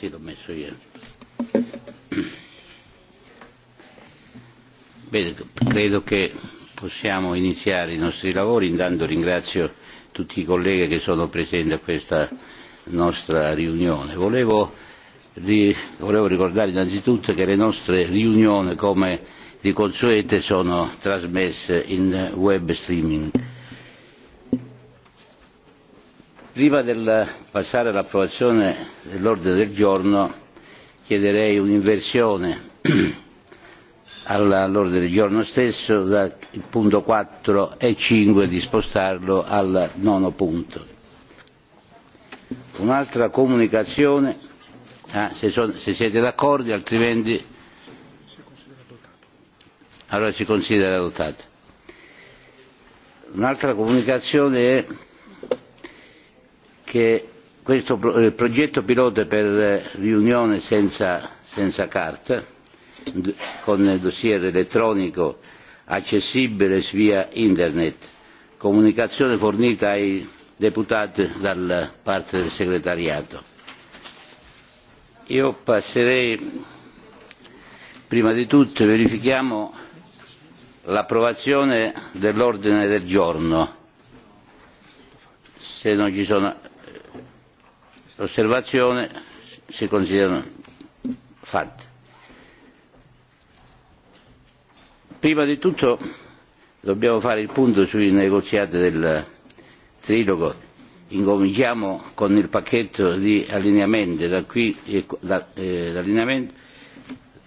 Sì, l'ho messo io. Bene, credo che possiamo iniziare i nostri lavori. Intanto ringrazio tutti i colleghi che sono presenti a questa nostra riunione. Volevo, ri, volevo ricordare innanzitutto che le nostre riunioni, come di consueto, sono trasmesse in web streaming prima di passare all'approvazione dell'ordine del giorno chiederei un'inversione all'ordine del giorno stesso dal punto quattro e cinque di spostarlo al nono punto. Un'altra comunicazione, ah, se, sono, se siete d'accordo, altrimenti allora si considera adottato. Un'altra comunicazione è che questo progetto pilota per riunione senza, senza carta, con il dossier elettronico accessibile via internet, comunicazione fornita ai deputati da parte del segretariato. Io passerei, prima di tutto, verifichiamo l'approvazione dell'ordine del giorno. Se non ci sono osservazione si considerano fatte. Prima di tutto dobbiamo fare il punto sui negoziati del trilogo. Incominciamo con il pacchetto di allineamento, da qui, da, eh, allineamento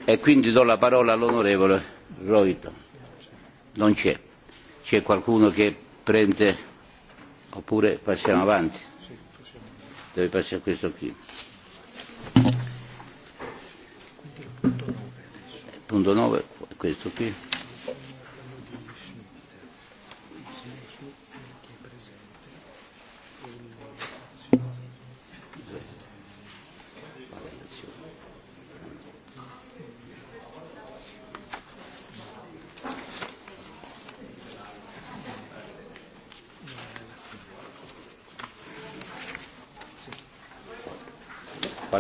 e quindi do la parola all'onorevole Roito. Non c'è. C'è qualcuno che prende oppure passiamo avanti deve passare a questo qui. Punto 9, questo qui.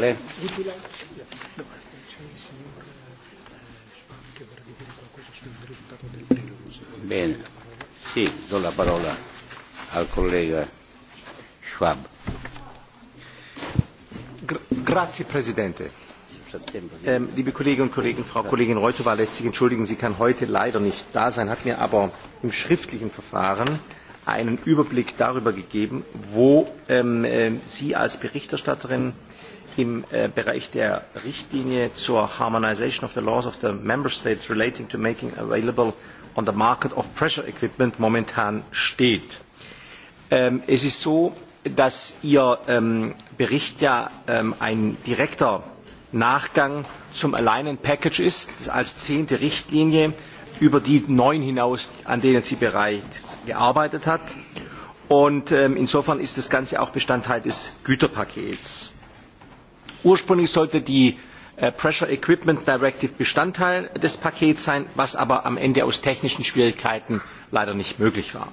Vale? Bene, sì, do la parola al collega Schwab. Grazie Presidente. Ähm, liebe Kolleginnen und Kollegen, Frau Kollegin Reutowa lässt sich entschuldigen, sie kann heute leider nicht da sein, hat mir aber im schriftlichen Verfahren einen Überblick darüber gegeben, wo Sie als Berichterstatterin im Bereich der Richtlinie zur Harmonisation of the Laws of the Member States relating to making available on the market of pressure equipment momentan steht. es ist so, dass Ihr Bericht ja ein direkter Nachgang zum Alignment Package ist, als zehnte Richtlinie über die neun hinaus, an denen sie bereits gearbeitet hat. Und insofern ist das Ganze auch Bestandteil des Güterpakets Ursprünglich sollte die Pressure Equipment Directive Bestandteil des Pakets sein, was aber am Ende aus technischen Schwierigkeiten leider nicht möglich war.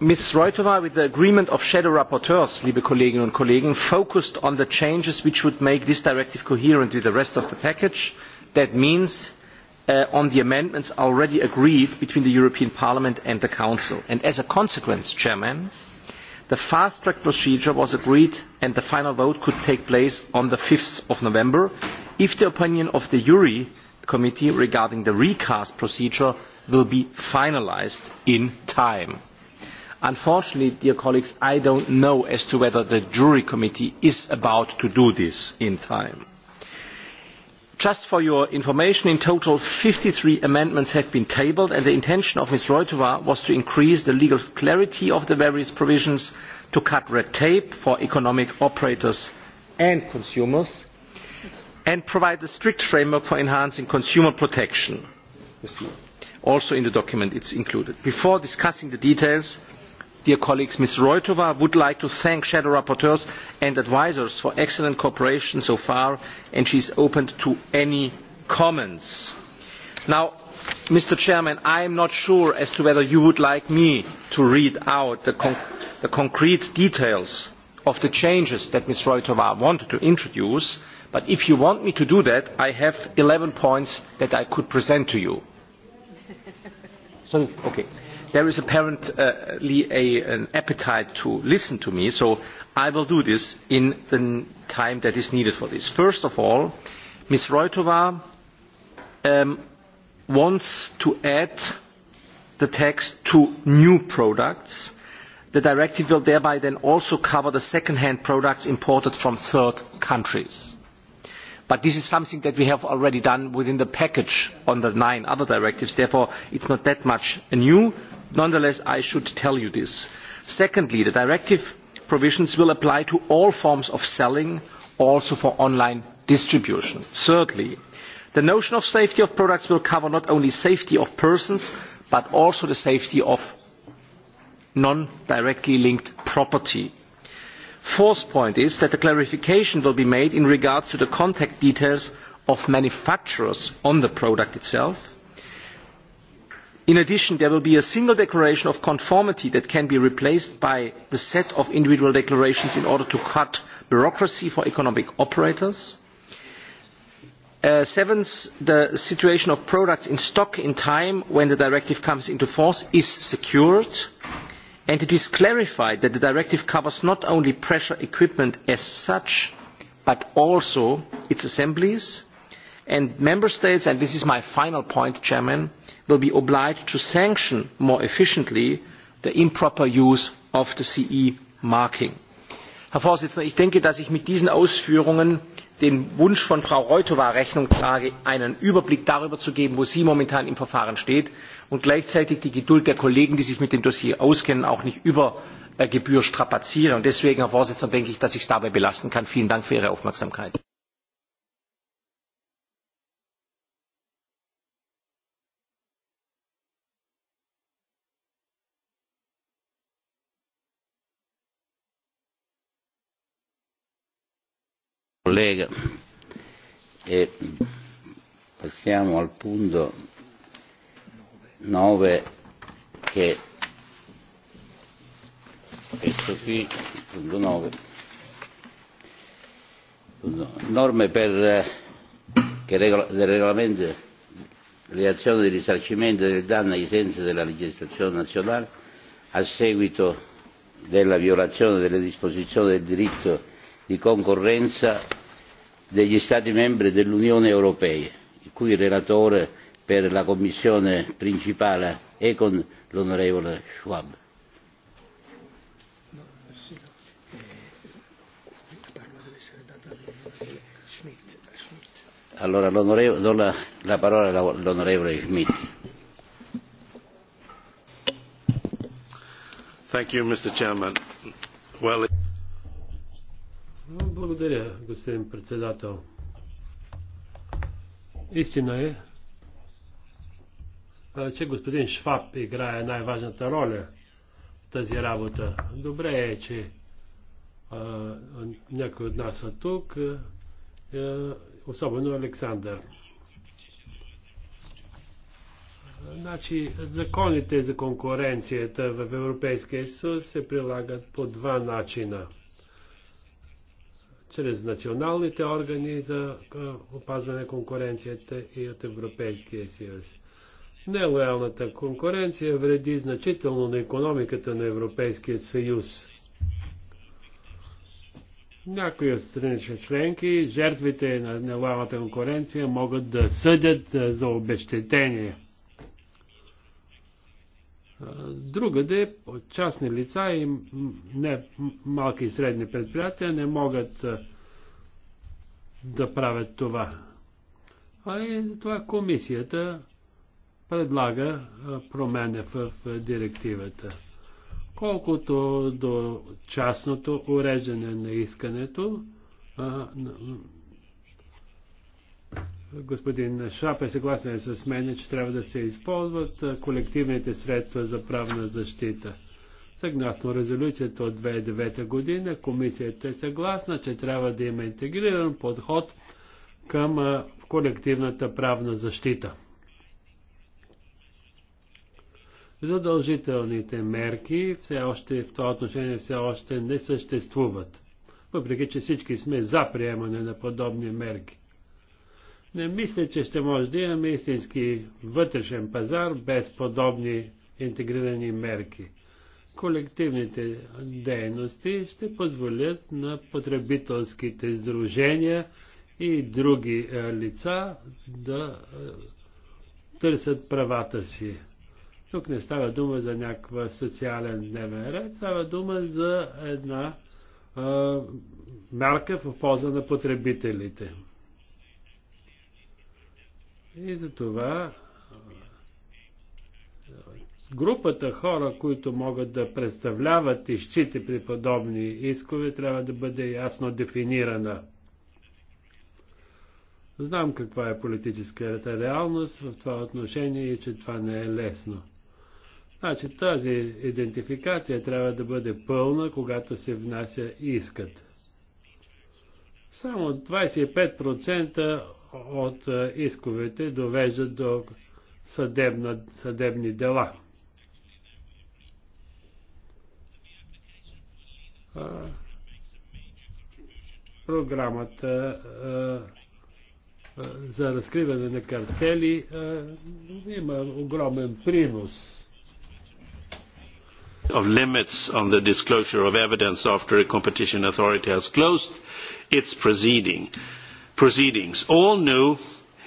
Ms. Reutova, with the agreement of shadow rapporteurs, liebe Kolleginnen und Kollegen, focused on the changes which would make this directive coherent with the rest of the package. That means on the amendments already agreed between the European Parliament and the Council. And as a consequence, Chairman, uh, The fast track procedure was agreed and the final vote could take place on the 5th of November if the opinion of the JURI committee regarding the recast procedure will be finalised in time. Unfortunately, dear colleagues, I don't know as to whether the jury committee is about to do this in time. Just for your information, in total, fifty three amendments have been tabled, and the intention of Ms. Reutova was to increase the legal clarity of the various provisions to cut red tape for economic operators and consumers, and provide a strict framework for enhancing consumer protection. You see, also in the document it is included. Before discussing the details, dear colleagues, Ms. Reutova would like to thank shadow rapporteurs and advisers for excellent cooperation so far, and she is open to any comments. Now, Mr. Chairman, I am not sure as to whether you would like me to read out the, concrete details of the changes that Ms. Reutova wanted to introduce, but if you want me to do that, I have eleven points that I could present to you there is apparently an appetite to listen to me, so I will do this in the time that is needed for this. First of all, Ms. Roitova wants to add the text to new products. The directive will thereby then also cover the second-hand products imported from third countries. But this is something that we have already done within the package on the nine other directives. Therefore, it is not that much new nonetheless i should tell you this. secondly the directive provisions will apply to all forms of selling also for online distribution. thirdly the notion of safety of products will cover not only safety of persons but also the safety of non directly linked property. fourth point is that the clarification will be made in regard to the contact details of manufacturers on the product itself in addition there will be a single declaration of conformity that can be replaced by the set of individual declarations in order to cut bureaucracy for economic operators. seventh the situation of products in stock in time when the directive comes into force is secured and it is clarified that the directive covers not only pressure equipment as such but also its assemblies and member states and this is my final point chairman will be obliged to sanction more efficiently the improper use of the CE marking. Herr Vorsitzender, ich denke, dass ich mit diesen Ausführungen dem Wunsch von Frau Reutowa Rechnung trage, einen Überblick darüber zu geben, wo sie momentan im Verfahren steht und gleichzeitig die Geduld der Kollegen, die sich mit dem Dossier auskennen, auch nicht über Gebühr strapaziere. Und deswegen, Herr Vorsitzender, denke ich, dass ich es dabei belassen kann. Vielen Dank für Ihre Aufmerksamkeit. collega e passiamo al punto nove che questo qui, punto 9, norme per, che regola, del regolamento delle azioni di risarcimento del danno ai sensi della legislazione nazionale a seguito della violazione delle disposizioni del diritto di concorrenza degli Stati membri dell'Unione Europea, il cui relatore per la commissione principale Econ l'onorevole Schwab. Allora do la, la parola all'onorevole Schmidt. Thank you, Mr. Chairman. Well, благодаря, господин председател. Истина е, че господин Шваб играе най-важната роля в тази работа. Добре е, че а, някои от нас са е тук, а, е, особено Александър. Значи, законите за конкуренцията в Европейския съюз се прилагат по два начина – чрез националните органи за опазване конкуренцията и от Европейския съюз. Нелоялната конкуренция вреди значително на економиката на Европейския съюз. Някои от страните членки, жертвите на нелоялната конкуренция могат да съдят за обещетение. Другаде, частни лица и не, малки и средни предприятия не могат да правят това. А и това комисията предлага промене в директивата. Колкото до частното уреждане на искането, господин Шап е съгласен с мен, че трябва да се използват колективните средства за правна защита. Съгласно резолюцията от 2009 година, комисията е съгласна, че трябва да има интегриран подход към колективната правна защита. Задължителните мерки все още, в това отношение все още не съществуват, въпреки че всички сме за приемане на подобни мерки. Не мисля, че ще може да имаме истински вътрешен пазар без подобни интегрирани мерки. Колективните дейности ще позволят на потребителските сдружения и други е, лица да е, търсят правата си. Тук не става дума за някаква социален дневен ред, става дума за една а, е, мярка в полза на потребителите. И за това групата хора, които могат да представляват щите при подобни искове, трябва да бъде ясно дефинирана. Знам каква е политическата реалност в това отношение и че това не е лесно. Значи тази идентификация трябва да бъде пълна, когато се внася искът. Само 25% от е, исковете довеждат до съдебна, съдебни дела. програмата е, е, за разкриване на картели има огромен принос. Of limits on the disclosure of evidence after a competition authority has closed its proceeding. Uh, proceedings. All new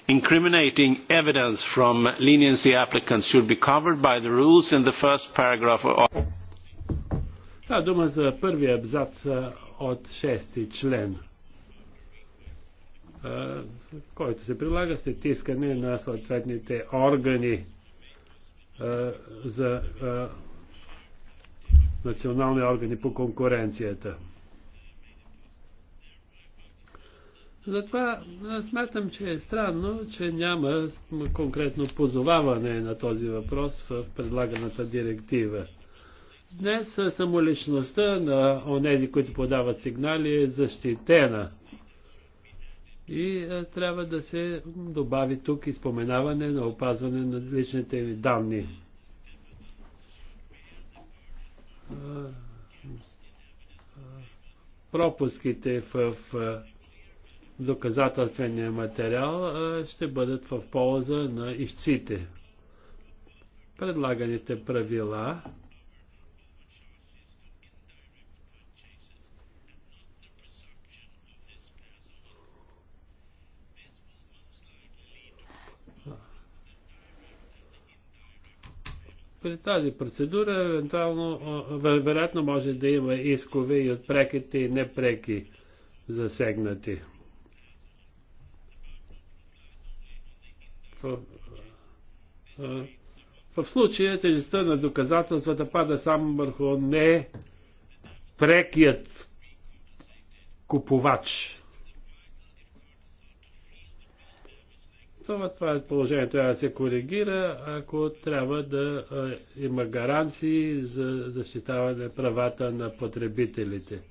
incriminating evidence from leniency applicants should be covered by the rules in the first paragraph of Това дума за първия абзац от шести член, който се прилага след искане на съответните органи за национални органи по конкуренцията. Затова смятам, че е странно, че няма конкретно позоваване на този въпрос в предлаганата директива. Днес самоличността на онези, които подават сигнали, е защитена. И а, трябва да се добави тук изпоменаване на опазване на личните ви данни. пропуските в, в доказателствения материал ще бъдат в полза на ищците. Предлаганите правила при тази процедура евентуално, вероятно може да има искове и от преките и непреки засегнати. в случая тежестта на доказателствата пада само върху не прекият купувач. Това, това е положение трябва да се коригира, ако трябва да а, има гаранции за защитаване правата на потребителите.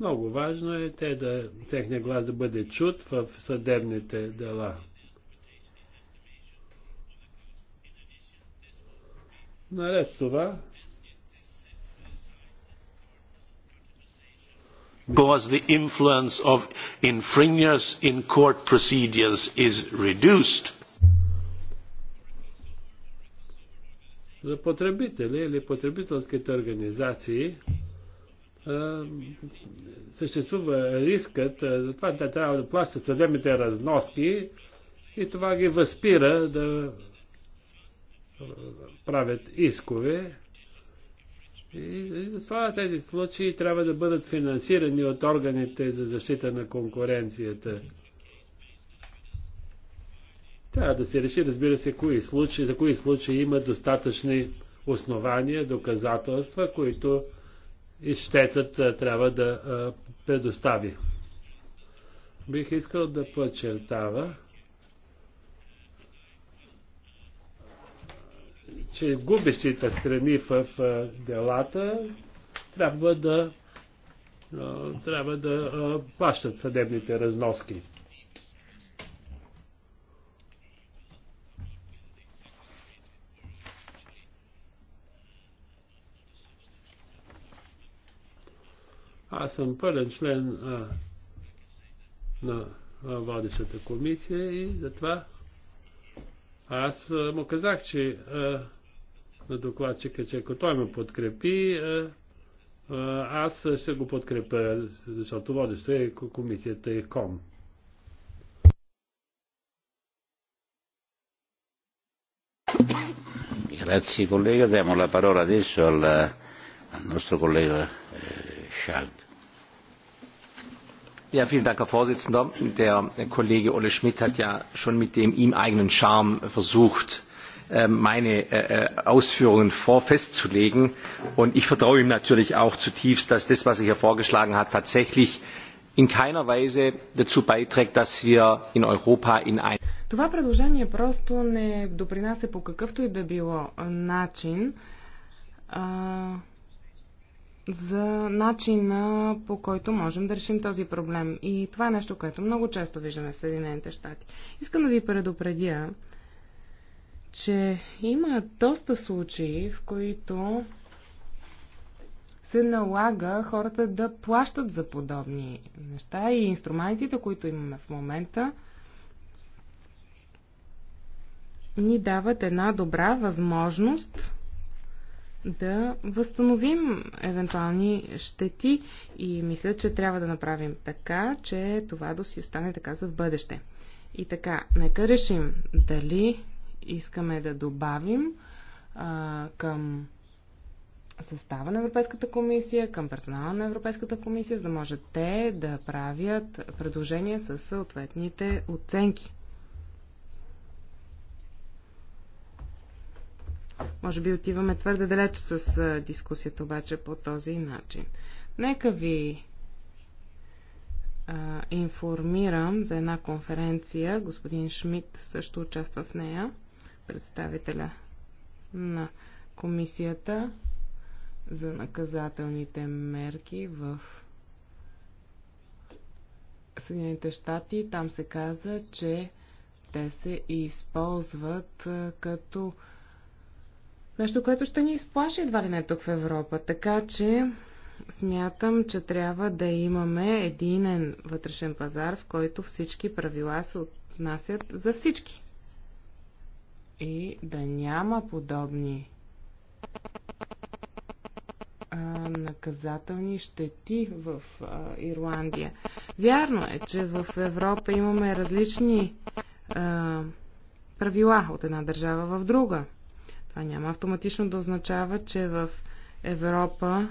Много важно е те да, техния глас да бъде чут в съдебните дела. Наред с това, because the influence of infringers in court proceedings is reduced. За потребители или потребителските организации съществува рискът, за това да трябва да плащат съдебните разноски и това ги възпира да правят искове. И затова тези случаи трябва да бъдат финансирани от органите за защита на конкуренцията. Трябва да се реши, разбира се, кои случаи, за кои случаи има достатъчни основания, доказателства, които ищецът трябва да предостави. Бих искал да подчертава, че губещите страни в делата трябва да трябва да плащат съдебните разноски. Аз съм пълен член а, на а, водещата комисия и затова аз му казах, че а, на докладчика, че ако той ме подкрепи, аз ще го подкрепя, защото водеща е комисията е ком. Grazie collega, diamo la parola adesso al, al nostro collega eh, Schalk. Ja, vielen Dank, Herr Vorsitzender. Der Kollege Olle Schmidt hat ja schon mit dem ihm eigenen Charme versucht, Äh, meine äh, Ausführungen vor festzulegen. Und ich vertraue ihm natürlich auch zutiefst, dass das, was er hier vorgeschlagen hat, tatsächlich in keiner Weise dazu beiträgt, dass wir in Europa in ein Това предложение просто не допринася по какъвто и да било начин а, за начина по който можем да решим този проблем. И това е нещо, което много често виждаме в Съединените щати. Искам да ви предупредя, че има доста случаи, в които се налага хората да плащат за подобни неща и инструментите, които имаме в момента, ни дават една добра възможност да възстановим евентуални щети и мисля, че трябва да направим така, че това да си остане така за в бъдеще. И така, нека решим дали искаме да добавим а, към състава на Европейската комисия, към персонала на Европейската комисия, за да може те да правят предложения с съответните оценки. Може би отиваме твърде далеч с дискусията обаче по този начин. Нека ви а, информирам за една конференция. Господин Шмидт също участва в нея представителя на комисията за наказателните мерки в Съединените щати. Там се каза, че те се използват като нещо, което ще ни изплаши едва ли не тук в Европа. Така че смятам, че трябва да имаме единен вътрешен пазар, в който всички правила се отнасят за всички и да няма подобни наказателни щети в а, Ирландия. Вярно е, че в Европа имаме различни а, правила от една държава в друга. Това няма автоматично да означава, че в Европа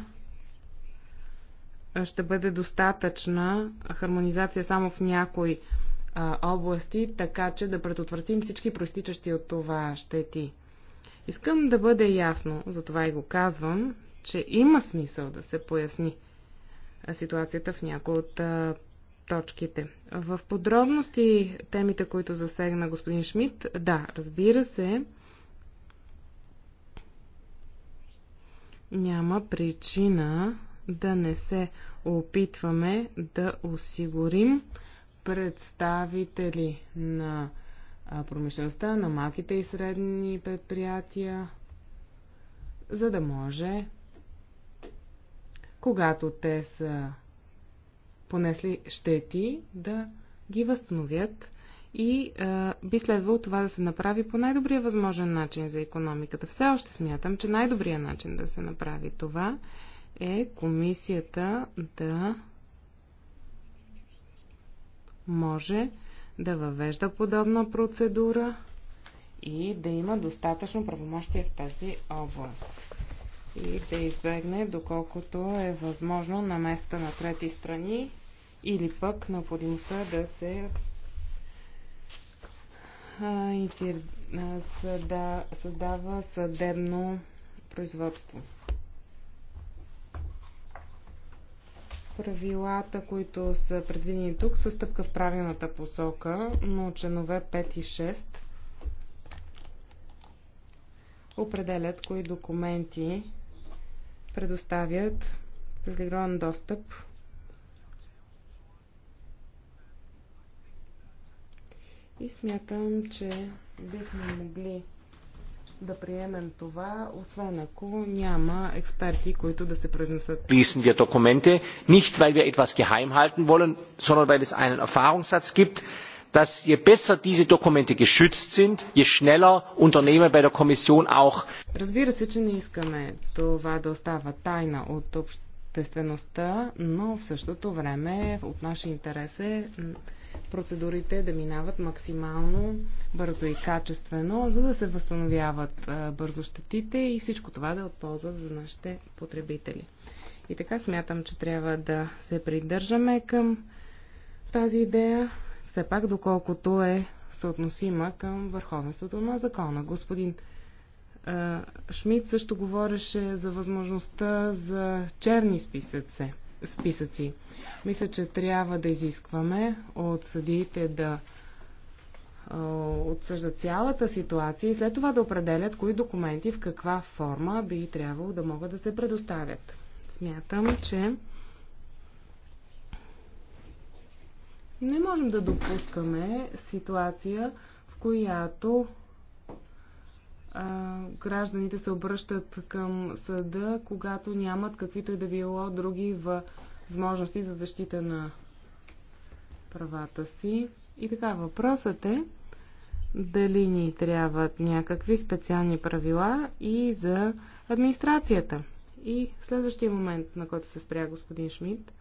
ще бъде достатъчна хармонизация само в някои а, области, така че да предотвратим всички проистичащи от това щети. Искам да бъде ясно, затова и го казвам, че има смисъл да се поясни ситуацията в някои от а, точките. В подробности темите, които засегна господин Шмидт, да, разбира се, няма причина да не се опитваме да осигурим представители на промишлеността, на малките и средни предприятия, за да може, когато те са понесли щети, да ги възстановят и а, би следвало това да се направи по най-добрия възможен начин за економиката. Все още смятам, че най-добрият начин да се направи това е комисията да може да въвежда подобна процедура и да има достатъчно правомощие в тази област и да избегне, доколкото е възможно, на места на трети страни или пък необходимостта да се създава съдебно производство. Правилата, които са предвидени тук, са стъпка в правилната посока, но членове 5 и 6 определят кои документи предоставят привилегирован достъп и смятам, че бихме могли да приемем това, освен ако няма експерти, които да се произнесат. Schließen wir Dokumente nicht, weil wir etwas geheim halten wollen, sondern weil es einen Erfahrungssatz gibt, dass je besser diese Dokumente geschützt sind, je schneller Unternehmen bei der Kommission auch. Разбира се, че не искаме това да остава тайна от обществеността, но в същото време от наш интерес е процедурите да минават максимално бързо и качествено, за да се възстановяват бързо щетите и всичко това да е от полза за нашите потребители. И така смятам, че трябва да се придържаме към тази идея, все пак доколкото е съотносима към върховенството на закона. Господин Шмидт също говореше за възможността за черни списъци списъци. Мисля, че трябва да изискваме от съдиите да отсъждат цялата ситуация и след това да определят кои документи в каква форма би трябвало да могат да се предоставят. Смятам, че не можем да допускаме ситуация, в която гражданите се обръщат към съда, когато нямат каквито и да било други възможности за защита на правата си. И така, въпросът е дали ни трябват някакви специални правила и за администрацията. И следващия момент, на който се спря господин Шмидт,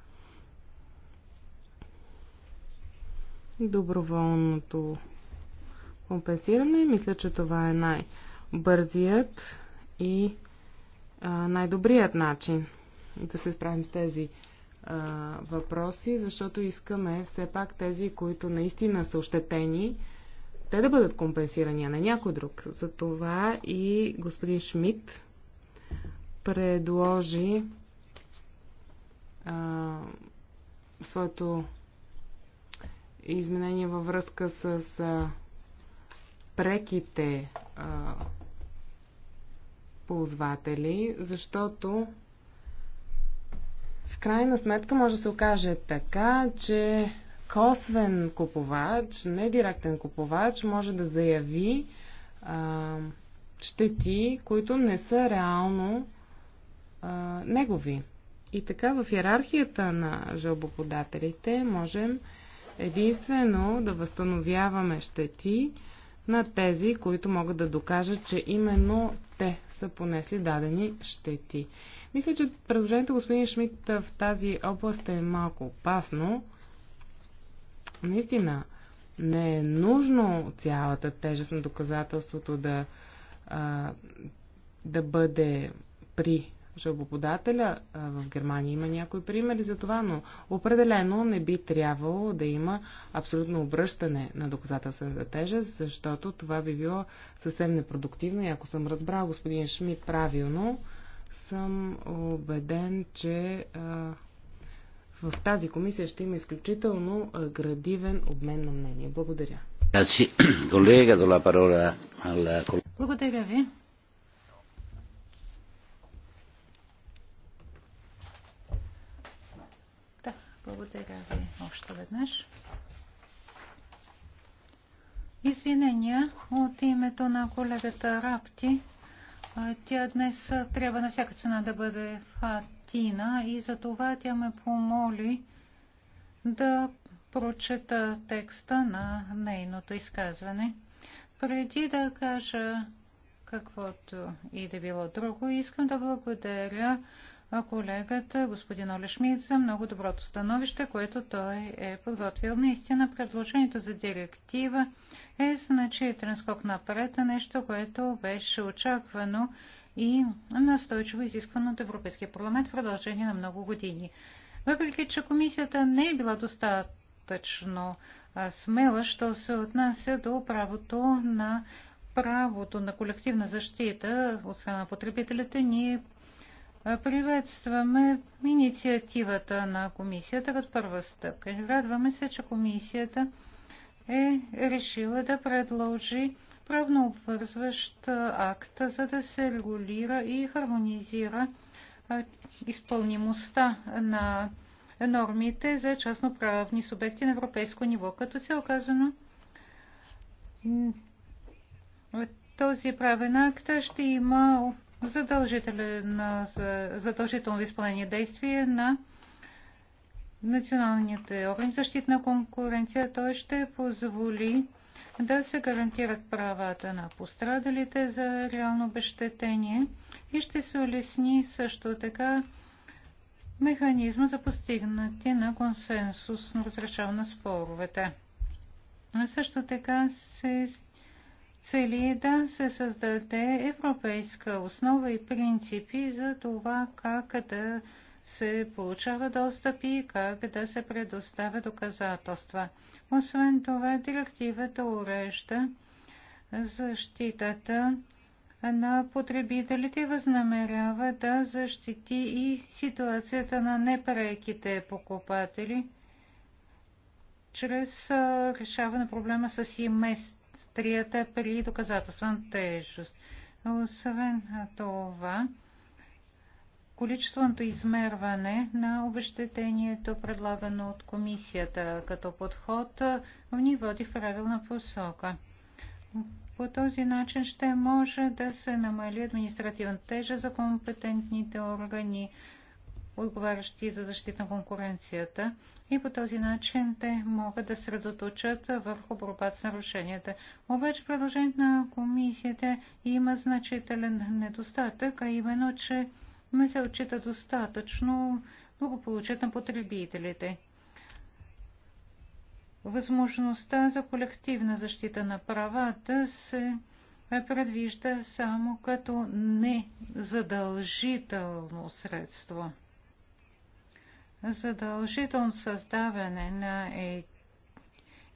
доброволното компенсиране. Мисля, че това е най- най-бързият и най-добрият начин да се справим с тези а, въпроси, защото искаме все пак тези, които наистина са ощетени, те да бъдат компенсирани, а не някой друг. Затова и господин Шмидт предложи а, своето изменение във връзка с а, преките а, ползватели, защото в крайна сметка може да се окаже така, че косвен купувач, недиректен купувач може да заяви а, щети, които не са реално а, негови. И така в иерархията на жълбоподателите можем единствено да възстановяваме щети, на тези, които могат да докажат, че именно те са понесли дадени щети. Мисля, че предложението господин Шмидт в тази област е малко опасно. Наистина, не е нужно цялата тежест на доказателството да, а, да бъде при жалбоподателя в Германия. Има някои примери за това, но определено не би трябвало да има абсолютно обръщане на доказателствената тежест, защото това би било съвсем непродуктивно. И ако съм разбрал господин Шмидт правилно, съм убеден, че в тази комисия ще има изключително градивен обмен на мнение. Благодаря. Благодаря ви. Благодаря ви още веднъж. Извинения от името на колегата Рапти. Тя днес трябва на всяка цена да бъде фатина и за това тя ме помоли да прочета текста на нейното изказване. Преди да кажа каквото и да било друго, искам да благодаря колегата господин Оле Шмидт за много доброто становище, което той е подготвил. Наистина предложението за директива е значителен скок напред, нещо, което беше очаквано и настойчиво изисквано от Европейския парламент в продължение на много години. Въпреки, че комисията не е била достатъчно смела, що се отнася до правото на правото на колективна защита от страна на потребителите, ние е, приветстваме инициативата на комисията като първа стъпка. Радваме се, че комисията е решила да предложи правно обвързващ акт, за да се регулира и хармонизира изпълнимостта на нормите за частноправни субекти на европейско ниво. Като се оказано, този правен акт ще има задължително, задължително изпълнение действие на националните органи защита на конкуренция. Той ще позволи да се гарантират правата на пострадалите за реално обещетение и ще се улесни също така механизма за постигнати на консенсус на разрешаване на споровете. Също така се цели да се създаде европейска основа и принципи за това как да се получава достъп и как да се предоставя доказателства. Освен това, директивата урежда защитата на потребителите и възнамерява да защити и ситуацията на непреките покупатели чрез решаване на проблема с имест е при доказателствена тежест. Освен това, количественото измерване на обещетението, предлагано от комисията като подход, ни води в правилна посока. По този начин ще може да се намали административна тежа за компетентните органи, отговарящи за защита на конкуренцията и по този начин те могат да средоточат върху борбата с нарушенията. Обаче предложението на комисията има значителен недостатък, а именно, че не се отчита достатъчно благополучието на потребителите. Възможността за колективна защита на правата се предвижда само като незадължително средство задължително създаване на е,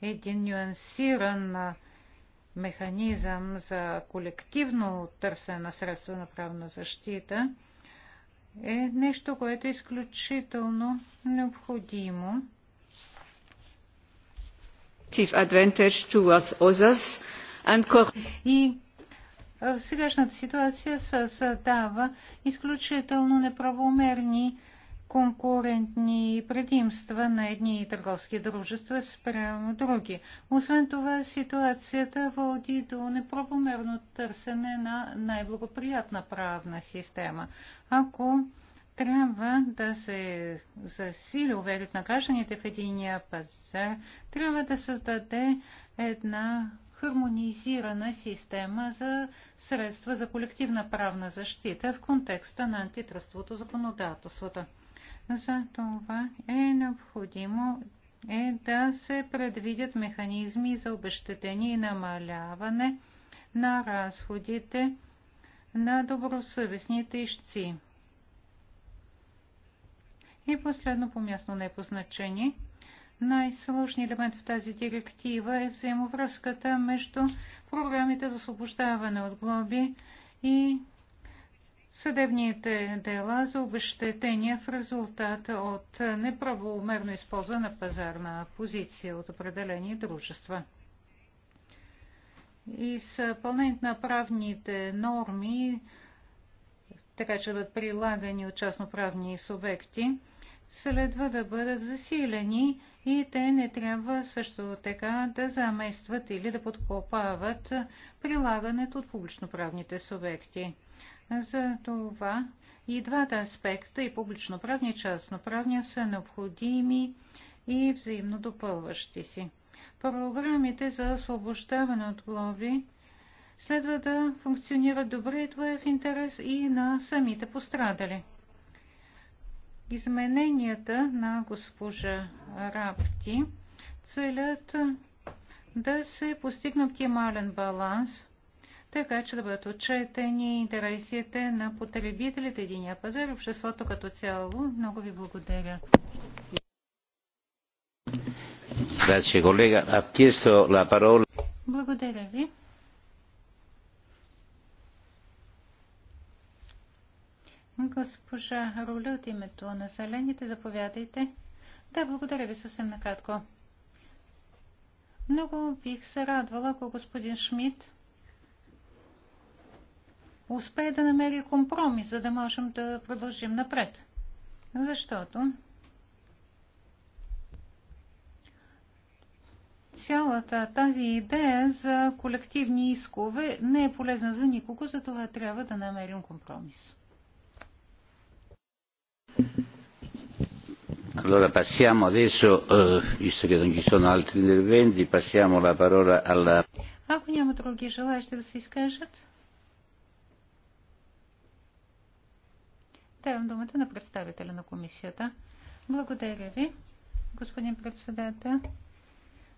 един нюансиран механизъм за колективно търсене на средства на правна защита е нещо, което е изключително необходимо. И в сегашната ситуация се създава изключително неправомерни конкурентни предимства на едни търговски дружества спрямо други. Освен това, ситуацията води до неправомерно търсене на най-благоприятна правна система. Ако трябва да се засили уверят на гражданите в единия пазар, трябва да създаде една хармонизирана система за средства за колективна правна защита в контекста на антитръството законодателството. За това е необходимо е да се предвидят механизми за обещетение и намаляване на разходите на добросъвестните ищци. И последно по място не по значение. Най-сложният елемент в тази директива е взаимовръзката между програмите за освобождаване от глоби и съдебните дела за обещетения в резултат от неправомерно използвана пазарна позиция от определени дружества. пълнението на правните норми, така че бъдат прилагани от частноправни субекти, следва да бъдат засилени и те не трябва също така да заместват или да подкопават прилагането от публичноправните субекти. За това и двата аспекта, и публично-правния, и частно-правния, са необходими и взаимно допълващи си. Програмите за освобождаване от глоби следва да функционират добре и това е в интерес и на самите пострадали. Измененията на госпожа Рапти целят да се постигне оптимален баланс така че да бъдат отчетени интересите на потребителите, единия пазар и обществото като цяло. Много ви благодаря. Благодаря ви. Госпожа Руля от името на Зелените, заповядайте. Да, благодаря ви съвсем накратко. Много бих се радвала, ако господин Шмидт успее да намери компромис, за да можем да продължим напред. Защото цялата тази идея за колективни искове не е полезна за никого, затова трябва да намерим компромис. Allora passiamo adesso, uh, visto che non ci sono altri interventi, passiamo la parola alla... Ако няма други желаящи да се изкажат, Давам думата на представителя на комисията. Благодаря ви, господин председател.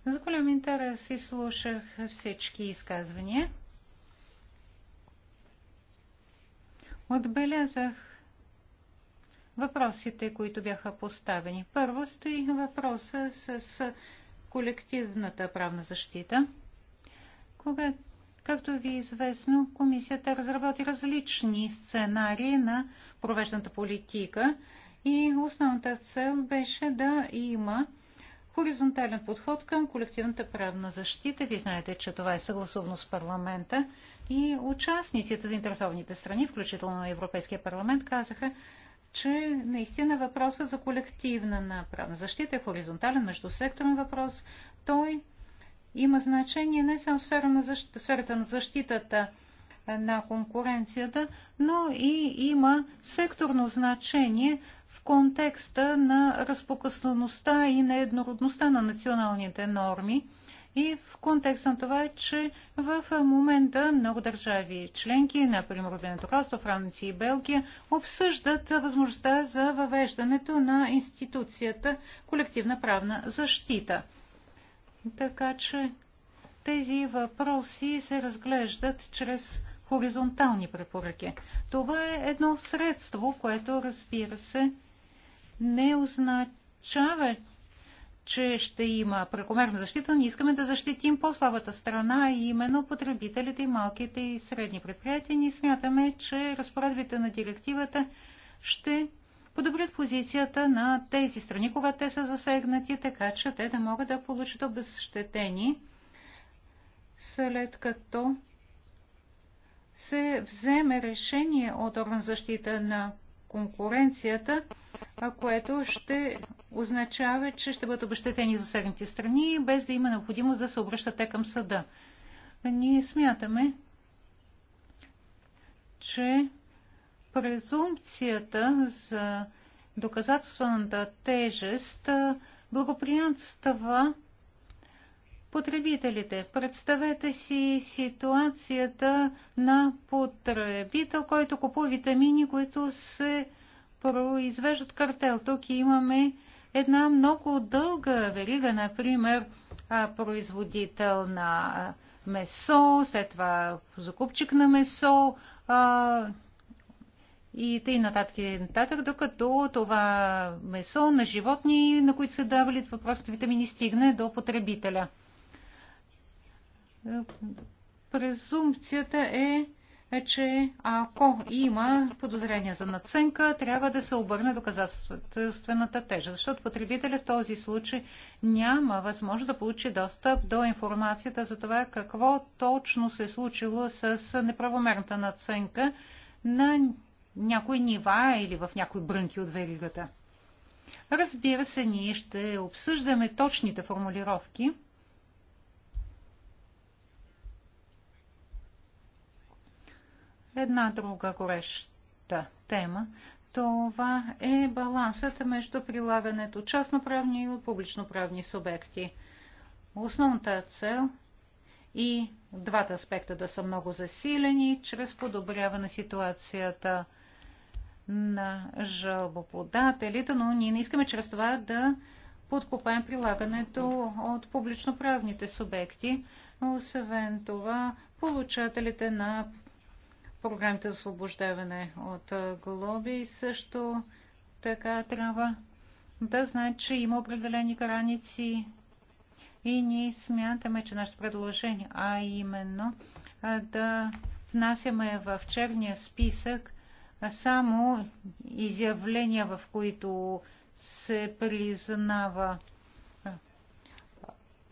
За голям интерес изслушах всички изказвания. Отбелязах въпросите, които бяха поставени. Първо стои въпроса с колективната правна защита. Кога, както ви е известно, комисията разработи различни сценарии на провежданата политика и основната цел беше да има хоризонтален подход към колективната правна защита. Вие знаете, че това е съгласувано с парламента и участниците, заинтересованите страни, включително на Европейския парламент, казаха, че наистина въпросът за колективна на правна защита е хоризонтален междусекторен въпрос. Той има значение не само сфера на защита, сферата на защитата на конкуренцията, но и има секторно значение в контекста на разпокъсаността и на еднородността на националните норми и в контекст на това, че в момента много държави членки, например Обединеното кралство, Франция и Белгия, обсъждат възможността за въвеждането на институцията колективна правна защита. Така че тези въпроси се разглеждат чрез хоризонтални препоръки. Това е едно средство, което, разбира се, не означава, че ще има прекомерна защита, ние искаме да защитим по-слабата страна, и именно потребителите и малките и средни предприятия. Ние смятаме, че разпоредбите на директивата ще подобрят позицията на тези страни, когато те са засегнати, така че те да могат да получат обезщетени, след като се вземе решение от орган защита на конкуренцията, което ще означава, че ще бъдат обещетени засегнати страни, без да има необходимост да се обръщат те към съда. Ние смятаме, че презумпцията за доказателствената тежест благоприятства потребителите. Представете си ситуацията на потребител, който купува витамини, които се произвеждат картел. Тук имаме една много дълга верига, например, производител на месо, след това закупчик на месо и т.н. нататък, и нататък, докато това месо на животни, на които се давали въпросите витамини, стигне до потребителя презумпцията е, че ако има подозрение за наценка, трябва да се обърне доказателствената тежа, защото потребителя в този случай няма възможност да получи достъп до информацията за това какво точно се е случило с неправомерната наценка на някои нива или в някои брънки от веригата. Разбира се, ние ще обсъждаме точните формулировки – Една друга гореща тема това е балансът между прилагането частноправни и публичноправни субекти. Основната цел и двата аспекта да са много засилени чрез подобряване ситуацията на жалбоподателите, но ние не искаме чрез това да подкопаем прилагането от публичноправните субекти. Освен това, получателите на програмите за освобождаване от глоби също така трябва да знаят, че има определени граници и ние смятаме, че нашето предложение, а именно да внасяме в черния списък само изявления, в които се признава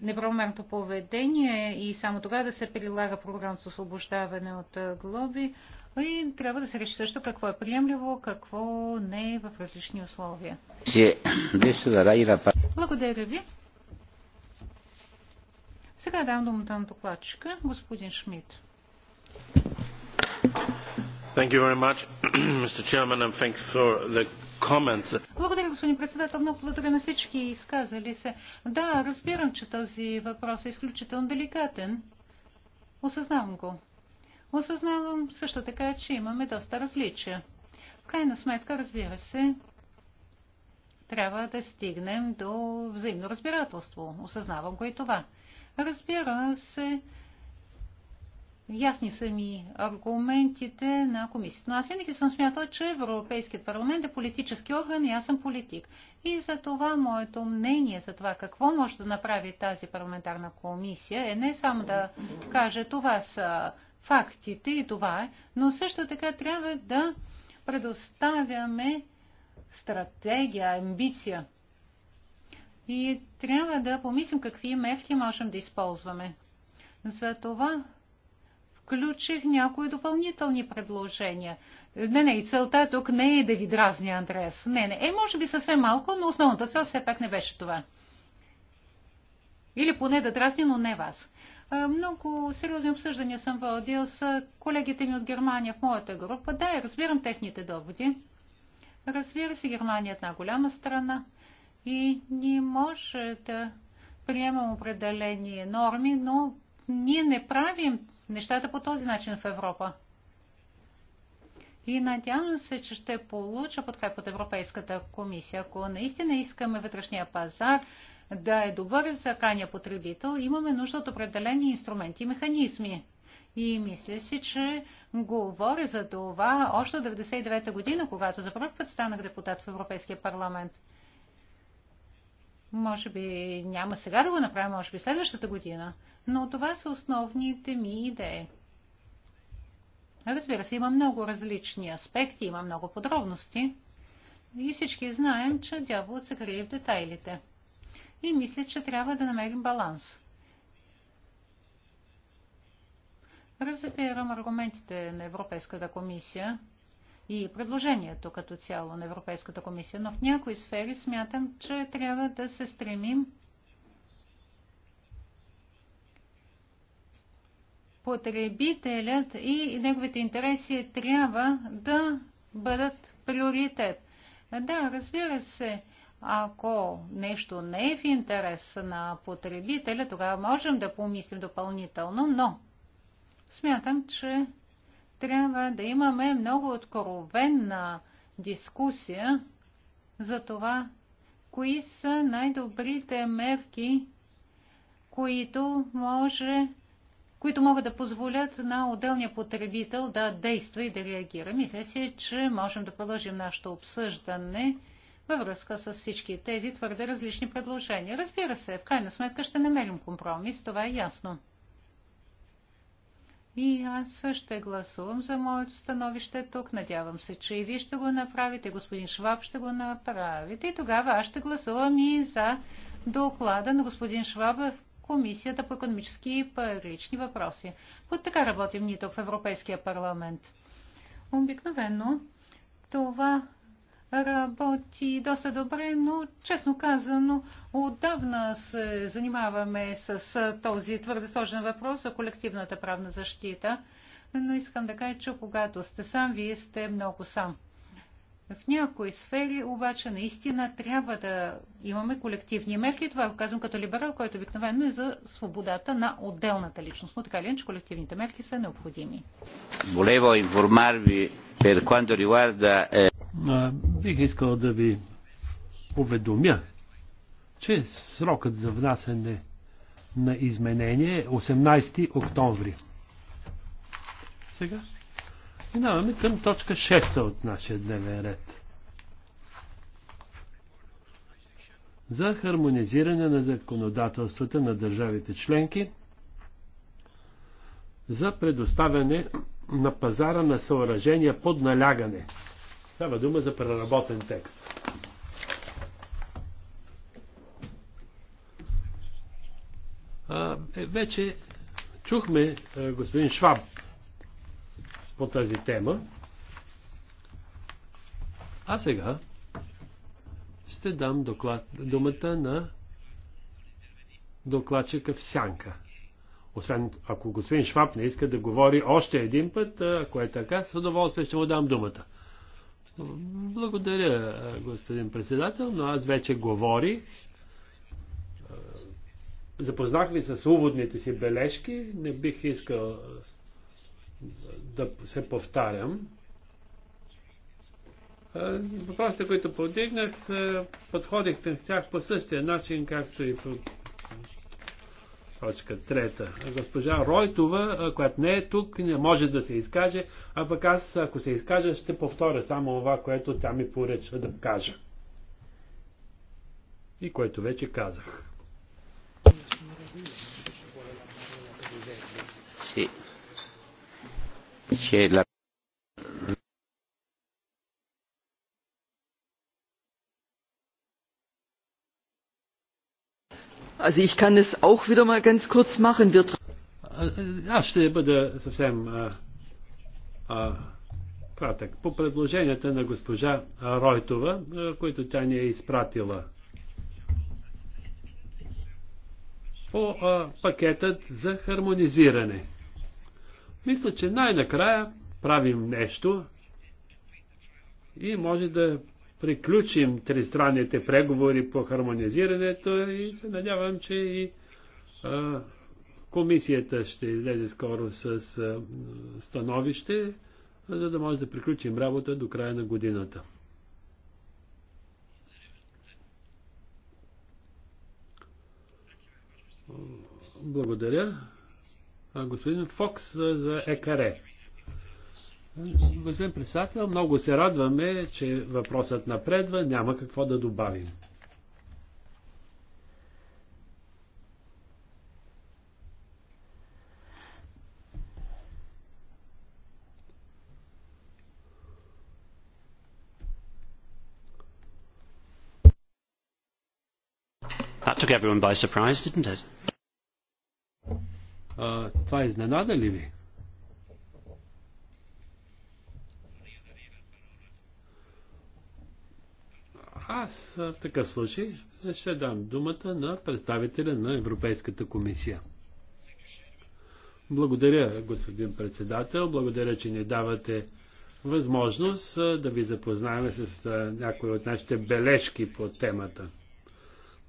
неправомерното поведение и само тогава да се прилага програмата за освобождаване от глоби. И трябва да се реши също какво е приемливо, какво не е в различни условия. Благодаря ви. Сега давам думата на докладчика, господин Шмидт. Thank you very much. Благодаря, господин председател. Много благодаря на всички изказали се. Да, разбирам, че този въпрос е изключително деликатен. Осъзнавам го. Осъзнавам също така, че имаме доста различия. В крайна сметка, разбира се, трябва да стигнем до взаимно разбирателство. Осъзнавам го и това. Разбира се, Ясни са ми аргументите на комисията. Но аз винаги съм смятала, че Европейският парламент е политически орган и аз съм политик. И за това моето мнение за това какво може да направи тази парламентарна комисия е не само да каже това са фактите и това е, но също така трябва да предоставяме стратегия, амбиция. И трябва да помислим какви мерки можем да използваме. За това включих някои допълнителни предложения. Не, не, и целта тук не е да ви дразни, Андрес. Не, не. Е, може би съвсем малко, но основната цел все пак не беше това. Или поне да дразни, но не вас. Много сериозни обсъждания съм водил с колегите ми от Германия в моята група. Да, разбирам техните доводи. Разбира се, Германия е една голяма страна и не може да приемам определени норми, но ние не правим нещата по този начин в Европа. И надявам се, че ще получа подкреп от Европейската комисия. Ако наистина искаме вътрешния пазар да е добър за крайния потребител, имаме нужда от определени инструменти и механизми. И мисля си, че говоря за това още от 1999 година, когато за първ път станах депутат в Европейския парламент. Може би няма сега да го направим, може би следващата година. Но това са основните ми идеи. Разбира се, има много различни аспекти, има много подробности. И всички знаем, че дяволът се крие в детайлите. И мисля, че трябва да намерим баланс. Разбирам аргументите на Европейската комисия и предложението като цяло на Европейската комисия, но в някои сфери смятам, че трябва да се стремим потребителят и неговите интереси трябва да бъдат приоритет. Да, разбира се, ако нещо не е в интерес на потребителя, тогава можем да помислим допълнително, но смятам, че трябва да имаме много откровенна дискусия за това, кои са най-добрите мерки, които може които могат да позволят на отделния потребител да действа и да реагира. Мисля си, че можем да продължим нашето обсъждане във връзка с всички тези твърде различни предложения. Разбира се, в крайна сметка ще намерим компромис, това е ясно. И аз ще гласувам за моето становище тук. Надявам се, че и вие ще го направите, господин Шваб ще го направите. И тогава аз ще гласувам и за доклада на господин Шваб в Комисията по економически и парични въпроси. Вот така работим ние тук в Европейския парламент. Обикновено това работи доста добре, но честно казано, отдавна се занимаваме с този твърде сложен въпрос за колективната правна защита. Но искам да кажа, че когато сте сам, вие сте много сам. В някои сфери обаче наистина трябва да имаме колективни мерки. Това го казвам като либерал, който обикновено е за свободата на отделната личност. Но така ли че колективните мерки са необходими? Волево информарви per quanto riguarda бих искал да ви уведомя, че срокът за внасене на изменение е 18 октомври. Сега минаваме към точка 6 от нашия дневен ред. За хармонизиране на законодателствата на държавите членки за предоставяне на пазара на съоръжения под налягане – Става дума за преработен текст. А, е, вече чухме е, господин Шваб по тази тема. А сега ще дам доклад, думата на докладчика в сянка. Освен ако господин Шваб не иска да говори още един път, е, ако е така, с удоволствие ще му дам думата. Благодаря, господин председател, но аз вече говорих. Запознах ви с уводните си бележки. Не бих искал да се повтарям. Въпросите, които подигнах, подходих към тях по същия начин, както и точка трета. Госпожа Ройтова, която не е тук, не може да се изкаже, а пък аз, ако се изкажа, ще повторя само това, което тя ми поръчва да кажа. И което вече казах. Sì. C'è la Also ich kann es auch wieder mal ganz kurz machen. Wir е, Аз ще бъда съвсем а, а, кратък. По предложенията на госпожа Ройтова, които тя ни е изпратила. По а, пакетът за хармонизиране. Мисля, че най-накрая правим нещо и може да приключим тристранните преговори по хармонизирането и се надявам, че и а, комисията ще излезе скоро с а, становище, за да може да приключим работа до края на годината. Благодаря. А господин Фокс за екаре. Господин председател, много се радваме, че въпросът напредва, няма какво да добавим. That took everyone by surprise, didn't it? Uh, това изненада ли ви? Аз в такъв случай ще дам думата на представителя на Европейската комисия. Благодаря, господин председател. Благодаря, че ни давате възможност да ви запознаем с някои от нашите бележки по темата.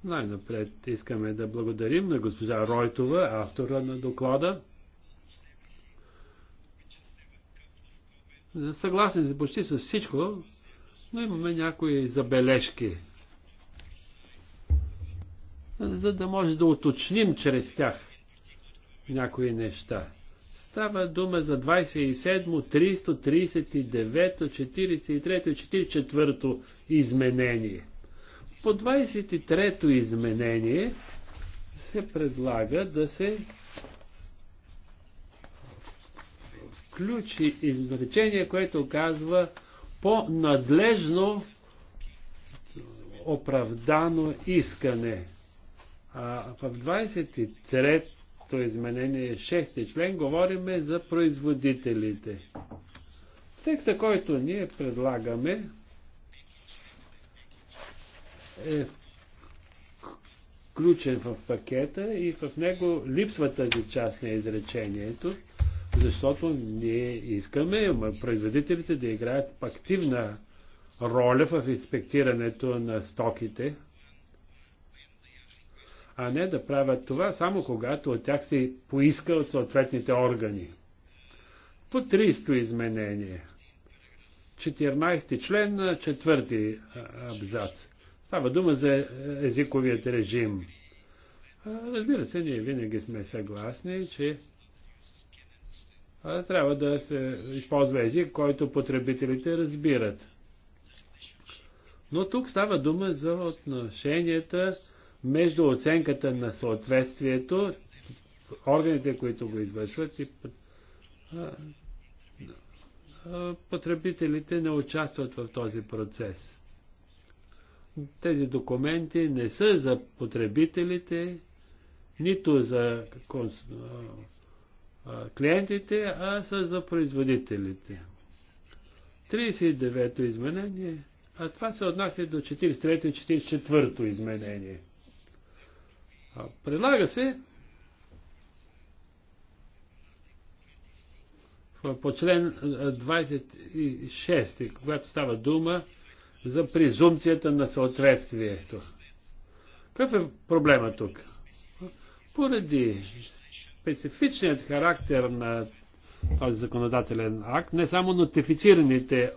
Най-напред искаме да благодарим на госпожа Ройтова, автора на доклада. Съгласен почти с всичко, но имаме някои забележки, за да може да уточним чрез тях някои неща. Става дума за 27, 339, 43, 44 изменение. По 23-то изменение се предлага да се включи изречение, което казва по-надлежно оправдано искане. А в 23-то изменение, 6-ти член, говориме за производителите. Текста, който ние предлагаме, е включен в пакета и в него липсва тази част на изречението защото ние искаме производителите да играят активна роля в инспектирането на стоките, а не да правят това само когато от тях се поиска от съответните органи. По 30-то изменение. 14 член, на 4 абзац. Става дума за е, езиковият режим. Разбира се, ние винаги сме съгласни, че трябва да се използва език, който потребителите разбират. Но тук става дума за отношенията между оценката на съответствието, органите, които го извършват и потребителите не участват в този процес. Тези документи не са за потребителите, нито за клиентите, а са за производителите. 39-то изменение, а това се отнася до 43-то и 44-то изменение. Предлага се по член 26, когато става дума за презумцията на съответствието. Какъв е проблема тук? Поради специфичният характер на този законодателен акт, не само нотифицираните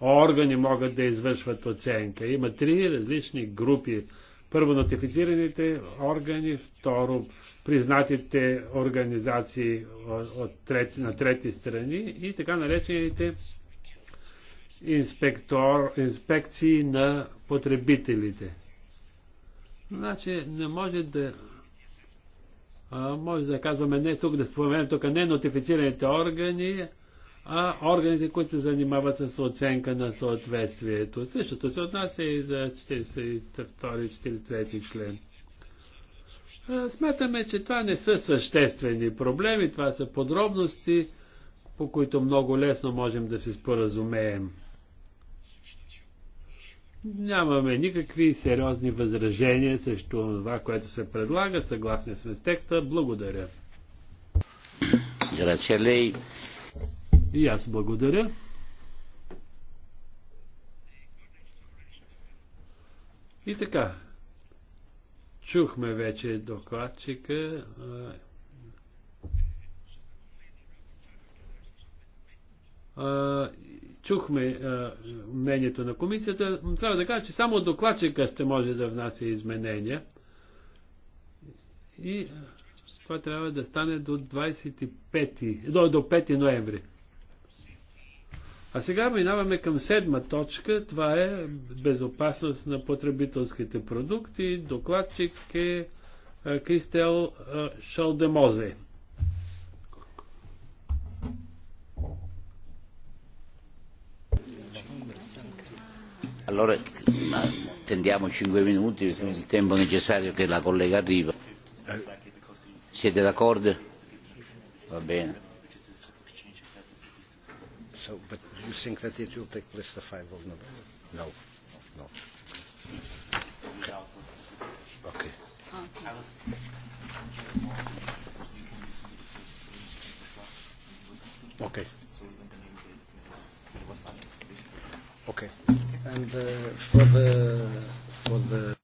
органи могат да извършват оценка. Има три различни групи. Първо нотифицираните органи, второ признатите организации от трети, на трети страни и така наречените инспектор, инспекции на потребителите. Значи не може да може да казваме не тук, да споменем тук не нотифицираните органи, а органите, които се занимават с оценка на съответствието. Същото се отнася и за 42-43 член. Смятаме, че това не са съществени проблеми, това са подробности, по които много лесно можем да се споразумеем. Нямаме никакви сериозни възражения срещу това, което се предлага. Съгласни сме с текста. Благодаря. И аз благодаря. И така. Чухме вече докладчика. А, чухме мнението на комисията, трябва да кажа, че само докладчика ще може да внася изменения. И това трябва да стане до 25, до, до 5 ноември. А сега минаваме към седма точка. Това е безопасност на потребителските продукти. Докладчик е Кристел Шалдемозе. Allora tendiamo cinque minuti, il tempo necessario che la collega arriva. Siete d'accordo? Va bene. So, but do you think that it will take place the 5 of November? No. No. Okay. Okay. Okay and uh, for the for the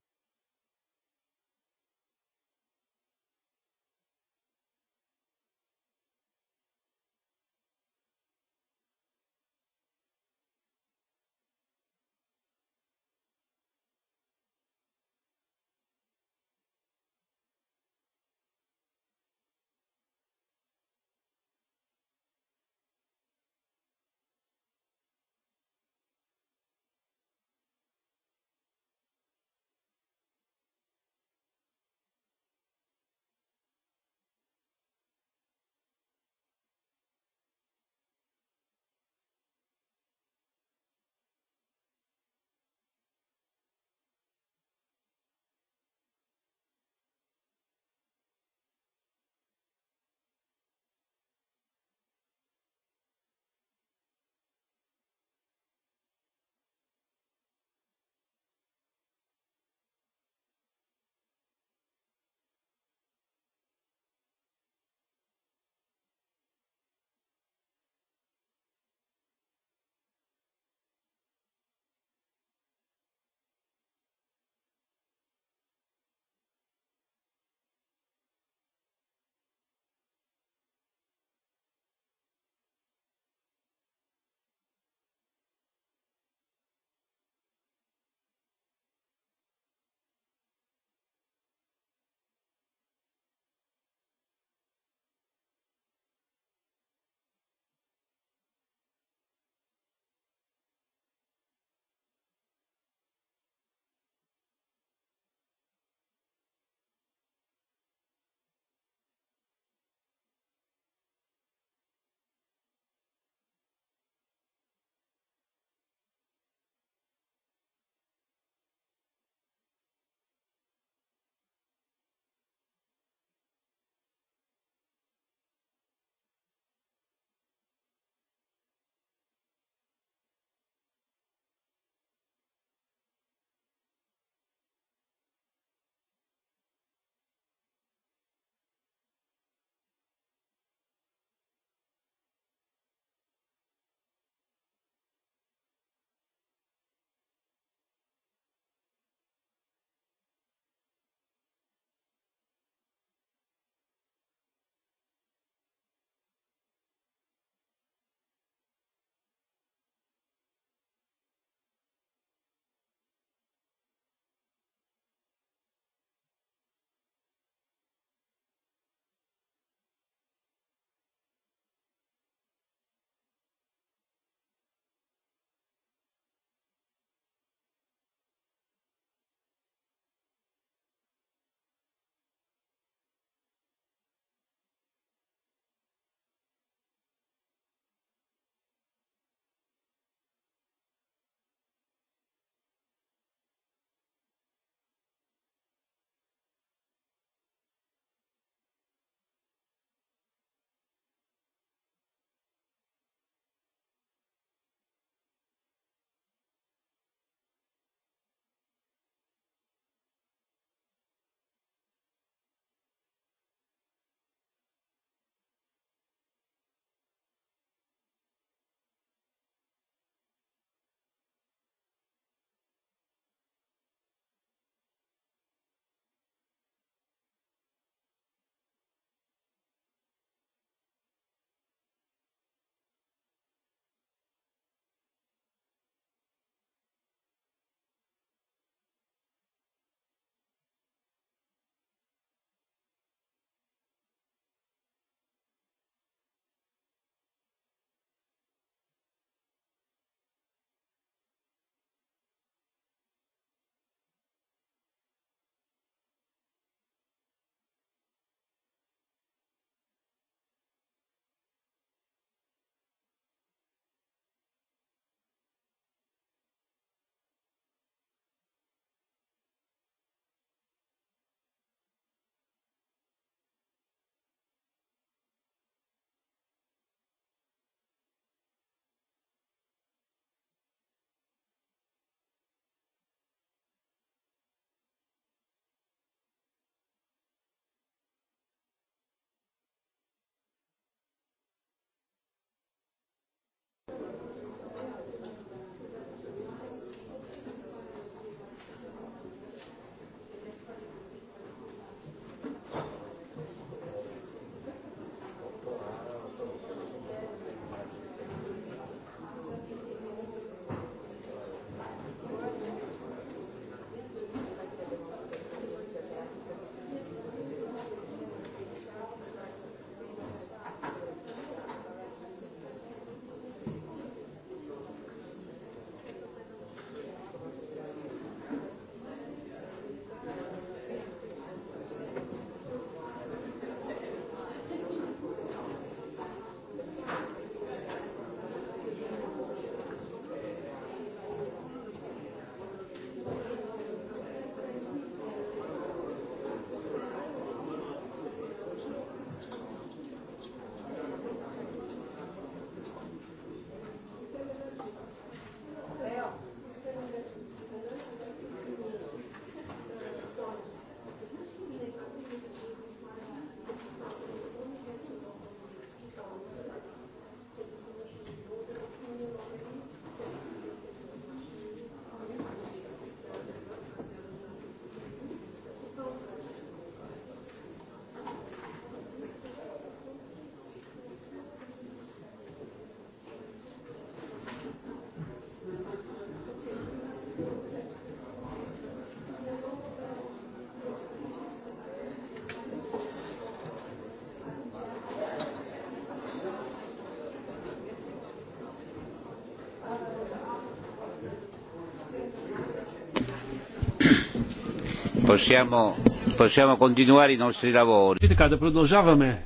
Possiamo, possiamo continuare i nostri lavori. така да продължаваме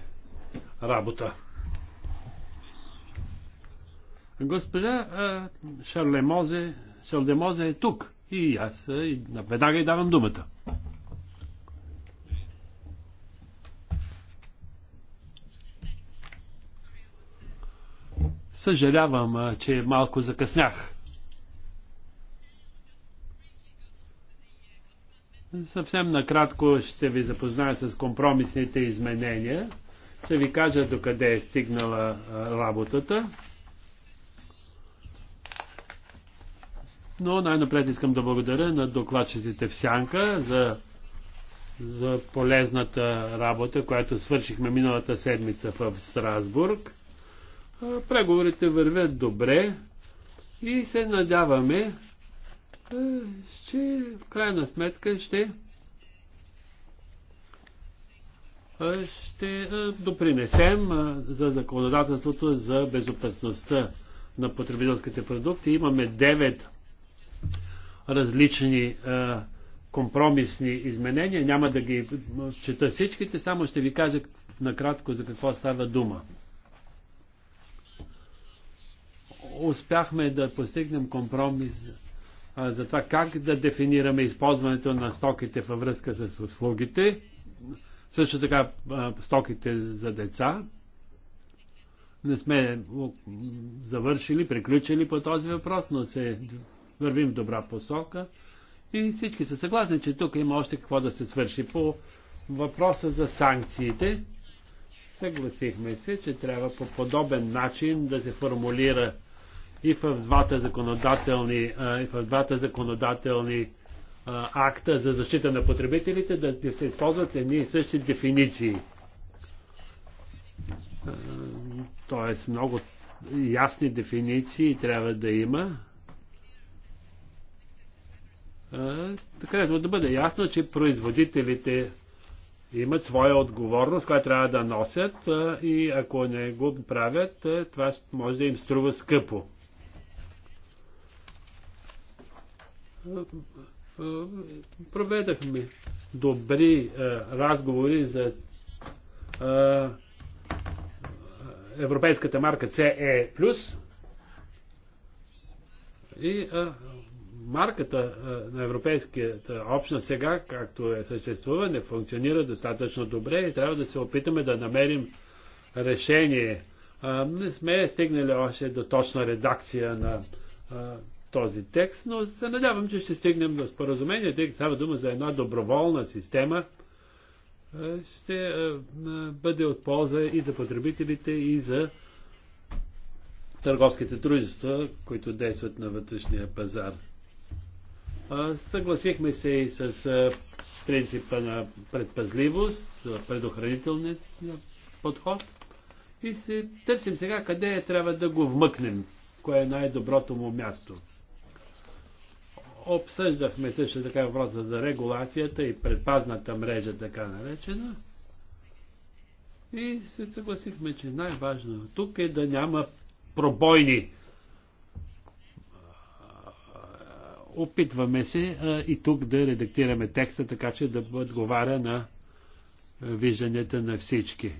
работа. Госпожа Шарлемозе, Мозе е тук и аз веднага й давам думата. Съжалявам, че малко закъснях. Съвсем накратко ще ви запозная с компромисните изменения. Ще ви кажа докъде е стигнала работата. Но най-напред искам да благодаря на докладчиците в Сянка за, за полезната работа, която свършихме миналата седмица в Страсбург. Преговорите вървят добре и се надяваме че в крайна сметка ще ще допринесем за законодателството за безопасността на потребителските продукти. Имаме 9 различни компромисни изменения. Няма да ги чета всичките, само ще ви кажа накратко за какво става дума. Успяхме да постигнем компромис за това как да дефинираме използването на стоките във връзка с услугите, също така стоките за деца. Не сме завършили, приключили по този въпрос, но се вървим в добра посока и всички са съгласни, че тук има още какво да се свърши по въпроса за санкциите. Съгласихме се, че трябва по подобен начин да се формулира и в двата законодателни, и в двата законодателни акта за защита на потребителите да се използват едни и същи дефиниции. Тоест много ясни дефиниции трябва да има, така е, да бъде ясно, че производителите имат своя отговорност, която трябва да носят и ако не го правят, това може да им струва скъпо. проведахме добри е, разговори за е, европейската марка CE+. И е, марката на европейската общност сега, както е съществува, не функционира достатъчно добре и трябва да се опитаме да намерим решение. не сме стигнали още до точна редакция на този текст, но се надявам, че ще стигнем до споразумение, тъй като става дума за една доброволна система, е, ще е, е, бъде от полза и за потребителите, и за търговските дружества, които действат на вътрешния пазар. Съгласихме се и с принципа на предпазливост, предохранителният подход и се търсим сега къде трябва да го вмъкнем, кое е най-доброто му място. Обсъждахме също така въпроса за регулацията и предпазната мрежа, така наречена. И се съгласихме, че най-важно тук е да няма пробойни. Опитваме се а, и тук да редактираме текста, така че да отговаря на вижданията на всички.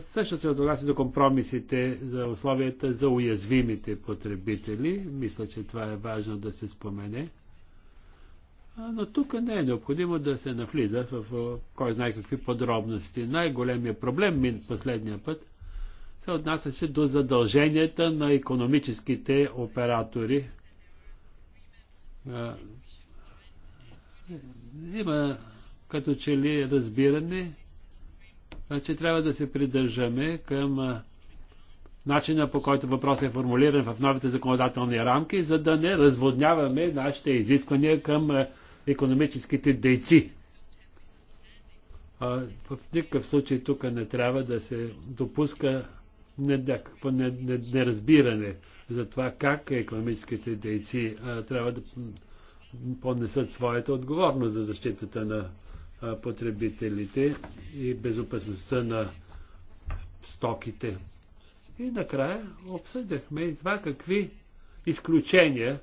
Също се отнася до компромисите за условията за уязвимите потребители. Мисля, че това е важно да се спомене. Но тук не е необходимо да се навлиза в кой знае какви подробности. Най-големият проблем мин последния път се отнасяше до задълженията на економическите оператори. Има като че ли разбиране, че трябва да се придържаме към начина по който въпросът е формулиран в новите законодателни рамки, за да не разводняваме нашите изисквания към економическите дейци. В никакъв случай тук не трябва да се допуска някакво неразбиране за това как економическите дейци трябва да понесат своята отговорност за защитата на потребителите и безопасността на стоките. И накрая обсъдихме и това какви изключения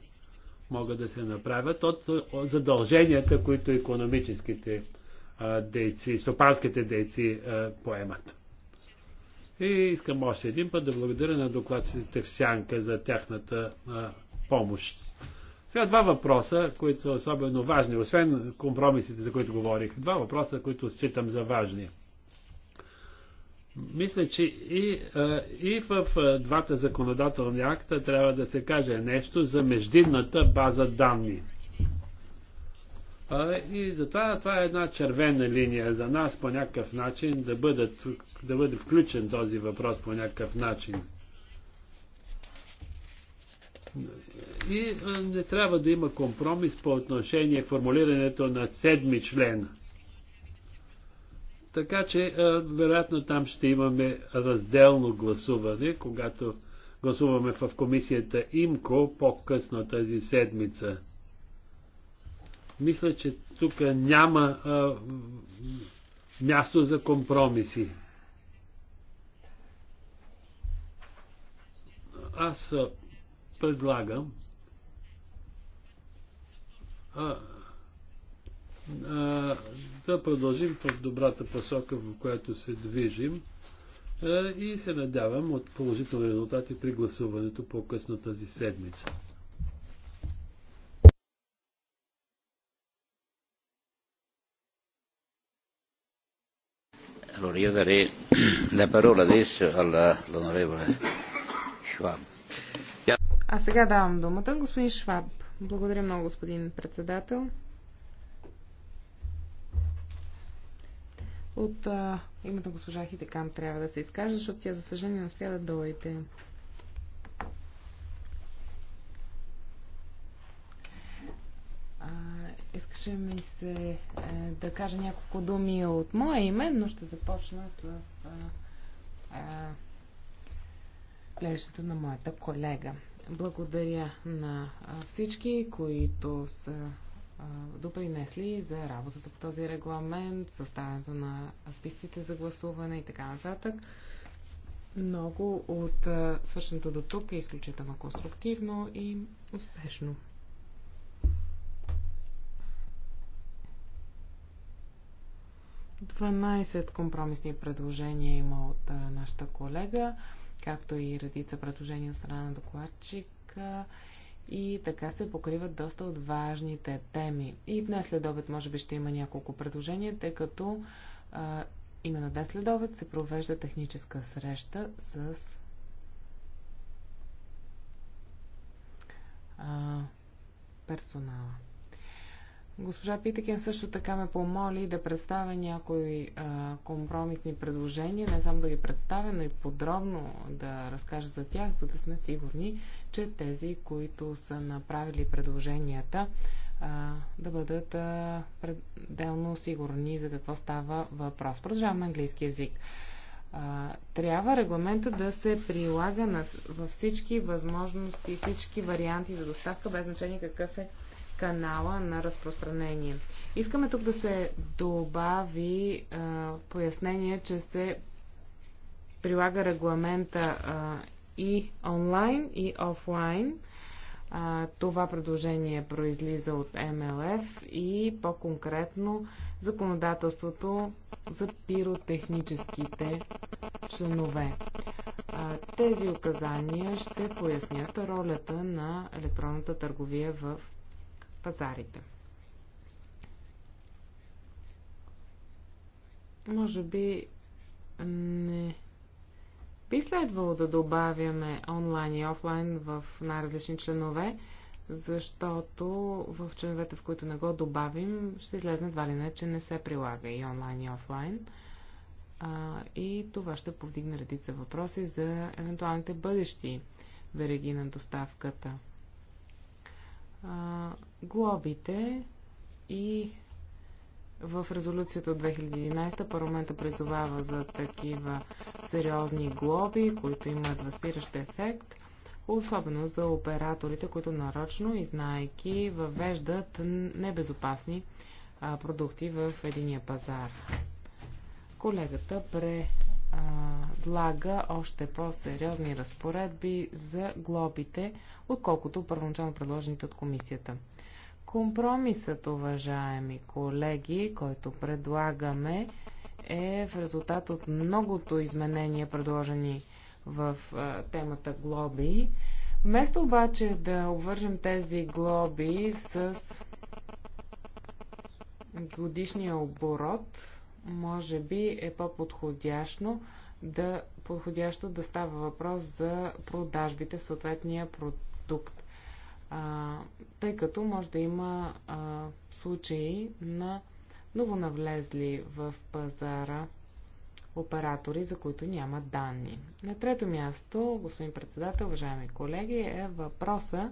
могат да се направят от задълженията, които економическите дейци, стопанските дейци поемат. И искам още един път да благодаря на докладците в Сянка за тяхната помощ. Сега два въпроса, които са особено важни, освен компромисите, за които говорих. Два въпроса, които считам за важни. Мисля, че и, и в двата законодателни акта трябва да се каже нещо за междинната база данни. И затова това е една червена линия за нас по някакъв начин да, бъдат, да бъде включен този въпрос по някакъв начин. И е, не трябва да има компромис по отношение формулирането на седми член. Така че, е, вероятно, там ще имаме разделно гласуване, когато гласуваме в комисията ИМКО по-късно тази седмица. Мисля, че тук няма а, е, място за компромиси. Аз предлагам а, а, да продължим в добрата посока, в която се движим а, и се надявам от положителни резултати при гласуването по-късно тази седмица. Allora io darei la parola adesso all'onorevole Schwab. А сега давам думата господин Шваб. Благодаря много, господин председател. От а, името госпожа Хитекам трябва да се изкаже, защото тя, за съжаление, не успя да дойде. искаше ми се а, е, да кажа няколко думи от мое име, но ще започна с е, на моята колега. Благодаря на всички, които са допринесли за работата по този регламент, съставянето на списъците за гласуване и така нататък. Много от свършеното до тук е изключително конструктивно и успешно. 12 компромисни предложения има от нашата колега, както и редица предложения от страна на докладчика. И така се покриват доста от важните теми. И днес след обед може би ще има няколко предложения, тъй като а, именно днес след обед се провежда техническа среща с а, персонала. Госпожа Питекен също така ме помоли да представя някои а, компромисни предложения, не само да ги представя, но и подробно да разкажа за тях, за да сме сигурни, че тези, които са направили предложенията, а, да бъдат а, пределно сигурни за какво става въпрос. Продължавам на английски язик. А, трябва регламента да се прилага на, във всички възможности, всички варианти за доставка, без значение какъв е канала на разпространение. Искаме тук да се добави а, пояснение, че се прилага регламента а, и онлайн, и офлайн. А, това предложение е произлиза от МЛФ и по-конкретно законодателството за пиротехническите членове. А, тези указания ще пояснят ролята на електронната търговия в пазарите. Може би не би следвало да добавяме онлайн и офлайн в най-различни членове, защото в членовете, в които не го добавим, ще излезне два ли не, че не се прилага и онлайн и офлайн. А, и това ще повдигне редица въпроси за евентуалните бъдещи вериги на доставката глобите и в резолюцията от 2011 парламента призовава за такива сериозни глоби, които имат възпиращ ефект, особено за операторите, които нарочно и знаеки въвеждат небезопасни продукти в единия пазар. Колегата пре Влага още по-сериозни разпоредби за глобите, отколкото първоначално предложените от комисията. Компромисът, уважаеми колеги, който предлагаме, е в резултат от многото изменения, предложени в а, темата глоби. Вместо обаче да обвържем тези глоби с годишния оборот, може би е по-подходящо да, подходящо да става въпрос за продажбите в съответния продукт. А, тъй като може да има а, случаи на новонавлезли в пазара оператори, за които няма данни. На трето място, господин председател, уважаеми колеги, е въпроса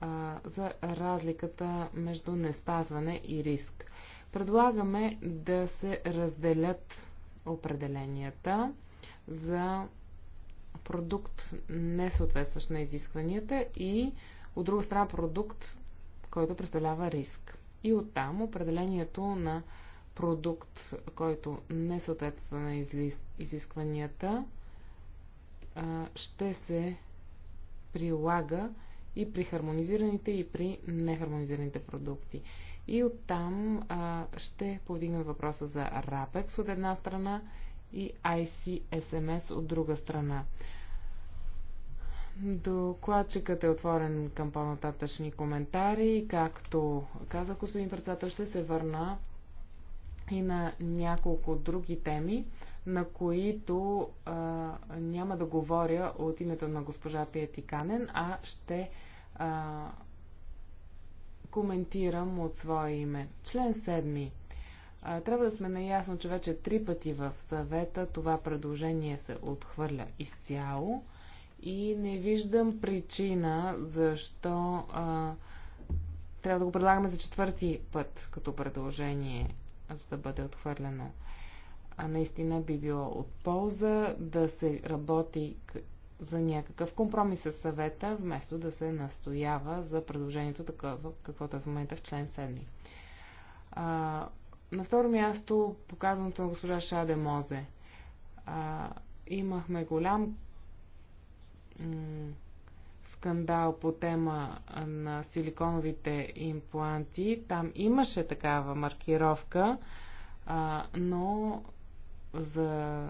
а, за разликата между неспазване и риск. Предлагаме да се разделят определенията за продукт не съответстващ на изискванията и от друга страна продукт, който представлява риск. И оттам определението на продукт, който не съответства на изискванията, ще се прилага и при хармонизираните, и при нехармонизираните продукти. И оттам а, ще повдигнем въпроса за RAPEX от една страна и ICSMS от друга страна. Докладчикът е отворен към по-нататъчни коментари. Както казах, господин председател, ще се върна и на няколко други теми, на които а, няма да говоря от името на госпожа Канен, а ще а, коментирам от свое име. Член 7. Трябва да сме наясно, че вече три пъти в съвета това предложение се отхвърля изцяло и не виждам причина защо а, трябва да го предлагаме за четвърти път като предложение, за да бъде отхвърлено. А наистина би било от полза да се работи за някакъв компромис с съвета, вместо да се настоява за предложението такова, каквото е в момента в член 7. А, на второ място, показаното на госпожа Шаде Мозе. А, имахме голям скандал по тема на силиконовите импланти. Там имаше такава маркировка, а, но за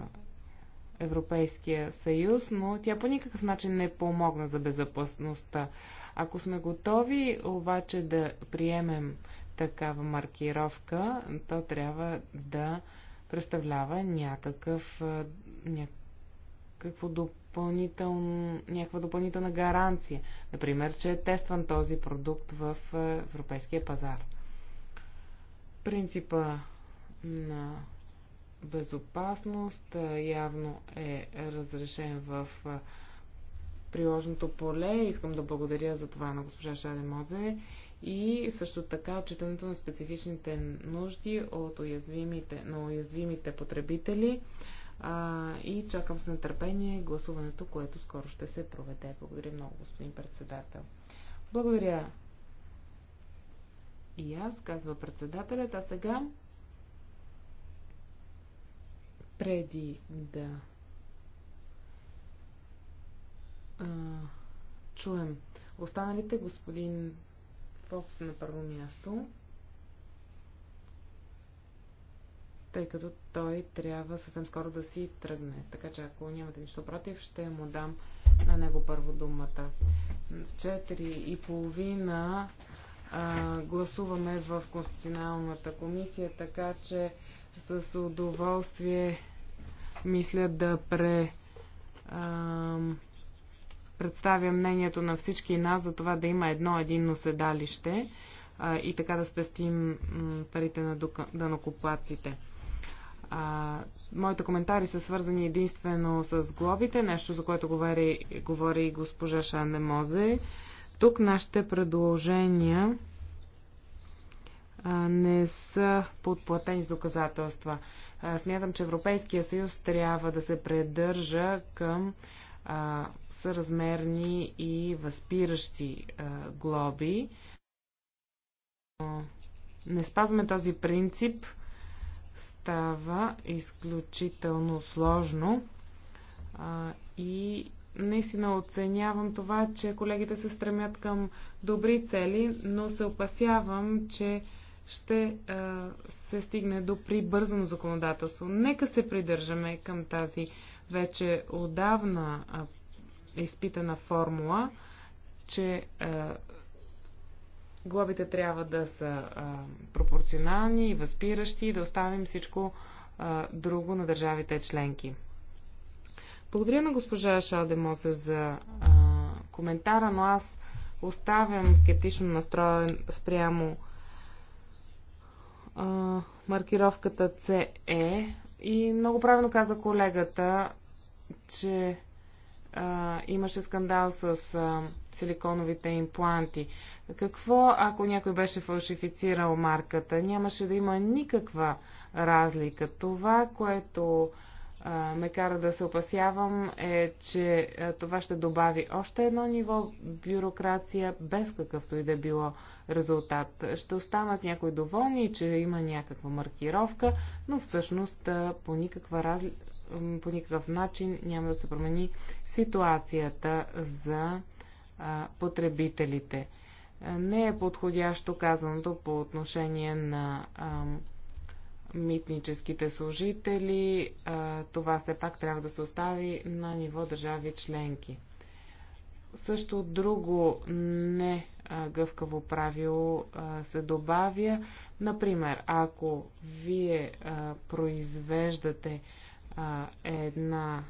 Европейския съюз, но тя по никакъв начин не помогна за безопасността. Ако сме готови обаче да приемем такава маркировка, то трябва да представлява някакъв, някакво допълнително, някаква допълнителна гаранция. Например, че е тестван този продукт в европейския пазар. Принципа на безопасност явно е разрешен в приложното поле. Искам да благодаря за това на госпожа Шаде Мозе и също така отчитането на специфичните нужди от уязвимите, на уязвимите потребители а, и чакам с нетърпение гласуването, което скоро ще се проведе. Благодаря много, господин председател. Благодаря и аз, казва председателят, а сега преди да а, чуем останалите, господин Фокс на първо място, тъй като той трябва съвсем скоро да си тръгне. Така че ако нямате нищо против, ще му дам на него първо думата. В 4 и половина а, гласуваме в Конституционалната комисия, така че с удоволствие мисля да пре, а, представя мнението на всички нас за това да има едно единно седалище а, и така да спестим м, парите на данокоплаците. А, моите коментари са свързани единствено с глобите, нещо за което говори, говори и госпожа Шанде Мозе. Тук нашите предложения не са подплатени с доказателства. Смятам, че Европейския съюз трябва да се придържа към съразмерни и възпиращи глоби. Не спазваме този принцип. Става изключително сложно и наистина оценявам това, че колегите се стремят към добри цели, но се опасявам, че ще а, се стигне до прибързано законодателство. Нека се придържаме към тази вече отдавна а, изпитана формула, че а, глобите трябва да са а, пропорционални и възпиращи и да оставим всичко а, друго на държавите членки. Благодаря на госпожа Шалдемоса за а, коментара, но аз оставям скептично настроен спрямо а, маркировката CE и много правилно каза колегата, че а, имаше скандал с а, силиконовите импланти. Какво, ако някой беше фалшифицирал марката? Нямаше да има никаква разлика. Това, което ме кара да се опасявам е, че това ще добави още едно ниво бюрокрация без какъвто и да било резултат. Ще останат някои доволни, че има някаква маркировка, но всъщност по, никаква разли... по никакъв начин няма да се промени ситуацията за потребителите. Не е подходящо казаното по отношение на митническите служители. Това все пак трябва да се остави на ниво държави членки. Също друго не гъвкаво правило се добавя. Например, ако вие произвеждате една,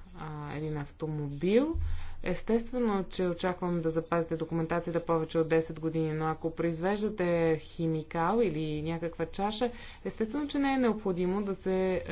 един автомобил, Естествено, че очаквам да запазите документацията повече от 10 години, но ако произвеждате химикал или някаква чаша, естествено, че не е необходимо да се е,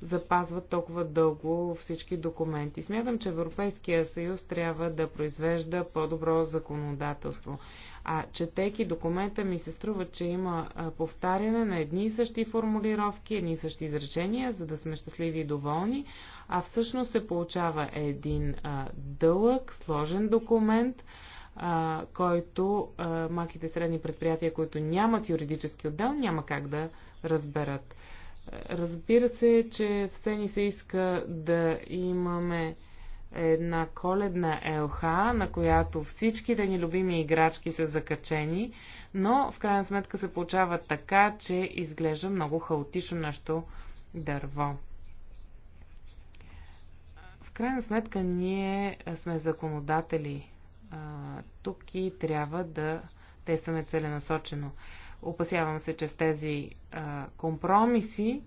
запазват толкова дълго всички документи. Смятам, че Европейския съюз трябва да произвежда по-добро законодателство. А четейки документа ми се струва, че има повтаряне на едни и същи формулировки, едни и същи изречения, за да сме щастливи и доволни, а всъщност се получава един а, дълъг, сложен документ, а, който а, маките средни предприятия, които нямат юридически отдел, няма как да разберат. Разбира се, че все ни се иска да имаме една коледна ЛХ, на която всичките ни любими играчки са закачени, но в крайна сметка се получава така, че изглежда много хаотично нашето дърво. В крайна сметка ние сме законодатели тук и трябва да тестваме целенасочено. Опасявам се, че с тези а, компромиси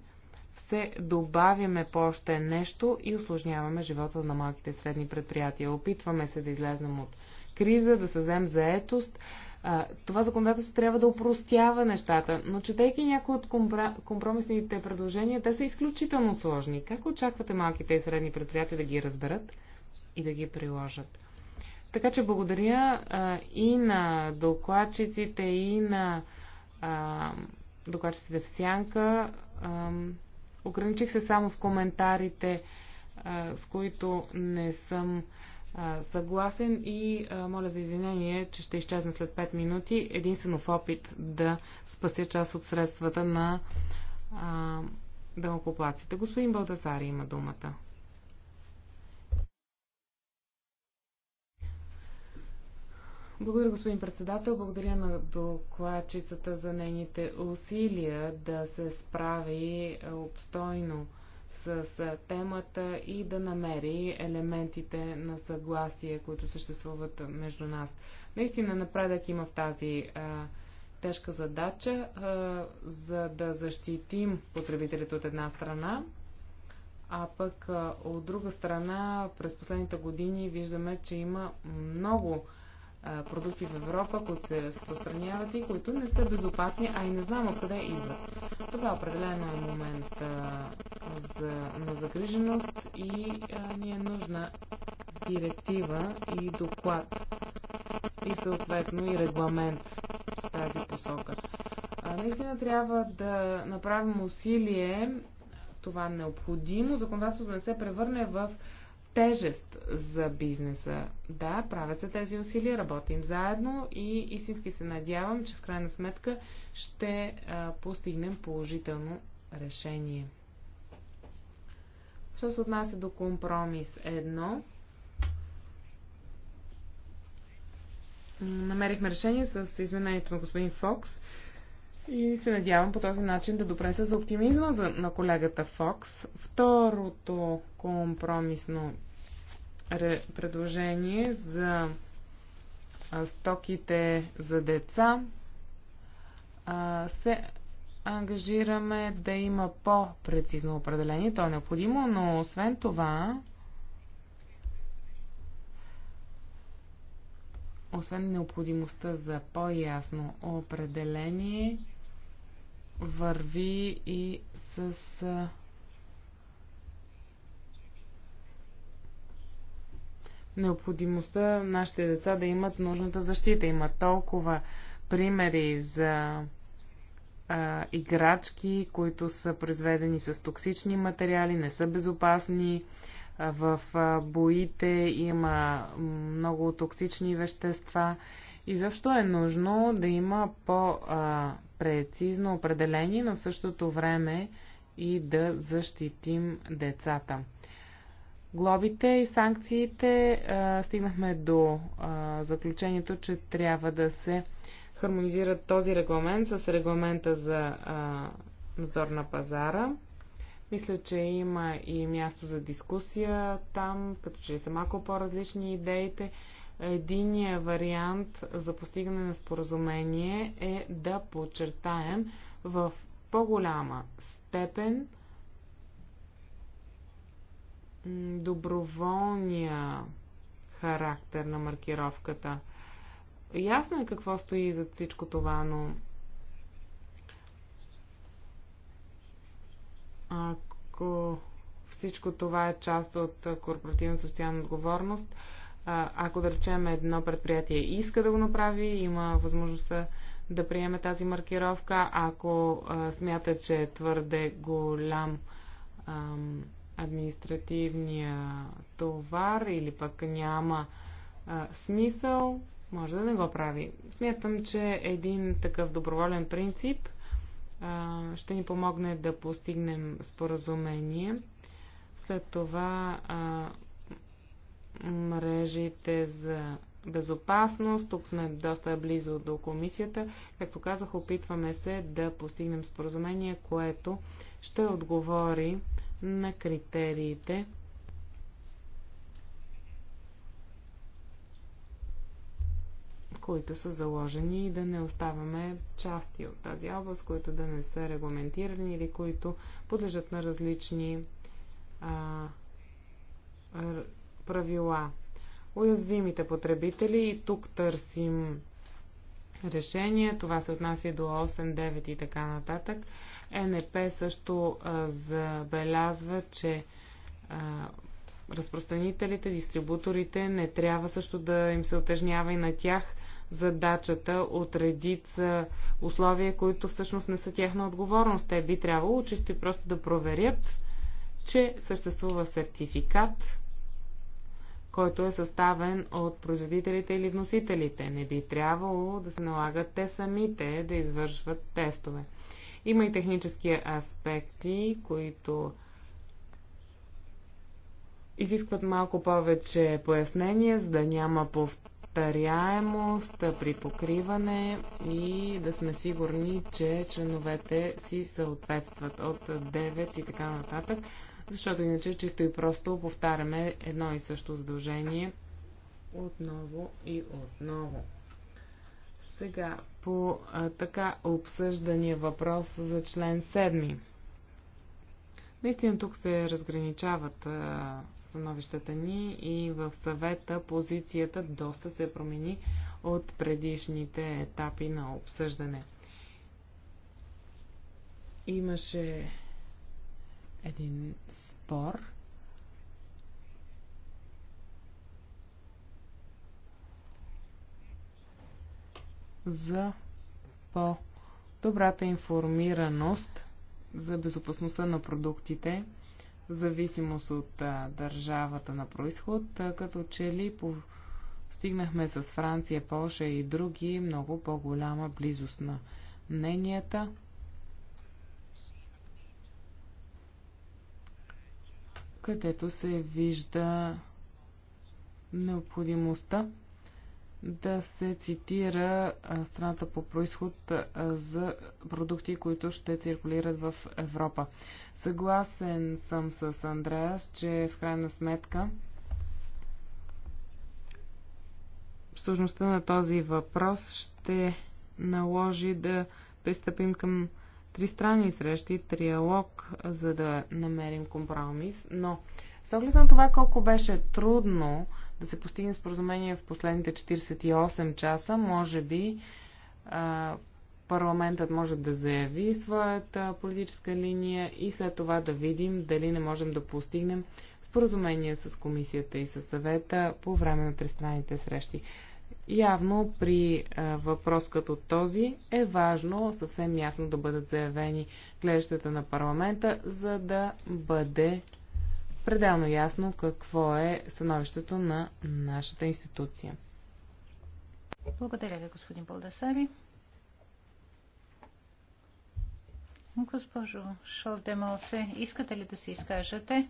се добавяме по още нещо и осложняваме живота на малките и средни предприятия. Опитваме се да излезнем от криза, да съзем заетост. А, това законодателство трябва да упростява нещата, но четейки някои от компромисните предложения, те са изключително сложни. Как очаквате малките и средни предприятия да ги разберат и да ги приложат? Така че благодаря а, и на докладчиците, и на докладчиците в сянка. Ограничих се само в коментарите, с които не съм съгласен и моля за извинение, че ще изчезна след 5 минути, единствено в опит да спася част от средствата на дълкоплаците. Господин Балдасари има думата. Благодаря, господин председател. Благодаря на докладчицата за нейните усилия да се справи обстойно с темата и да намери елементите на съгласие, които съществуват между нас. Наистина напредък има в тази а, тежка задача, а, за да защитим потребителите от една страна, а пък а, от друга страна през последните години виждаме, че има много продукти в Европа, които се разпространяват и които не са безопасни, а и не знам откъде идват. Това е определено е момент а, за, на загриженост и а, ни е нужна директива и доклад и съответно и регламент в тази посока. А, наистина трябва да направим усилие това необходимо законодателството да не се превърне в тежест за бизнеса. Да, правят се тези усилия, работим заедно и истински се надявам, че в крайна сметка ще а, постигнем положително решение. Що се отнася до компромис едно, намерихме решение с изменението на господин Фокс и се надявам по този начин да допреса за оптимизма за, на колегата Фокс. Второто компромисно ре, предложение за а, стоките за деца а, се ангажираме да има по-прецизно определение. То е необходимо, но освен това освен необходимостта за по-ясно определение, върви и с а, необходимостта нашите деца да имат нужната защита. Има толкова примери за а, играчки, които са произведени с токсични материали, не са безопасни. В боите има много токсични вещества и защо е нужно да има по-прецизно определение, но в същото време и да защитим децата. Глобите и санкциите стигнахме до заключението, че трябва да се хармонизират този регламент с регламента за надзор на пазара. Мисля, че има и място за дискусия там, като че са малко по-различни идеите. Единият вариант за постигане на споразумение е да подчертаем в по-голяма степен доброволния характер на маркировката. Ясно е какво стои зад всичко това, но ако всичко това е част от корпоративна социална отговорност, ако да речем едно предприятие иска да го направи, има възможността да приеме тази маркировка. Ако а, смята, че е твърде голям ам, административния товар или пък няма а, смисъл, може да не го прави. Смятам, че един такъв доброволен принцип а, ще ни помогне да постигнем споразумение. След това а, мрежите за безопасност. Тук сме доста близо до комисията. Както казах, опитваме се да постигнем споразумение, което ще отговори на критериите. които са заложени и да не оставаме части от тази област, които да не са регламентирани или които подлежат на различни а, правила. Уязвимите потребители и тук търсим решение. Това се отнася до 8, 9 и така нататък. Е НП също а, забелязва, че а, разпространителите, дистрибуторите не трябва също да им се отежнява и на тях задачата от редица условия, които всъщност не са тяхна отговорност. Те би трябвало чисто и просто да проверят, че съществува сертификат който е съставен от производителите или вносителите. Не би трябвало да се налагат те самите да извършват тестове. Има и технически аспекти, които изискват малко повече пояснение, за да няма повторяемост при покриване и да сме сигурни, че членовете си съответстват от 9 и така нататък защото иначе чисто и просто повтаряме едно и също задължение отново и отново. Сега, по а, така обсъждания въпрос за член 7. Наистина тук се разграничават а, становищата ни и в съвета позицията доста се промени от предишните етапи на обсъждане. Имаше един спор. за по-добрата информираност за безопасността на продуктите, в зависимост от а, държавата на происход, а, като че ли постигнахме стигнахме с Франция, Польша и други много по-голяма близост на мненията. където се вижда необходимостта да се цитира страната по происход за продукти, които ще циркулират в Европа. Съгласен съм с Андреас, че в крайна сметка сложността на този въпрос ще наложи да пристъпим към тристранни срещи, триалог, за да намерим компромис, но с оглед на това колко беше трудно да се постигне споразумение в последните 48 часа, може би а, парламентът може да заяви своята политическа линия и след това да видим дали не можем да постигнем споразумение с комисията и с съвета по време на тристранните срещи. Явно при а, въпрос като този е важно съвсем ясно да бъдат заявени гледащата на парламента, за да бъде пределно ясно какво е становището на нашата институция. Благодаря ви, господин Балдасари. Госпожо Шолдемосе, искате ли да се изкажете,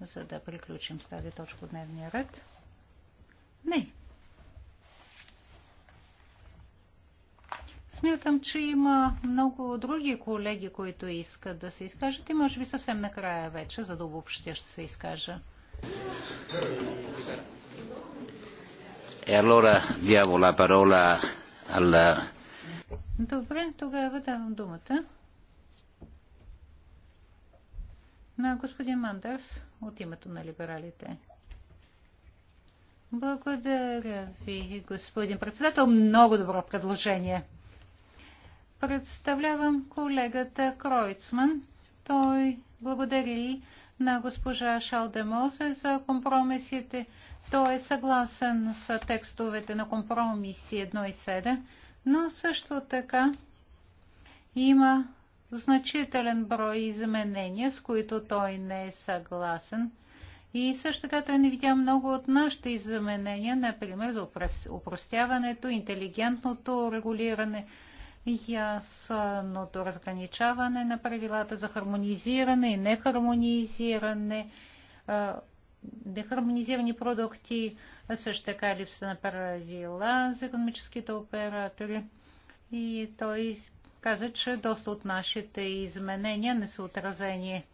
за да приключим с тази точка от дневния ред? Не, Смятам, че има много други колеги, които искат да се изкажат и може би съвсем накрая вече, за да обобщя, ще се изкажа. E allora diamo la parola alla... Добре, тогава давам думата на господин Мандърс от името на либералите. Благодаря ви, господин председател. Много добро предложение. Представлявам колегата Кройцман. Той благодари на госпожа Шалдемозе за компромисите. Той е съгласен с текстовете на компромиси 1 и 7, но също така има значителен брой изменения, с които той не е съгласен. И също така той не видя много от нашите изменения, например за упростяването, интелигентното регулиране, ясното разграничаване на правилата за хармонизиране и нехармонизиране, нехармонизирани продукти, също така липса на правила за економическите оператори. И той каза, че доста от нашите изменения не са отразени.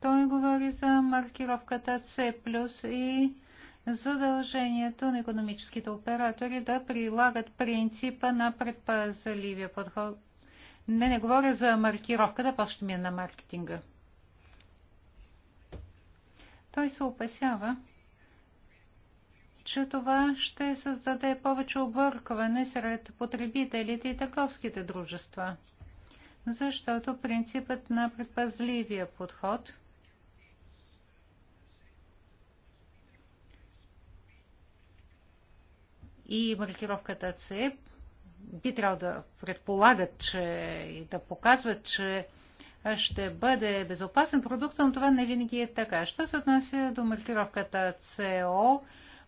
Той говори за маркировката C++ и задължението на економическите оператори да прилагат принципа на предпазливия подход. Не, не говоря за маркировката, по ще ми е на маркетинга. Той се опасява, че това ще създаде повече объркване сред потребителите и търговските дружества, защото принципът на предпазливия подход – и маркировката C би трябвало да предполагат че, и да показват, че ще бъде безопасен продукт, но това не винаги е така. Що се отнася до маркировката CO,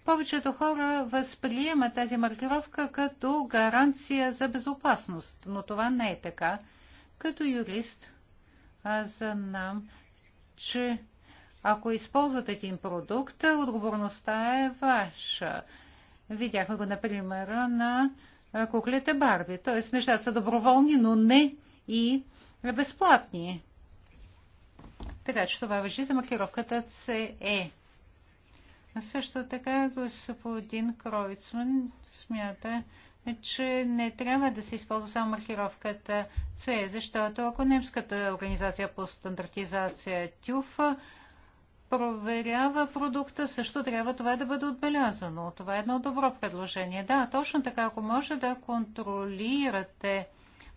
повечето хора възприемат тази маркировка като гаранция за безопасност, но това не е така. Като юрист аз знам, че ако използвате един продукт, отговорността е ваша. Видяхме го, например, на куклите Барби. Тоест, нещата са доброволни, но не и безплатни. Така че това въжи за маркировката CE. Е. Също така господин Кройцман смята, че не трябва да се използва само маркировката CE, защото ако немската организация по стандартизация ТЮФ проверява продукта, също трябва това да бъде отбелязано. Това е едно добро предложение. Да, точно така, ако може да контролирате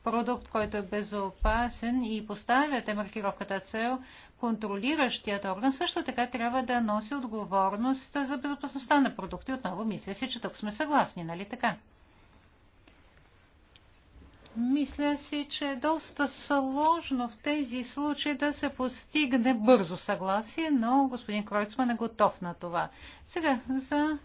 продукт, който е безопасен и поставяте маркировката цел, контролиращият орган също така трябва да носи отговорност за безопасността на продукти. Отново мисля си, че тук сме съгласни, нали така? Мисля си, че е доста сложно в тези случаи да се постигне бързо съгласие, но господин Кройцман е готов на това. Сега за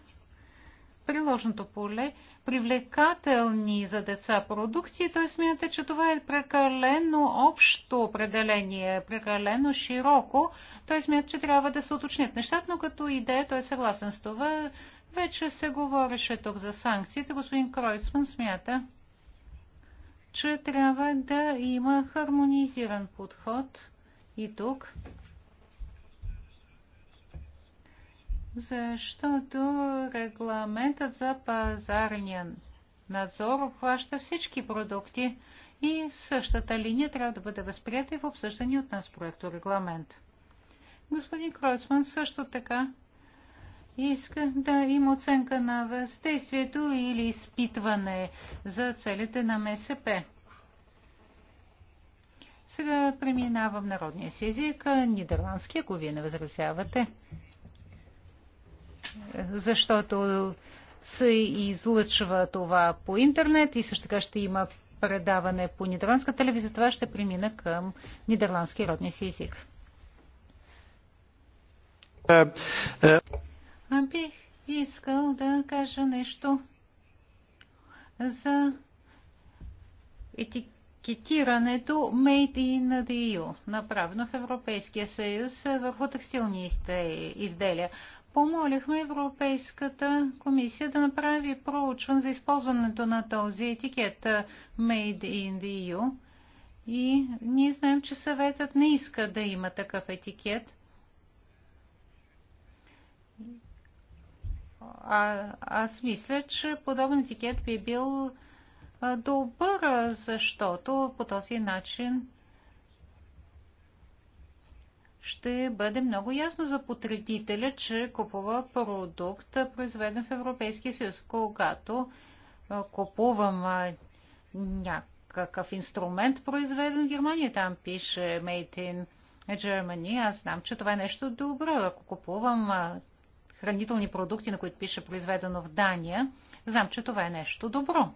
приложното поле привлекателни за деца продукти, той смята, че това е прекалено общо определение, прекалено широко. Той смята, че трябва да се уточнят нещата, но като идея той е съгласен с това. Вече се говореше тук за санкциите. Господин Кройцман смята, че трябва да има хармонизиран подход и тук, защото регламентът за пазарния надзор обхваща всички продукти и същата линия трябва да бъде възприята и в обсъждане от нас проекто регламент. Господин Кройцман също така иска да има оценка на въздействието или изпитване за целите на МСП. Сега преминавам народния си език, нидерландски, ако вие не възразявате. Защото се излъчва това по интернет и също така ще има предаване по нидерландска телевизия. Това ще премина към нидерландски родния си език. Е, е. А бих искал да кажа нещо за етикетирането Made in the EU, направено в Европейския съюз е, върху текстилни изделия. Помолихме Европейската комисия да направи проучване за използването на този етикет е, Made in the EU. И ние знаем, че съветът не иска да има такъв етикет. А, аз мисля, че подобен етикет би бил добър, защото по този начин ще бъде много ясно за потребителя, че купува продукт, произведен в Европейския съюз. Когато купувам някакъв инструмент, произведен в Германия, там пише Made in Germany, аз знам, че това е нещо добро. Ако купувам хранителни продукти, на които пише произведено в Дания, знам, че това е нещо добро.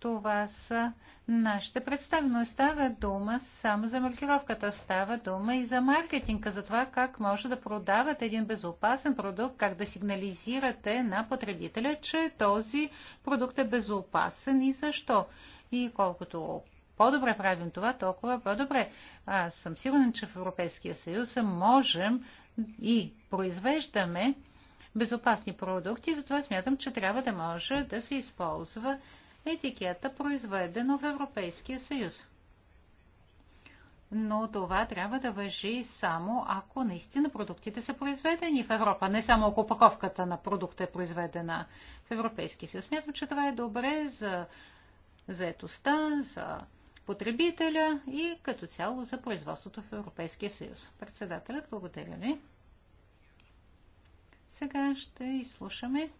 Това са нашите представи, но става дума само за маркировката, става дума и за маркетинга, за това как може да продавате един безопасен продукт, как да сигнализирате на потребителя, че този продукт е безопасен и защо. И колкото по-добре правим това, толкова по-добре. Аз съм сигурен, че в Европейския съюз можем и произвеждаме безопасни продукти, затова смятам, че трябва да може да се използва етикета произведено в Европейския съюз. Но това трябва да въжи само ако наистина продуктите са произведени в Европа, не само ако упаковката на продукта е произведена в Европейския съюз. Смятам, че това е добре за заетостта, за потребителя и като цяло за производството в Европейския съюз. Председателят, благодаря ви. Сега ще изслушаме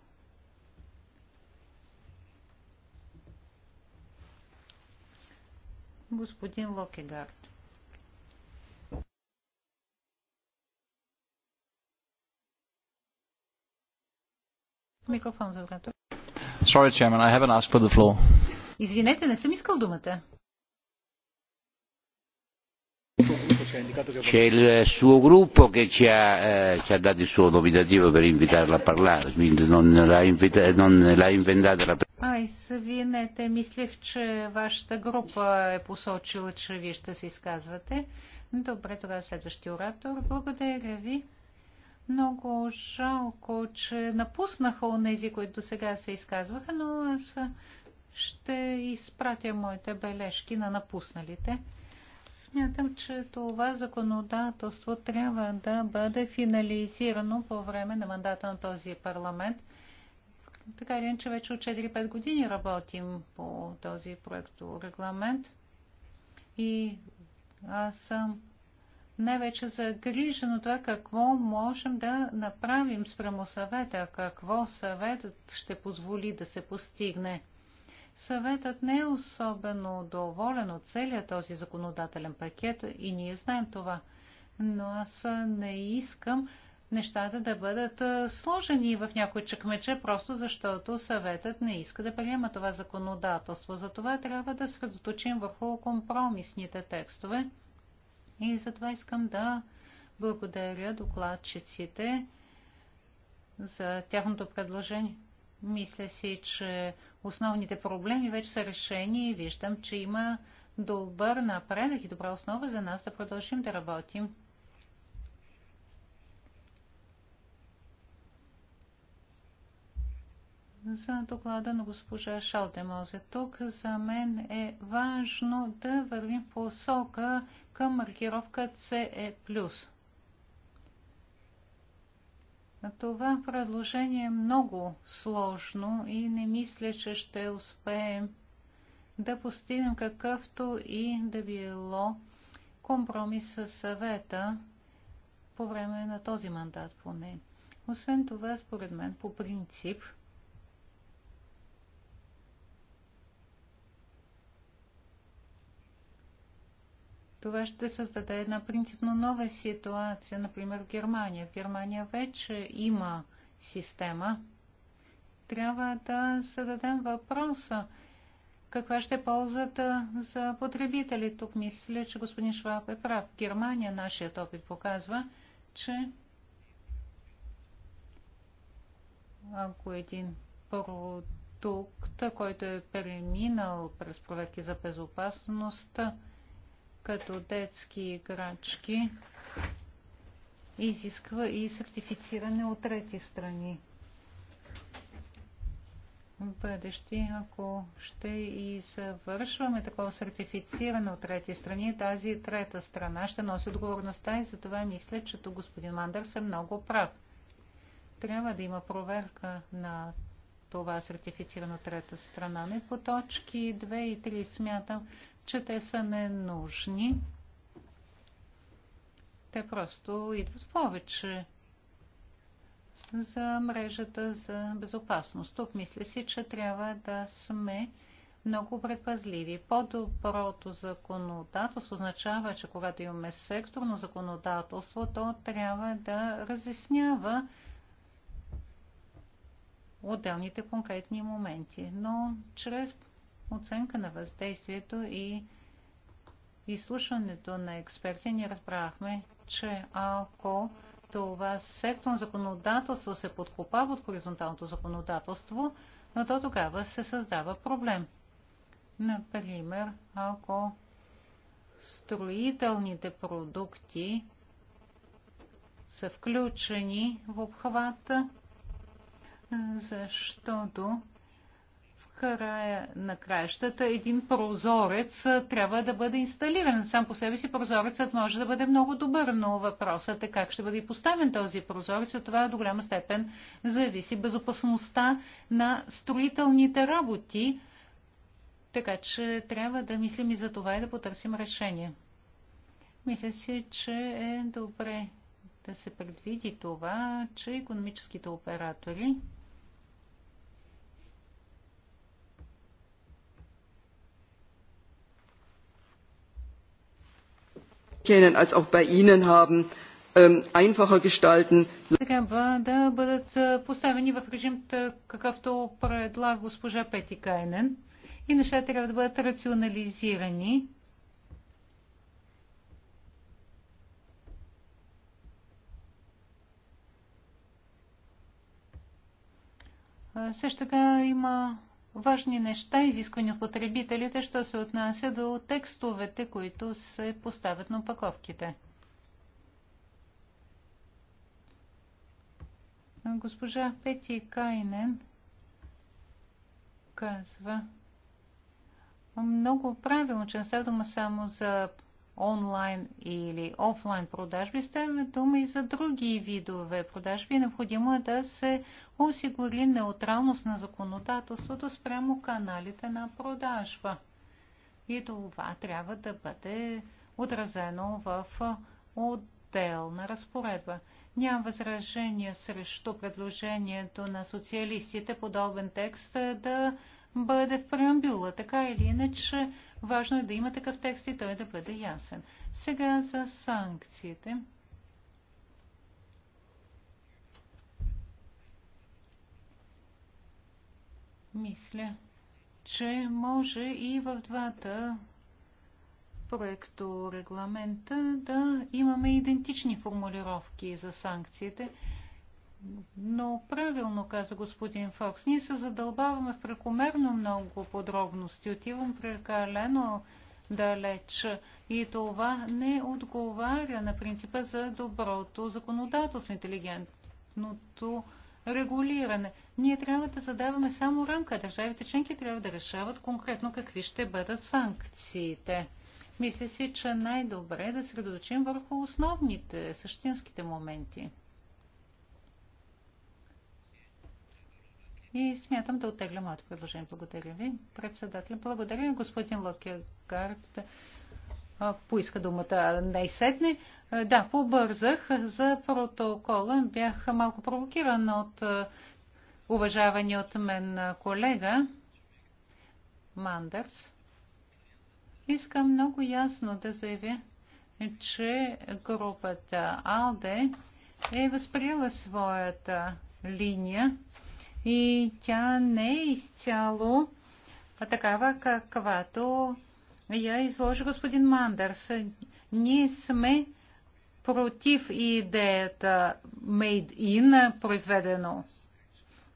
господин Локегард. Микрофон за вратор. Sorry, Chairman, I haven't asked for the floor. Извинете, не съм искал думата. C'è il suo gruppo che ci ha, eh, ci ha dato il suo nominativo per invitarla a parlare, quindi non l'ha, invita- non l'ha inventata la Ай, Добре, тогава следващия оратор. Благодаря ви. Много жалко, че напуснаха онези, които сега се изказваха, но аз ще изпратя моите бележки на напусналите. Смятам, че това законодателство трябва да бъде финализирано по време на мандата на този парламент. Така или иначе, вече от 4-5 години работим по този проект регламент и аз съм не вече загрижен от това какво можем да направим спрямо съвета, какво съветът ще позволи да се постигне. Съветът не е особено доволен от целият този законодателен пакет и ние знаем това. Но аз не искам нещата да бъдат сложени в някой чекмече, просто защото съветът не иска да приема това законодателство. Затова трябва да средоточим върху компромисните текстове. И затова искам да благодаря докладчиците за тяхното предложение. Мисля си, че основните проблеми вече са решени и виждам, че има добър напредък и добра основа за нас да продължим да работим. за доклада на госпожа Шалдемозе. Тук за мен е важно да вървим посока към маркировка CE+. Това предложение е много сложно и не мисля, че ще успеем да постигнем какъвто и да било компромис с съвета по време на този мандат поне. Освен това, според мен, по принцип, това ще създаде една принципно нова ситуация, например в Германия. В Германия вече има система. Трябва да зададем въпроса каква ще е ползата за потребители. Тук мисля, че господин Шваб е прав. В Германия нашият опит показва, че ако един продукт, който е преминал през проверки за безопасност, като детски играчки изисква и сертифициране от трети страни. В бъдеще, ако ще и завършваме такова сертифициране от трети страни, тази трета страна ще носи отговорността и за това мисля, че тук господин Мандърс е много прав. Трябва да има проверка на това сертифицирано трета страна. Не по точки 2 и 3 смятам, че те са ненужни. Те просто идват повече за мрежата за безопасност. Тук мисля си, че трябва да сме много препазливи. По-доброто законодателство означава, че когато имаме секторно законодателство, то трябва да разяснява отделните конкретни моменти. Но чрез оценка на въздействието и изслушването на експерти ние разбрахме, че ако това секторно законодателство се подкопава от хоризонталното законодателство, но то тогава се създава проблем. Например, ако строителните продукти са включени в обхвата, защото края на краищата един прозорец трябва да бъде инсталиран. Сам по себе си прозорецът може да бъде много добър, но въпросът е как ще бъде поставен този прозорец. От това до голяма степен зависи безопасността на строителните работи. Така че трябва да мислим и за това и да потърсим решение. Мисля си, че е добре да се предвиди това, че економическите оператори kennen als auch bei Ihnen haben, ähm, einfacher gestalten. И неща трябва да бъдат рационализирани. Също така има важни неща, изисквани от потребителите, що се отнася до текстовете, които се поставят на упаковките. Госпожа Пети Кайнен казва много правилно, че не става дума само за онлайн или офлайн продажби, ставаме дума и за други видове продажби. Необходимо е да се осигури неутралност на законодателството спрямо каналите на продажба. И това трябва да бъде отразено в отделна разпоредба. Нямам възражение срещу предложението на социалистите подобен текст да бъде в преамбюла. Така или иначе, Важно е да има такъв текст и той да бъде ясен. Сега за санкциите. Мисля, че може и в двата проекто регламента да имаме идентични формулировки за санкциите. Но правилно каза господин Фокс. Ние се задълбаваме в прекомерно много подробности. Отивам прекалено далеч. И това не отговаря на принципа за доброто законодателство, интелигентното регулиране. Ние трябва да задаваме само рамка. Държавите членки трябва да решават конкретно какви ще бъдат санкциите. Мисля си, че най-добре е да се средоточим върху основните, същинските моменти. и смятам да отегля моето предложение. Благодаря ви, председател. Благодаря ви, господин Локегард поиска думата най-сетне. Да, побързах за протокола. Бях малко провокиран от уважавани от мен колега Мандърс. Искам много ясно да заявя, че групата АЛДЕ е възприела своята линия и тя не е изцяло такава, каквато я изложи господин Мандърс. Ние сме против идеята Made in, произведено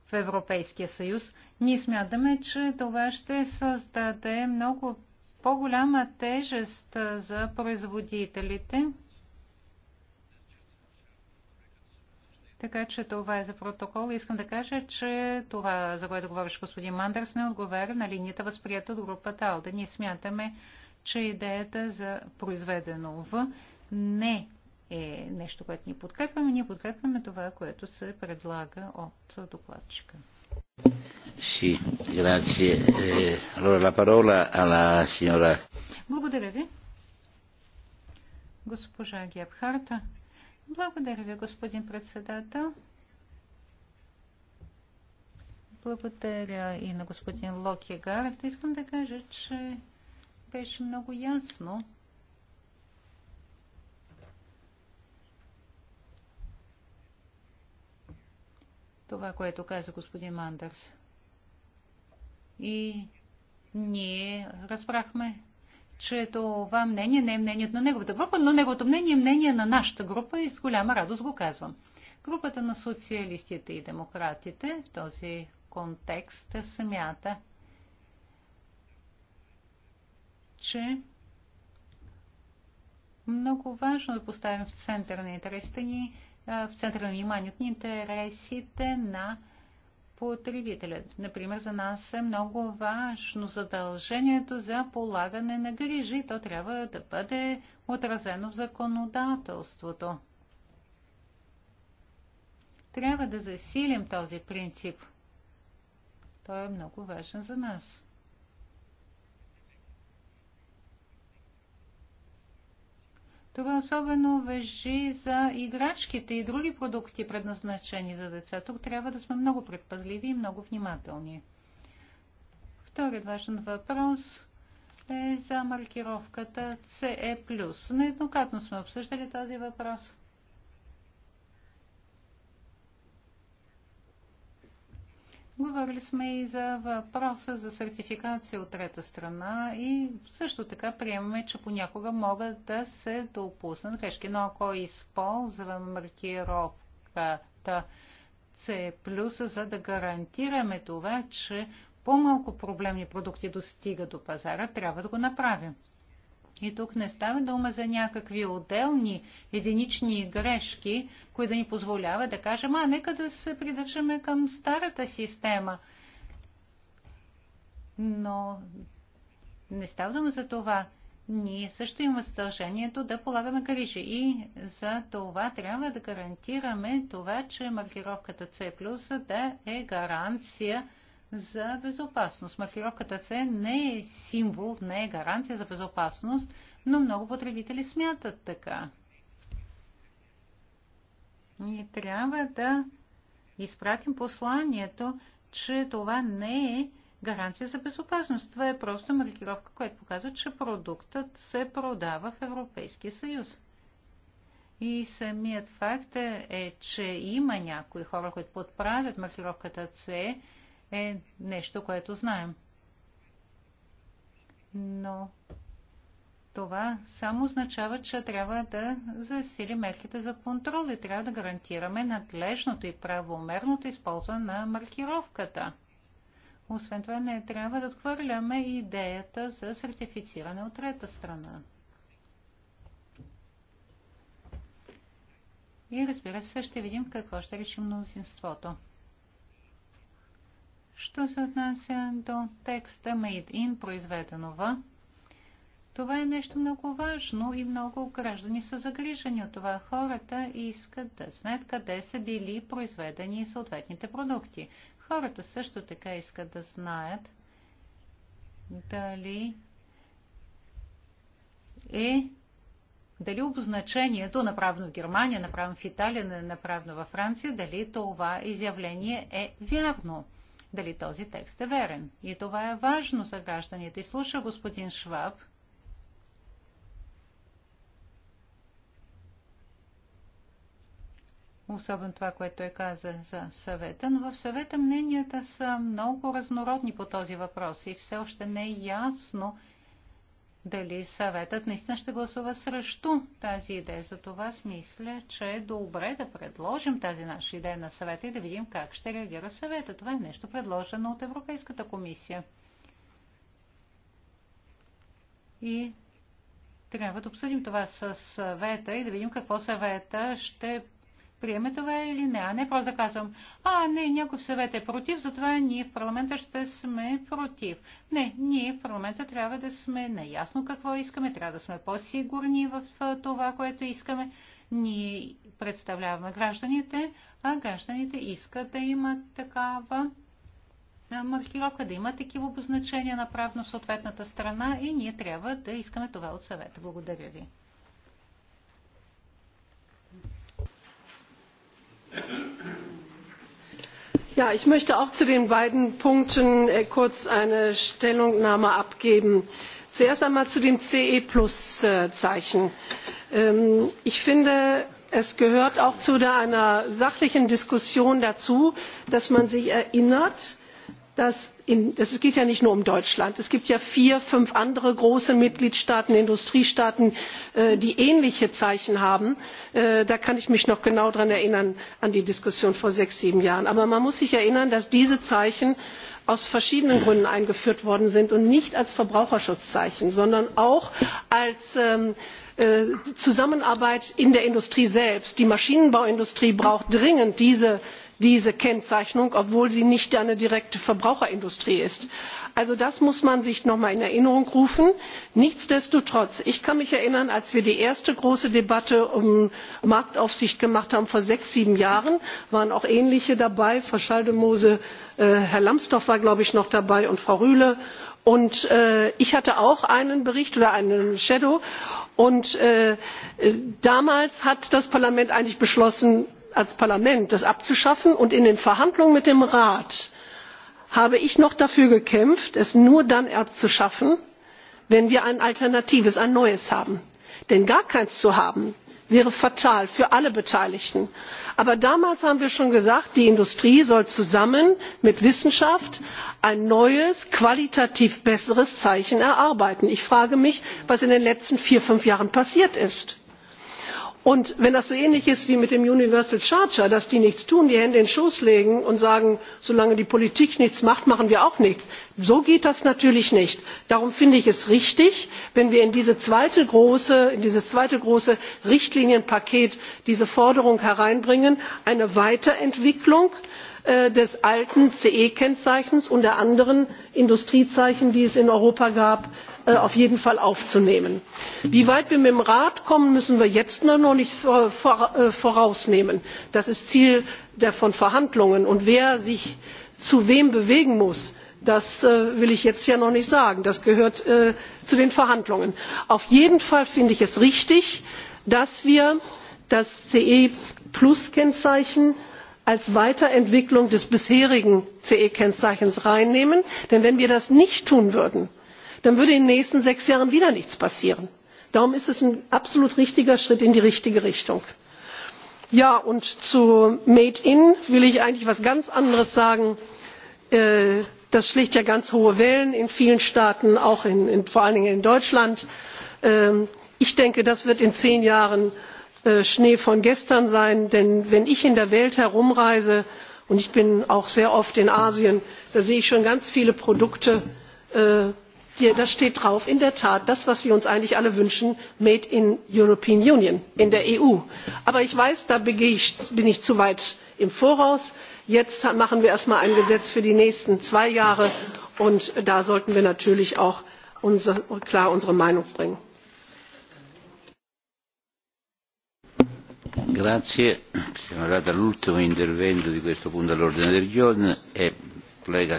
в Европейския съюз. Ние смятаме, че това ще създаде много по-голяма тежест за производителите Така че това е за протокол. Искам да кажа, че това, за което говориш господин Мандърс, не отговаря на линията, възприята от групата Алда. Ние смятаме, че идеята за произведено в не е нещо, което ни подкрепяме. Ние подкрепяме това, което се предлага от докладчика. Sì, grazie. Eh, allora la parola alla signora. Благодаря ви. Госпожа Гебхарта. Благодаря ви, господин председател. Благодаря и на господин Локегард. Искам да кажа, че беше много ясно това, което каза господин Мандърс. И ние разбрахме че това мнение не е мнението на неговата група, но неговото мнение е мнение на нашата група и с голяма радост го казвам. Групата на социалистите и демократите в този контекст смята, че много важно да поставим в центъра на интересите ни, в центъра на вниманието ни интересите на потребителят. Например, за нас е много важно задължението за полагане на грижи. То трябва да бъде отразено в законодателството. Трябва да засилим този принцип. Той е много важен за нас. Това особено въжи за играчките и други продукти, предназначени за деца. Тук трябва да сме много предпазливи и много внимателни. Вторият важен въпрос е за маркировката CE+. Нееднократно сме обсъждали този въпрос. Говорили сме и за въпроса за сертификация от трета страна и също така приемаме, че понякога могат да се допуснат грешки. Но ако използва маркировката C+, за да гарантираме това, че по-малко проблемни продукти достига до пазара, трябва да го направим. И тук не става дума за някакви отделни, единични грешки, които да ни позволяват да кажем, а нека да се придържаме към старата система. Но не става дума за това. Ние също имаме задължението да полагаме грижи и за това трябва да гарантираме това, че маркировката C+, да е гаранция за безопасност. Маркировката С не е символ, не е гаранция за безопасност, но много потребители смятат така. И трябва да изпратим посланието, че това не е гаранция за безопасност. Това е просто маркировка, която показва, че продуктът се продава в Европейския съюз. И самият факт е, че има някои хора, които подправят маркировката С, е нещо, което знаем. Но това само означава, че трябва да засили мерките за контрол и трябва да гарантираме надлежното и правомерното използване на маркировката. Освен това, не трябва да отхвърляме идеята за сертифициране от трета страна. И разбира се, ще видим какво ще реши мнозинството. Що се отнася до текста Made in, произведено в, това е нещо много важно и много граждани са загрижени от това. Хората искат да знаят къде са били произведени съответните продукти. Хората също така искат да знаят дали е дали обозначението, направено в Германия, направено в Италия, направено във Франция, дали това изявление е вярно дали този текст е верен. И това е важно за гражданите. И слуша господин Шваб, особено това, което той е каза за съвета, но в съвета мненията са много разнородни по този въпрос и все още не е ясно дали съветът наистина ще гласува срещу тази идея. За това аз мисля, че е добре да предложим тази наша идея на съвета и да видим как ще реагира съвета. Това е нещо предложено от Европейската комисия. И трябва да обсъдим това с съвета и да видим какво съвета ще приеме това или не, а не просто да казвам, а не, някой в съвет е против, затова ние в парламента ще сме против. Не, ние в парламента трябва да сме наясно какво искаме, трябва да сме по-сигурни в това, което искаме. Ние представляваме гражданите, а гражданите искат да имат такава маркировка, да има такива обозначения на правно съответната страна и ние трябва да искаме това от съвета. Благодаря ви. ich möchte auch zu den beiden punkten kurz eine stellungnahme abgeben. zuerst einmal zu dem ce zeichen ich finde es gehört auch zu einer sachlichen diskussion dazu dass man sich erinnert es geht ja nicht nur um deutschland es gibt ja vier fünf andere große mitgliedstaaten industriestaaten die ähnliche zeichen haben da kann ich mich noch genau daran erinnern an die diskussion vor sechs sieben jahren. aber man muss sich erinnern dass diese zeichen aus verschiedenen gründen eingeführt worden sind und nicht als verbraucherschutzzeichen sondern auch als zusammenarbeit in der industrie selbst. die maschinenbauindustrie braucht dringend diese diese kennzeichnung obwohl sie nicht eine direkte verbraucherindustrie ist. also das muss man sich noch einmal in erinnerung rufen. nichtsdestotrotz ich kann mich erinnern als wir die erste große debatte um marktaufsicht gemacht haben vor sechs sieben jahren waren auch ähnliche dabei frau schaldemose herr lambsdorff war glaube ich noch dabei und frau rühle und ich hatte auch einen bericht oder einen shadow und damals hat das parlament eigentlich beschlossen als parlament das abzuschaffen und in den verhandlungen mit dem rat habe ich noch dafür gekämpft es nur dann abzuschaffen wenn wir ein alternatives ein neues haben. denn gar keins zu haben wäre fatal für alle beteiligten. aber damals haben wir schon gesagt die industrie soll zusammen mit wissenschaft ein neues qualitativ besseres zeichen erarbeiten. ich frage mich was in den letzten vier fünf jahren passiert ist und wenn das so ähnlich ist wie mit dem universal charter dass die nichts tun die hände in den schoß legen und sagen solange die politik nichts macht machen wir auch nichts so geht das natürlich nicht. darum finde ich es richtig wenn wir in dieses zweite große richtlinienpaket diese forderung hineinbringen eine weiterentwicklung des alten ce kennzeichens und der anderen industriezeichen die es in europa gab auf jeden fall aufzunehmen. wie weit wir mit dem rat kommen müssen wir jetzt noch nicht vorausnehmen das ist ziel von verhandlungen und wer sich zu wem bewegen muss das will ich jetzt ja noch nicht sagen das gehört zu den verhandlungen. auf jeden fall finde ich es richtig dass wir das ce kennzeichen als weiterentwicklung des bisherigen ce kennzeichens hineinnehmen denn wenn wir das nicht tun würden dann würde in den nächsten sechs jahren wieder nichts passieren. darum ist es ein absolut richtiger schritt in die richtige richtung. und zu made in will ich eigentlich etwas ganz anderes sagen das schlägt ja ganz hohe wellen in vielen staaten auch vor allen dingen in deutschland. ich denke das wird in zehn jahren schnee von gestern sein denn wenn ich in der welt herumreise und ich bin auch sehr oft in asien da sehe ich schon ganz viele produkte da steht drauf in der tat das was wir uns eigentlich alle wünschen made in european union in der eu. aber ich weiß da bin ich zu weit im voraus jetzt machen wir erst einmal ein gesetz für die nächsten zwei jahre und da sollten wir natürlich auch klar unsere meinung bringen. Grazie. Siamo arrivati all'ultimo intervento di questo punto all'ordine del giorno collega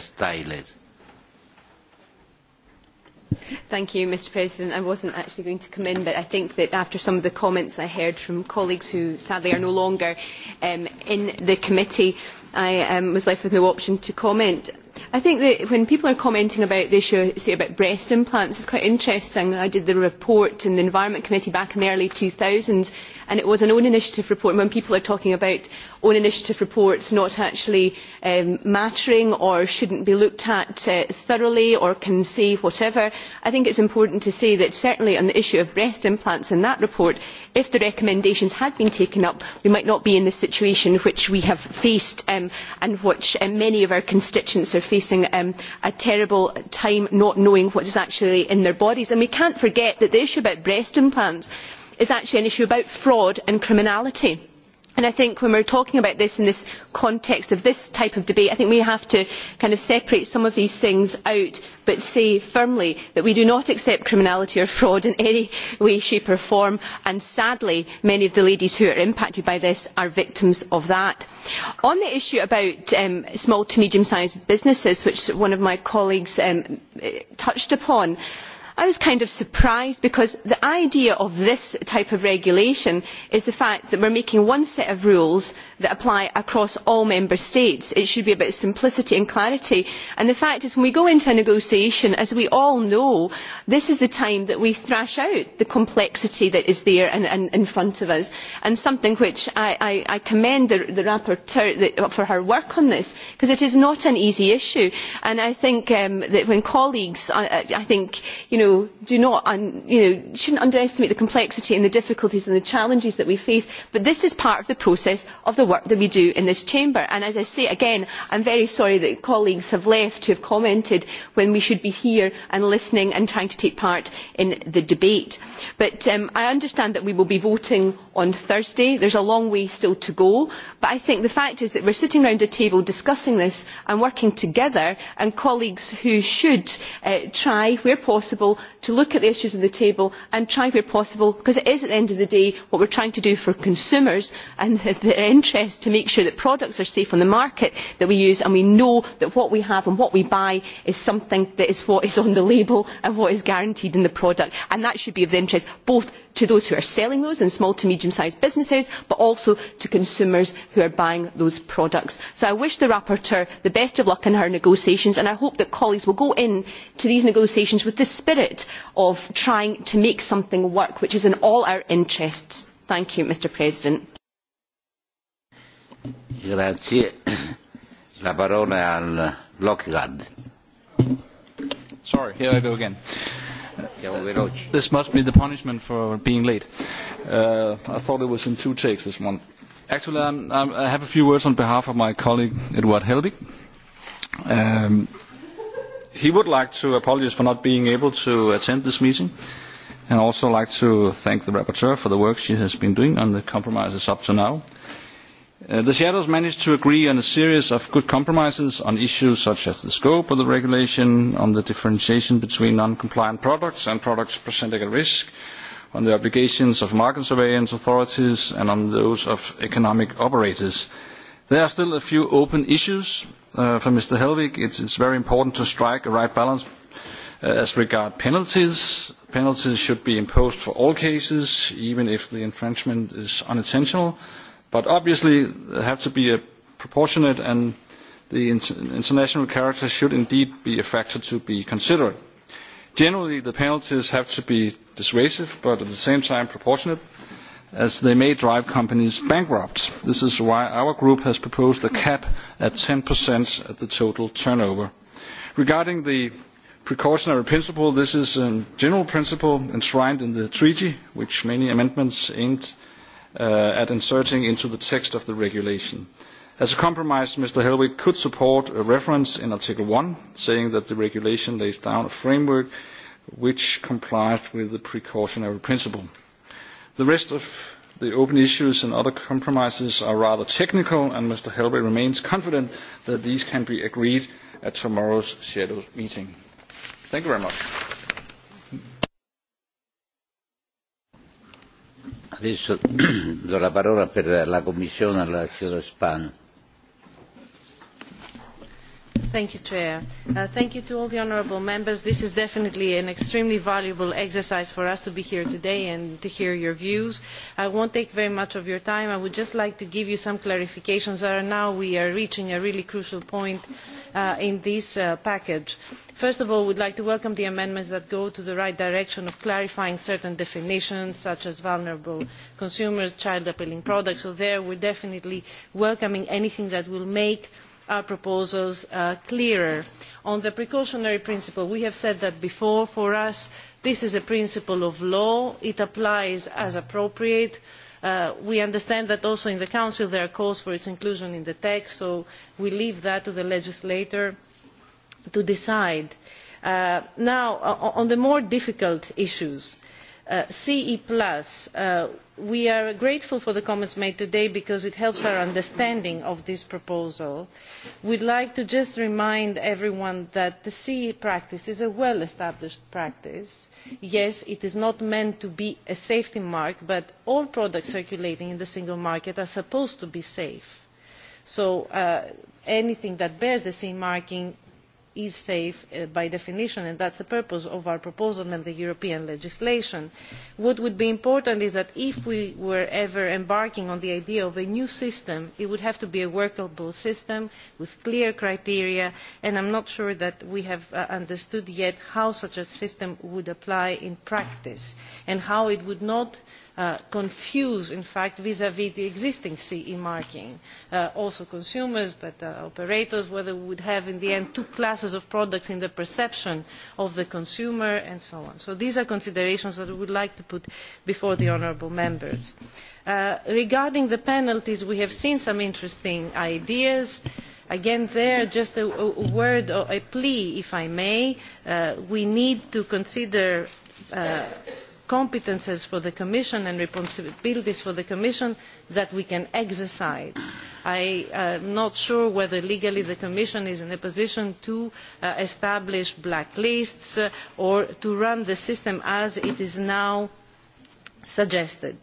Thank you, Mr President. I wasn't actually going to come in, but I think that after some of the comments I heard from colleagues who sadly are no longer um, in the committee, I um, was left with no option to comment. I think that when people are commenting about the issue, say about breast implants, it's quite interesting. I did the report in the Environment Committee back in the early 2000s and it was an own initiative report. when people are talking about own initiative reports not actually mattering or should not be looked at thoroughly or can say whatever i think it is important to say that certainly on the issue of breast implants in that report if the recommendations had been taken up we might not be in the situation which we have faced and which many of our constituents are facing a terrible time not knowing what is actually in their bodies. we cannot forget that the issue about breast implants is is actually an issue about fraud and criminality i think when we are talking about this in the context of this type of debate we have to separate some of these things out but say firmly that we do not accept criminality or fraud in any way shape or form and sadly many of the ladies who are impacted by this are victims of that. on the issue of small to medium sized businesses which one of my colleagues touched upon i i was kind of surprised because the idea of this type of regulation is the fact that we are making one set of rules that apply across all member states. it should be about simplicity and clarity and the fact is when we go into a negotiation as we all know this is the time that we thrash out the complexity that is there and in front of us and something which i commend the rapporteur for her work on this because it is not an easy issue and i think that when colleagues i think you should not, underestimate the complexity and the difficulties and the challenges that we face. But this is part of the process of the work that we do in this chamber. And as I say again, I am very sorry that colleagues have left who have commented when we should be here and listening and trying to take part in the debate. But I understand that we will be voting on thursday. there is a long way still to go but i think the fact is that we are sitting around a table discussing this and working together and colleagues who should try where possible to look at the issues on the table and try where possible because it is at the end of the day what we are trying to do for consumers and their interests to make sure that products are safe on the market that we use and we know that what we have and what we buy is something that is what is on the label and what is guaranteed in the product and that should be of interest both to those who are selling those in small to medium sized businesses but also to consumers who are buying those products. so i wish the rapporteur the best of luck in her negotiations and i hope that colleagues will go into these negotiations with the spirit of trying to make something work which is in all our interests. thank you mr president. sorry here i go again This must be the punishment for being late. Uh, I thought it was in two takes, this one. Actually, I'm, I'm, I have a few words on behalf of my colleague, Eduard Helbig. Um, he would like to apologize for not being able to attend this meeting and also like to thank the rapporteur for the work she has been doing on the compromises up to now the shadows managed to agree on a series of good compromises on issues such as the scope of the regulation, on the differentiation between non-compliant products and products presenting a risk, on the obligations of market surveillance authorities and on those of economic operators. There are still a few open issues. for Mr. Helvig, it is very important to strike a right balance as regards penalties. Penalties should be imposed for all cases, even if the infringement is unintentional. But obviously, there have to be a proportionate and the international character should indeed be a factor to be considered. Generally, the penalties have to be dissuasive, but at the same time proportionate, as they may drive companies bankrupt. This is why our group has proposed a cap at 10% at the total turnover. Regarding the precautionary principle, this is a general principle enshrined in the treaty, which many amendments aimed at inserting into the text of the regulation. As a compromise, Mr. Helwig could support a reference in Article 1 saying that the regulation lays down a framework which complies with the precautionary principle. The rest of the open issues and other compromises are rather technical, and Mr. Helwig remains confident that these can be agreed at tomorrow's shadow meeting. Thank you very much. Adesso do la parola per la Commissione alla signora Spano. Thank you, Chair. thank you to all the honourable members. This is definitely an extremely valuable exercise for us to be here today and to hear your views. I won't take very much of your time. I would just like to give you some clarifications that now we are reaching a really crucial point in this package. First of all, we would like to welcome the amendments that go to the right direction of clarifying certain definitions, such as vulnerable consumers, child appealing products. So there we are definitely welcoming anything that will make our proposals clearer. on the precautionary principle we have said that before for us this is a principle of law it applies as appropriate. we understand that also in the council there are calls for its inclusion in the text so we leave that to the legislator to decide. now on the more difficult issues ce plus we are grateful for the comments made today because it helps our understanding of this proposal. we would like to just remind everyone that the ce practice is a well established practice. yes it is not meant to be a safety mark but all products circulating in the single market are supposed to be safe so anything that bears the ce marking is safe by definition and that is the purpose of our proposal and the european legislation. what would be important is that if we were ever embarking on the idea of a new system it would have to be a workable system with clear criteria and i am not sure that we have understood yet how such a system would apply in practice and how it would not confuse in fact vis vis the existing ce marking also consumers but operators whether we would have in the end two classes of products in the perception of the consumer and so on. so these are considerations that we would like to put before the honourable members. regarding the penalties we have seen some interesting ideas again there just a word a plea if i may we need to consider competences for the commission and responsibilities for the commission that we can exercise. i am not sure whether legally the commission is in a position to establish blacklists or to run the system as it is now suggested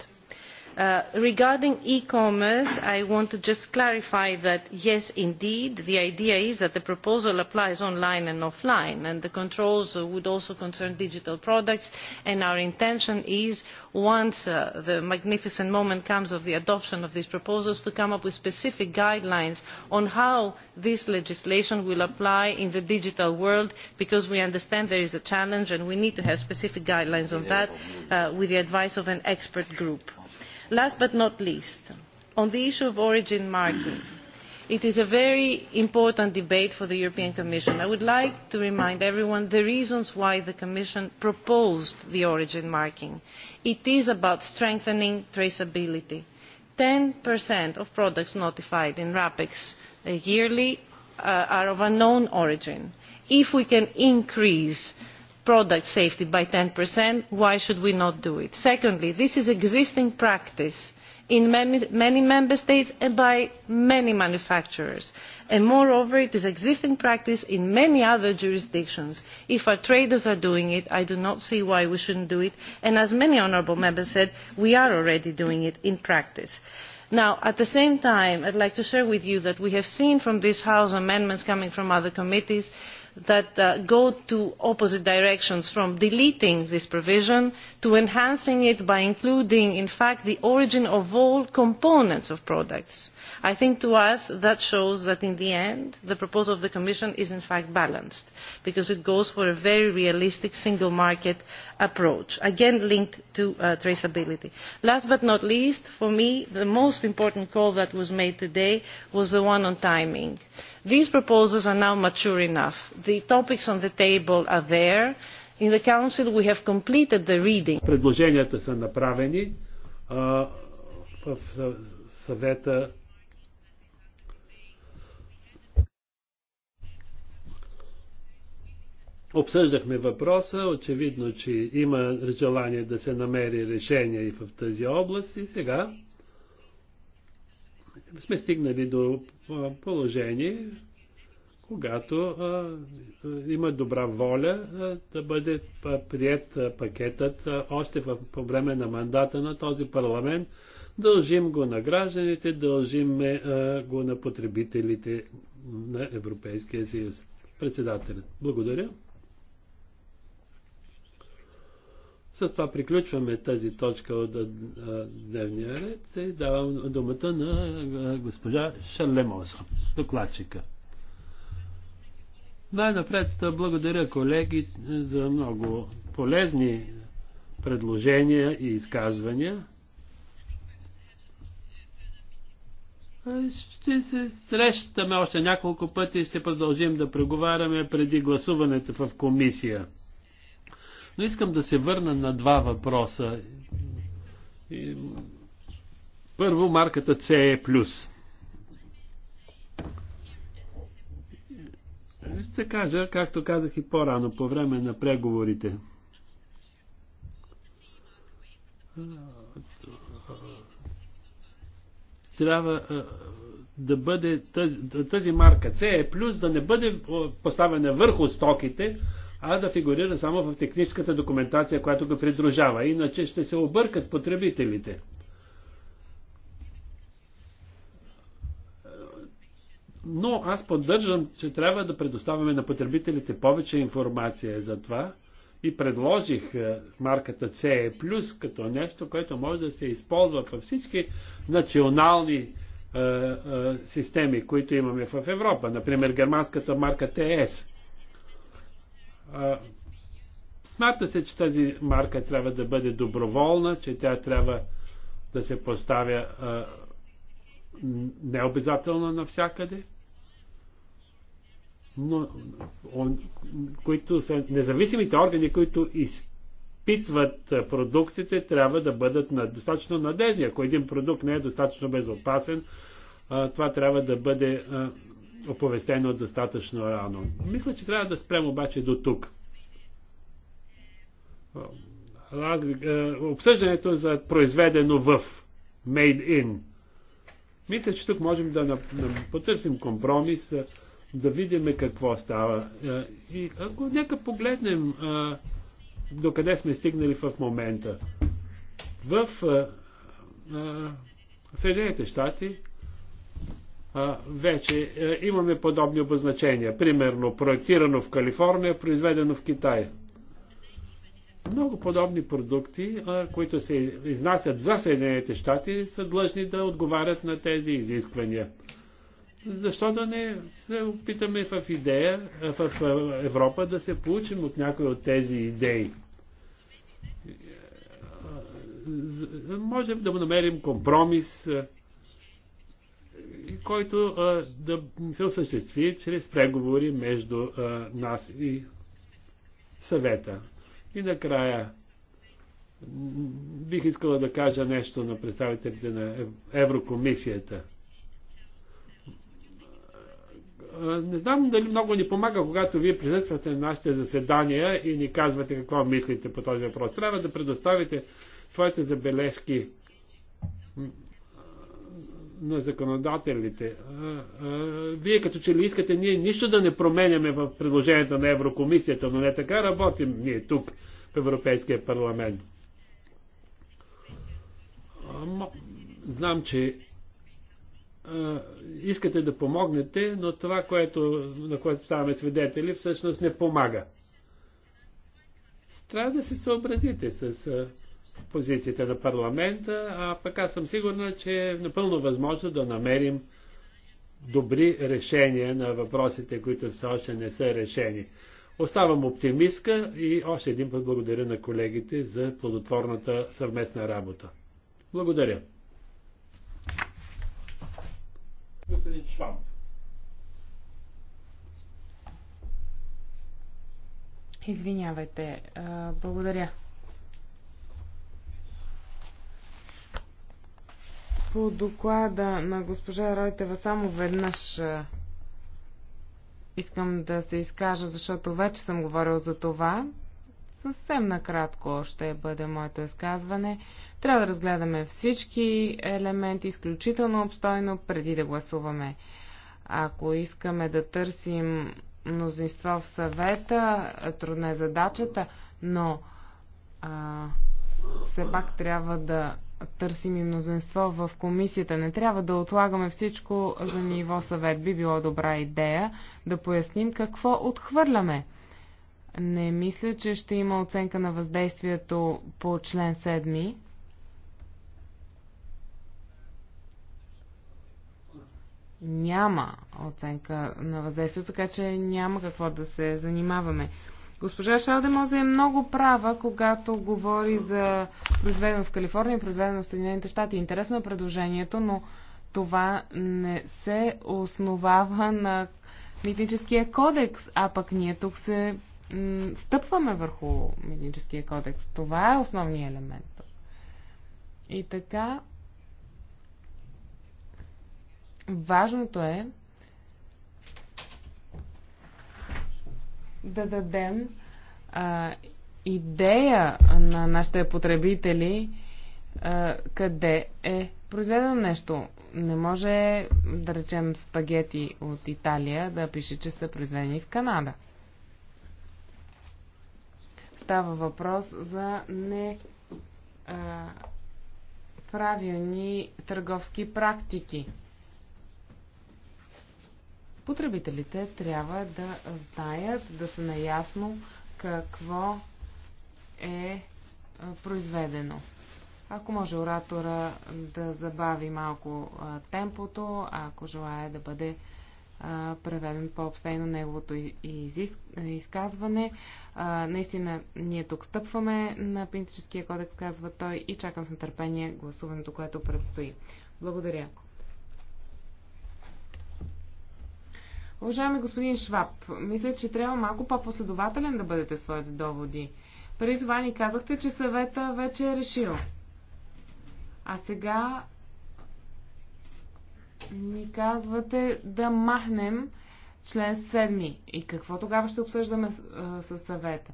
regarding e commerce i want to just clarify that yes indeed the idea is that the proposal applies online and offline and the controls would also concern digital products and our intention is once the magnificent moment comes of the adoption of these proposals to come up with specific guidelines on how this legislation will apply in the digital world because we understand there is a challenge and we need to have specific guidelines on that with the advice of an expert group last but not least on the issue of origin marking it is a very important debate for the european commission. i would like to remind everyone of the reasons why the commission proposed the origin marking. it is about strengthening traceability. ten of products notified in rapex yearly are of unknown origin. if we can increase product safety by ten why should we not do it? Secondly, this is existing practice in many member states and by many manufacturers. And moreover, it is existing practice in many other jurisdictions. If our traders are doing it, I do not see why we should not do it. And as many honourable members said, we are already doing it in practice. Now, at the same time, I would like to share with you that we have seen from this House amendments coming from other committees that go to opposite directions from deleting this provision to enhancing it by including in fact the origin of all components of products. i think to us that shows that in the end the proposal of the commission is in fact balanced because it goes for a very realistic single market approach again linked to traceability. last but not least for me the most important call that was made today was the one on timing. These proposals are now mature enough. The topics on the table are there. In the Council we have completed the reading. Предложенията са направени а, в съвета Обсъждахме въпроса, очевидно, че има желание да се намери решение и в тази област и сега сме стигнали до положение, когато а, има добра воля а, да бъде прият пакетът а, още в, по време на мандата на този парламент. Дължим го на гражданите, дължим а, го на потребителите на Европейския съюз. Председателят. Благодаря. С това приключваме тази точка от дневния ред и давам думата на госпожа Шарлемоза, докладчика. Най-напред благодаря колеги за много полезни предложения и изказвания. Ще се срещаме още няколко пъти и ще продължим да преговаряме преди гласуването в комисия. Но искам да се върна на два въпроса. Първо, марката е плюс. Ще кажа, както казах и по-рано, по време на преговорите. Трябва да бъде тази, тази марка CE+, е да не бъде поставена върху стоките, а да фигурира само в техническата документация, която го придружава. Иначе ще се объркат потребителите. Но аз поддържам, че трябва да предоставяме на потребителите повече информация за това и предложих е, марката CE+, като нещо, което може да се използва във всички национални е, е, системи, които имаме в Европа. Например, германската марка TS. Смята се, че тази марка трябва да бъде доброволна, че тя трябва да се поставя необязателно навсякъде, но он, които са независимите органи, които изпитват продуктите, трябва да бъдат на, достатъчно надежни. Ако един продукт не е достатъчно безопасен, а, това трябва да бъде а, оповестено достатъчно рано. Мисля, че трябва да спрем обаче до тук. Е, обсъждането за произведено в Made in. Мисля, че тук можем да потърсим компромис, е, да видим какво става. Е, и ако нека погледнем до къде сме стигнали в момента. В Съединените щати вече е, имаме подобни обозначения. Примерно, проектирано в Калифорния, произведено в Китай. Много подобни продукти, които се изнасят за Съединените щати, са длъжни да отговарят на тези изисквания. Защо да не се опитаме в идея, в Европа, да се получим от някои от тези идеи? Е, е, можем да намерим компромис, който а, да се осъществи чрез преговори между а, нас и съвета. И накрая бих искала да кажа нещо на представителите на Еврокомисията. Не знам дали много ни помага, когато вие присъствате на нашите заседания и ни казвате какво мислите по този въпрос. Трябва да предоставите своите забележки на законодателите. Вие като че ли искате ние нищо да не променяме в предложението на Еврокомисията, но не така работим ние тук в Европейския парламент. Знам, че искате да помогнете, но това, което, на което ставаме свидетели, всъщност не помага. Трябва да се съобразите с позицията на парламента, а пък аз съм сигурна, че е напълно възможно да намерим добри решения на въпросите, които все още не са решени. Оставам оптимистка и още един път благодаря на колегите за плодотворната съвместна работа. Благодаря. Господин Швамп. Извинявайте. Благодаря. По доклада на госпожа Ройтева само веднъж искам да се изкажа, защото вече съм говорил за това. Съвсем накратко ще бъде моето изказване. Трябва да разгледаме всички елементи изключително обстойно преди да гласуваме. Ако искаме да търсим мнозинство в съвета, трудна е задачата, но а, все пак трябва да търсим и мнозинство в комисията. Не трябва да отлагаме всичко за ниво съвет. Би било добра идея да поясним какво отхвърляме. Не мисля, че ще има оценка на въздействието по член 7. Няма оценка на въздействието, така че няма какво да се занимаваме. Госпожа Шалдемоза е много права, когато говори за произведено в Калифорния и произведено в Съединените щати. Интересно е предложението, но това не се основава на митническия кодекс, а пък ние тук се стъпваме върху митническия кодекс. Това е основният елемент. И така, важното е да дадем а, идея на нашите потребители а, къде е произведено нещо. Не може, да речем, спагети от Италия да пише, че са произведени в Канада. Става въпрос за не а, правилни търговски практики. Потребителите трябва да знаят, да са наясно какво е, е произведено. Ако може оратора да забави малко темпото, ако желая да бъде преведен по-обстейно неговото изказване. Наистина, ние тук стъпваме на Пинтическия кодекс, казва той, и чакам с нетърпение гласуването, което предстои. Благодаря. Уважаеми господин Шваб, мисля, че трябва малко по-последователен да бъдете своите доводи. Преди това ни казахте, че съвета вече е решил. А сега ни казвате да махнем член 7. И какво тогава ще обсъждаме с, съвета?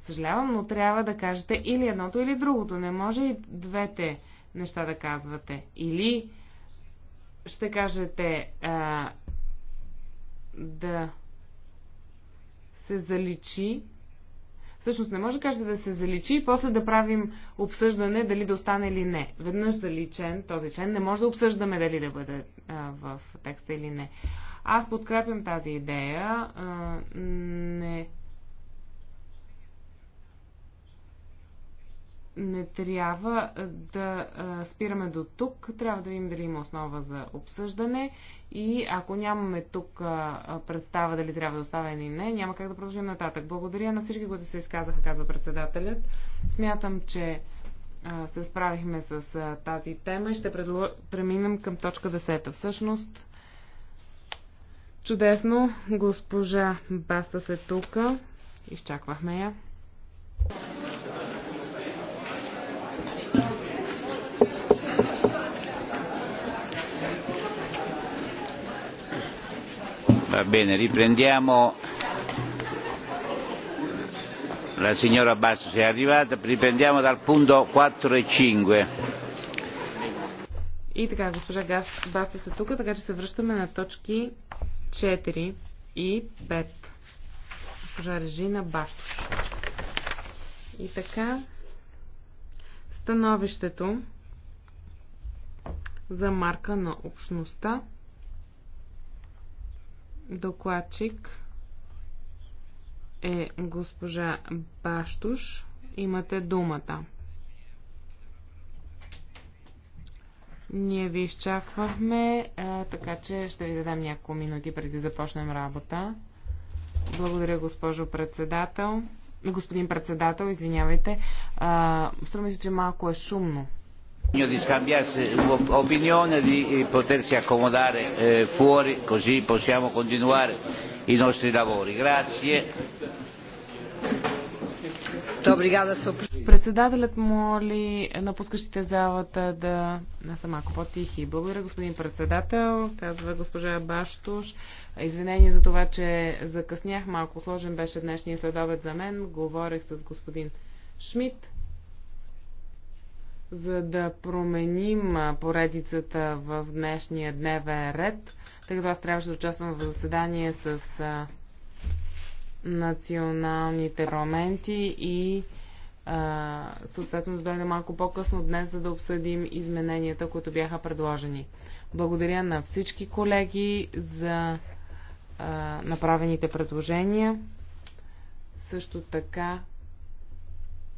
Съжалявам, но трябва да кажете или едното, или другото. Не може и двете неща да казвате. Или ще кажете а, да се заличи. Всъщност не може да кажете да се заличи и после да правим обсъждане дали да остане или не. Веднъж заличен този член не може да обсъждаме дали да бъде а, в текста или не. Аз подкрепям тази идея. А, не не трябва да спираме до тук. Трябва да видим дали има основа за обсъждане и ако нямаме тук представа дали трябва да оставя или не, няма как да продължим нататък. Благодаря на всички, които се изказаха, казва председателят. Смятам, че се справихме с тази тема и ще предло... преминем към точка 10. Всъщност, чудесно, госпожа Баста се тука. Изчаквахме я. Va bene, riprendiamo. La signora Basso si è arrivata, riprendiamo dal punto 4 e 5. И така, госпожа Газ, Бастас е тук, така че се връщаме на точки 4 и 5. Госпожа Режина Бащош. И така, становището за марка на общността Докладчик е госпожа Баштуш. Имате думата. Ние ви изчаквахме, така че ще ви дадем няколко минути преди да започнем работа. Благодаря, госпожо председател. Господин председател, извинявайте. А, се, че малко е шумно di scambiarsi opinione, di eh, potersi accomodare eh, fuori così possiamo continuare i nostri lavori. Grazie. Председателят моли напускащите залата да не са малко по-тихи. Благодаря, господин председател, казва госпожа Баштуш. Извинение за това, че закъснях. Малко сложен беше днешния следобед за мен. Говорех с господин Шмидт за да променим поредицата в днешния дневен ред, тъй като аз трябваше да участвам в заседание с националните парламенти и а, съответно да дойде малко по-късно днес, за да обсъдим измененията, които бяха предложени. Благодаря на всички колеги за а, направените предложения. Също така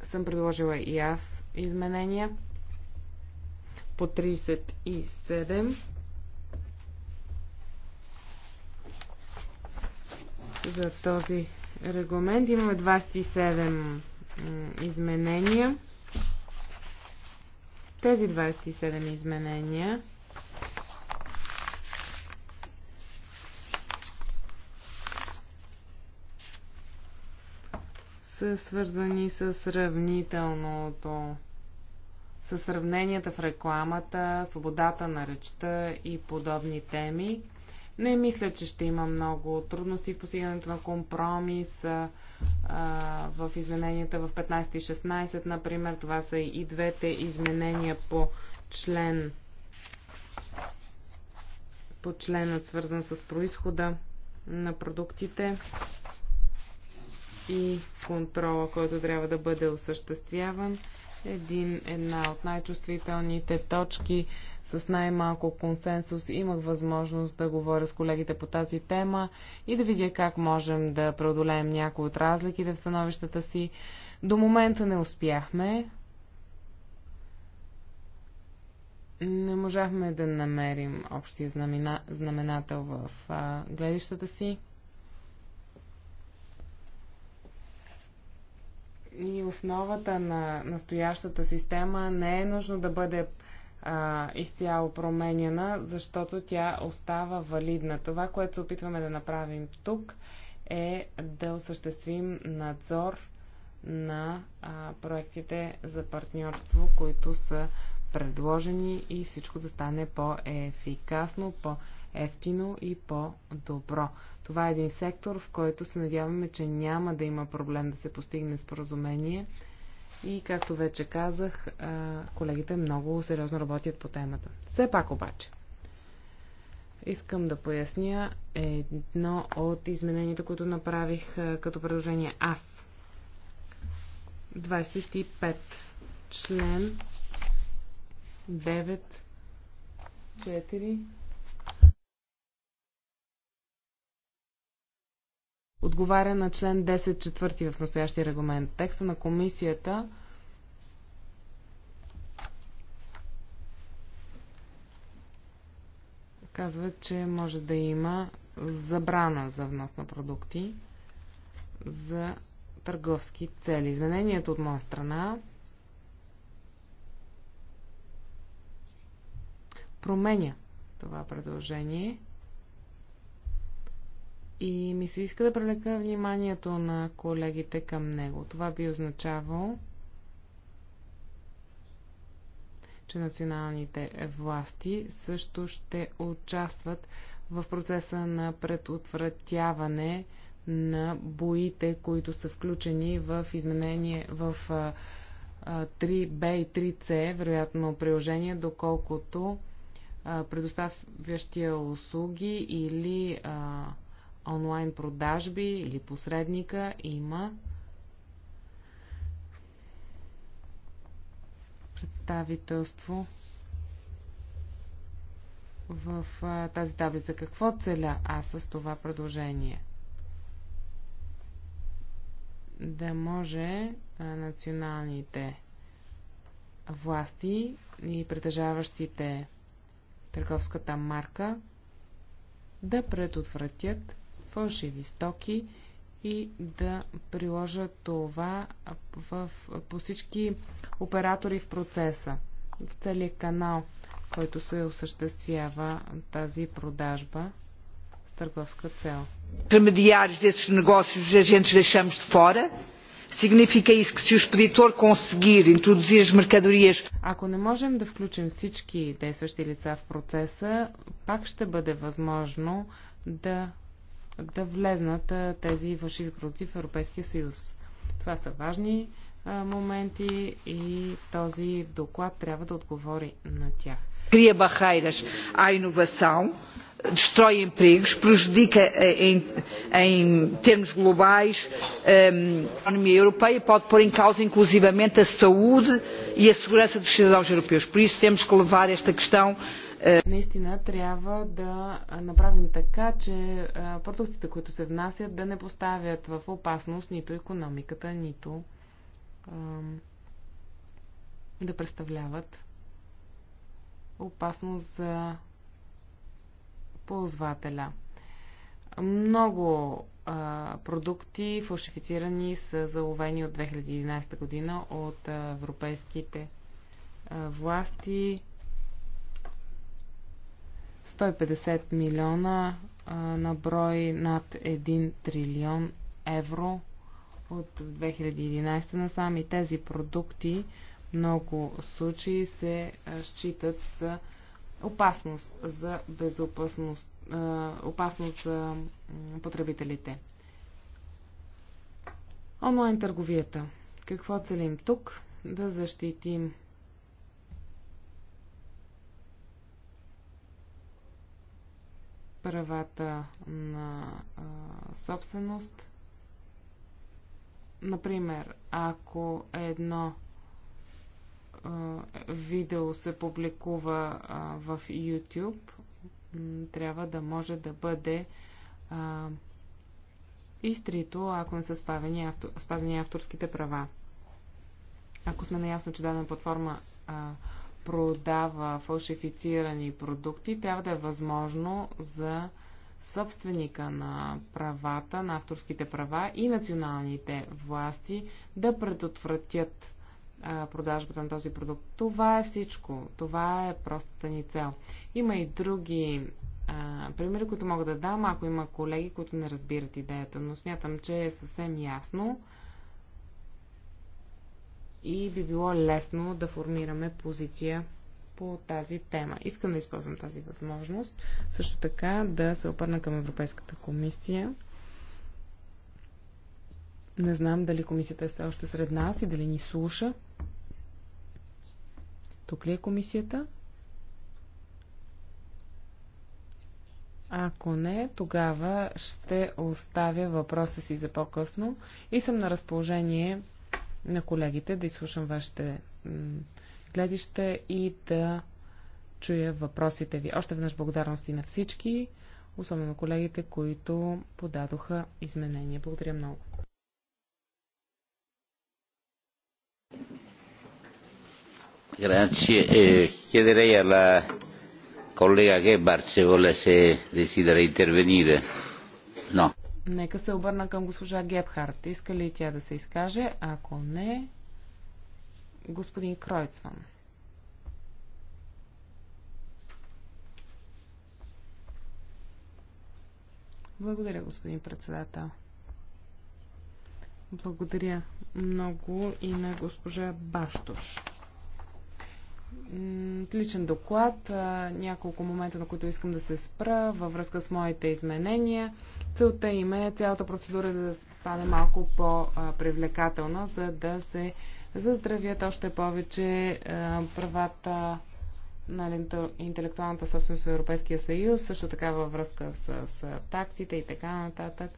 съм предложила и аз изменения по 37 за този регламент. Имаме 27 изменения. Тези 27 изменения са свързани с сравнителното с сравненията в рекламата, свободата на речта и подобни теми. Не мисля, че ще има много трудности в постигането на компромис а, в измененията в 15 и 16, например. Това са и двете изменения по член по членът свързан с происхода на продуктите и контрола, който трябва да бъде осъществяван. Един, една от най-чувствителните точки с най-малко консенсус имах възможност да говоря с колегите по тази тема и да видя как можем да преодолеем някои от разликите в становищата си. До момента не успяхме. Не можахме да намерим общия знамена, знаменател в а, гледищата си. и основата на настоящата система не е нужно да бъде а, изцяло променена, защото тя остава валидна. Това, което се опитваме да направим тук, е да осъществим надзор на а, проектите за партньорство, които са предложени и всичко да стане по-ефикасно, по-ефикасно по-ефтино и по-добро. Това е един сектор, в който се надяваме, че няма да има проблем да се постигне споразумение. И както вече казах, колегите много сериозно работят по темата. Все пак обаче, искам да поясня едно от измененията, които направих като предложение аз. 25 член 9 4 отговаря на член 10 четвърти в настоящия регламент. Текста на комисията казва, че може да има забрана за внос на продукти за търговски цели. Изменението от моя страна променя това предложение и ми се иска да привлека вниманието на колегите към него. Това би означавало, че националните власти също ще участват в процеса на предотвратяване на боите, които са включени в изменение в 3B и 3C, вероятно приложение, доколкото предоставящия услуги или онлайн продажби или посредника има представителство в а, тази таблица. Какво целя аз с това предложение? Да може а, националните власти и притежаващите търговската марка да предотвратят фалшиви стоки и да приложа това в, по всички оператори в процеса, в целият канал, който се осъществява тази продажба с търговска цел. Intermediários desses negócios os agentes deixamos de fora? Significa isso que se o expeditor conseguir introduzir as mercadorias... Ако не можем да включим всички действащи лица в процеса, пак ще бъде възможно да да влезнат тези фалшиви продукти в Европейския съюз. Това са важни моменти и този доклад трябва да отговори на тях. Крия барreiras à inovação, destrói empregos, prejudica em, em termos globais a economia europeia, pode pôr em causa inclusivamente a saúde e a segurança dos cidadãos europeus. Por isso temos que levar esta questão е, наистина трябва да направим така, че е, продуктите, които се внасят, да не поставят в опасност нито економиката, нито да представляват опасност за ползвателя. Много а, продукти фалшифицирани са заловени от 2011 година от а, европейските а, власти. 150 милиона а, на брой над 1 трилион евро от 2011 насам и тези продукти много случаи се считат с опасност за безопасност, опасност за потребителите. Онлайн търговията. Какво целим тук? Да защитим правата на а, собственост. Например, ако едно а, видео се публикува а, в YouTube, трябва да може да бъде а, изтрито, ако не са спазени, автор, спазени авторските права. Ако сме наясно, че дадена платформа а, продава фалшифицирани продукти, трябва да е възможно за собственика на правата, на авторските права и националните власти да предотвратят продажбата на този продукт. Това е всичко. Това е простата ни цел. Има и други а, примери, които мога да дам, ако има колеги, които не разбират идеята, но смятам, че е съвсем ясно, и би било лесно да формираме позиция по тази тема. Искам да използвам тази възможност. Също така да се обърна към Европейската комисия. Не знам дали комисията е все още сред нас и дали ни слуша. Тук ли е комисията? Ако не, тогава ще оставя въпроса си за по-късно и съм на разположение на колегите, да изслушам вашите гледища и да чуя въпросите ви. Още веднъж благодарности на всички, особено колегите, които подадоха изменения. Благодаря много. Grazie. Eh, chiederei alla collega Gebhardt se volesse desidera intervenire. No. Нека се обърна към госпожа Гебхарт. Иска ли тя да се изкаже? Ако не, господин Кройцман. Благодаря, господин председател. Благодаря много и на госпожа Баштош. Отличен доклад. Няколко момента, на които искам да се спра във връзка с моите изменения. Целта им е цялата процедура да стане малко по-привлекателна, за да се заздравят още повече правата на интелектуалната собственост в Европейския съюз, също така във връзка с, с таксите и така нататък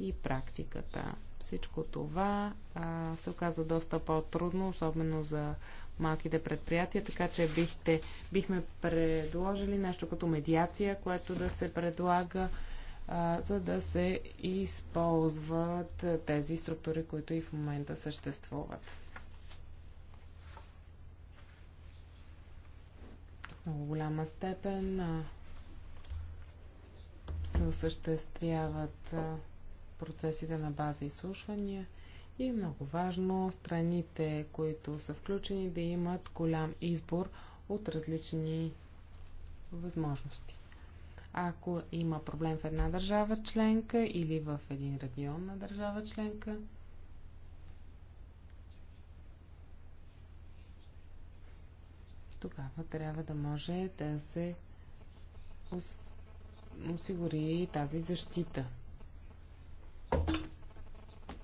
и практиката. Всичко това а, се оказа доста по-трудно, особено за малките предприятия, така че бихте, бихме предложили нещо като медиация, което да се предлага, а, за да се използват тези структури, които и в момента съществуват. много голяма степен а, се осъществяват а, процесите на база изслушвания и е много важно страните, които са включени, да имат голям избор от различни възможности. Ако има проблем в една държава членка или в един регион на държава членка, тогава трябва да може да се осигури тази защита.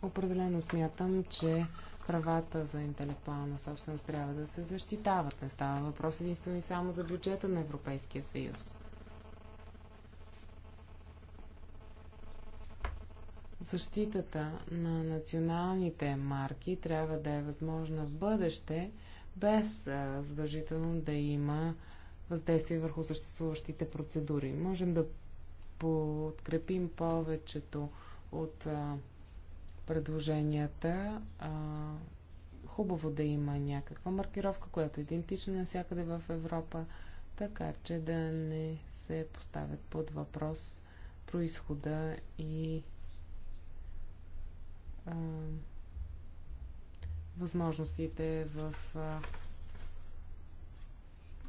Определено смятам, че правата за интелектуална собственост трябва да се защитават. Не става въпрос единствено и само за бюджета на Европейския съюз. Защитата на националните марки трябва да е възможна в бъдеще, без задължително да има въздействие върху съществуващите процедури. Можем да подкрепим повечето от предложенията. А, хубаво да има някаква маркировка, която е идентична навсякъде в Европа, така че да не се поставят под въпрос происхода и а, възможностите в а,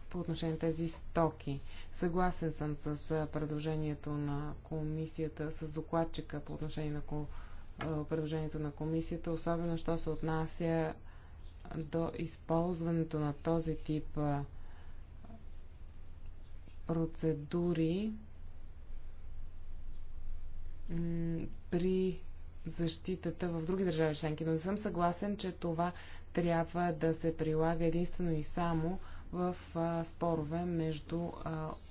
по отношение на тези стоки. Съгласен съм с предложението на комисията, с докладчика по отношение на комисията е, предложението на комисията, особено що се отнася до използването на този тип е, процедури при защитата в други държави членки. Но не съм съгласен, че това трябва да се прилага единствено и само в е, спорове между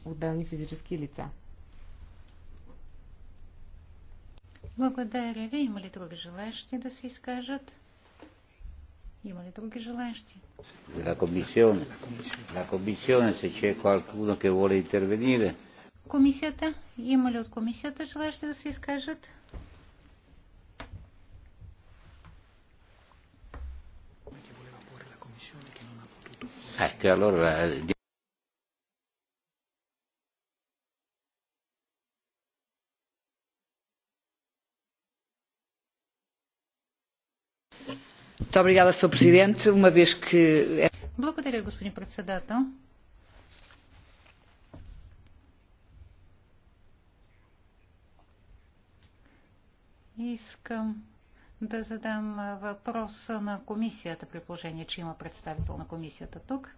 отделни физически лица. Благодаря ви. Има ли други желаящи да се изкажат? Има ли други желаящи? La commissione. La commissione, se c'è qualcuno che vuole intervenire. Комисията? Има ли от комисията желаящи да се изкажат? Ecco, allora Благодаря, господин председател. Искам да задам въпроса на комисията, при положение, че има представител на комисията тук.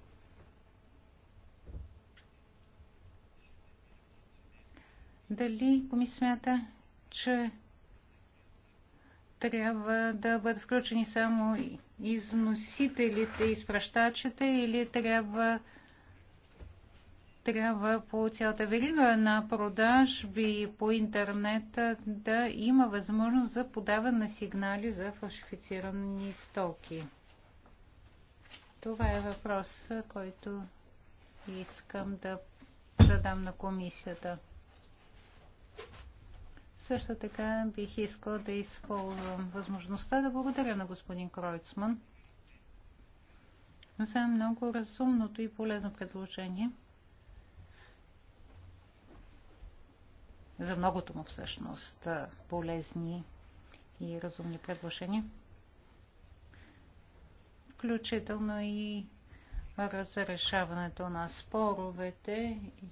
Дали комисията, че трябва да бъдат включени само износителите, изпращачите или трябва, трябва по цялата верига на продажби по интернет да има възможност за подаване на сигнали за фалшифицирани стоки? Това е въпрос, който искам да задам на комисията. Също така бих искала да използвам възможността да благодаря на господин Кройцман за много разумното и полезно предложение. За многото му всъщност полезни и разумни предложения. Включително и разрешаването на споровете и.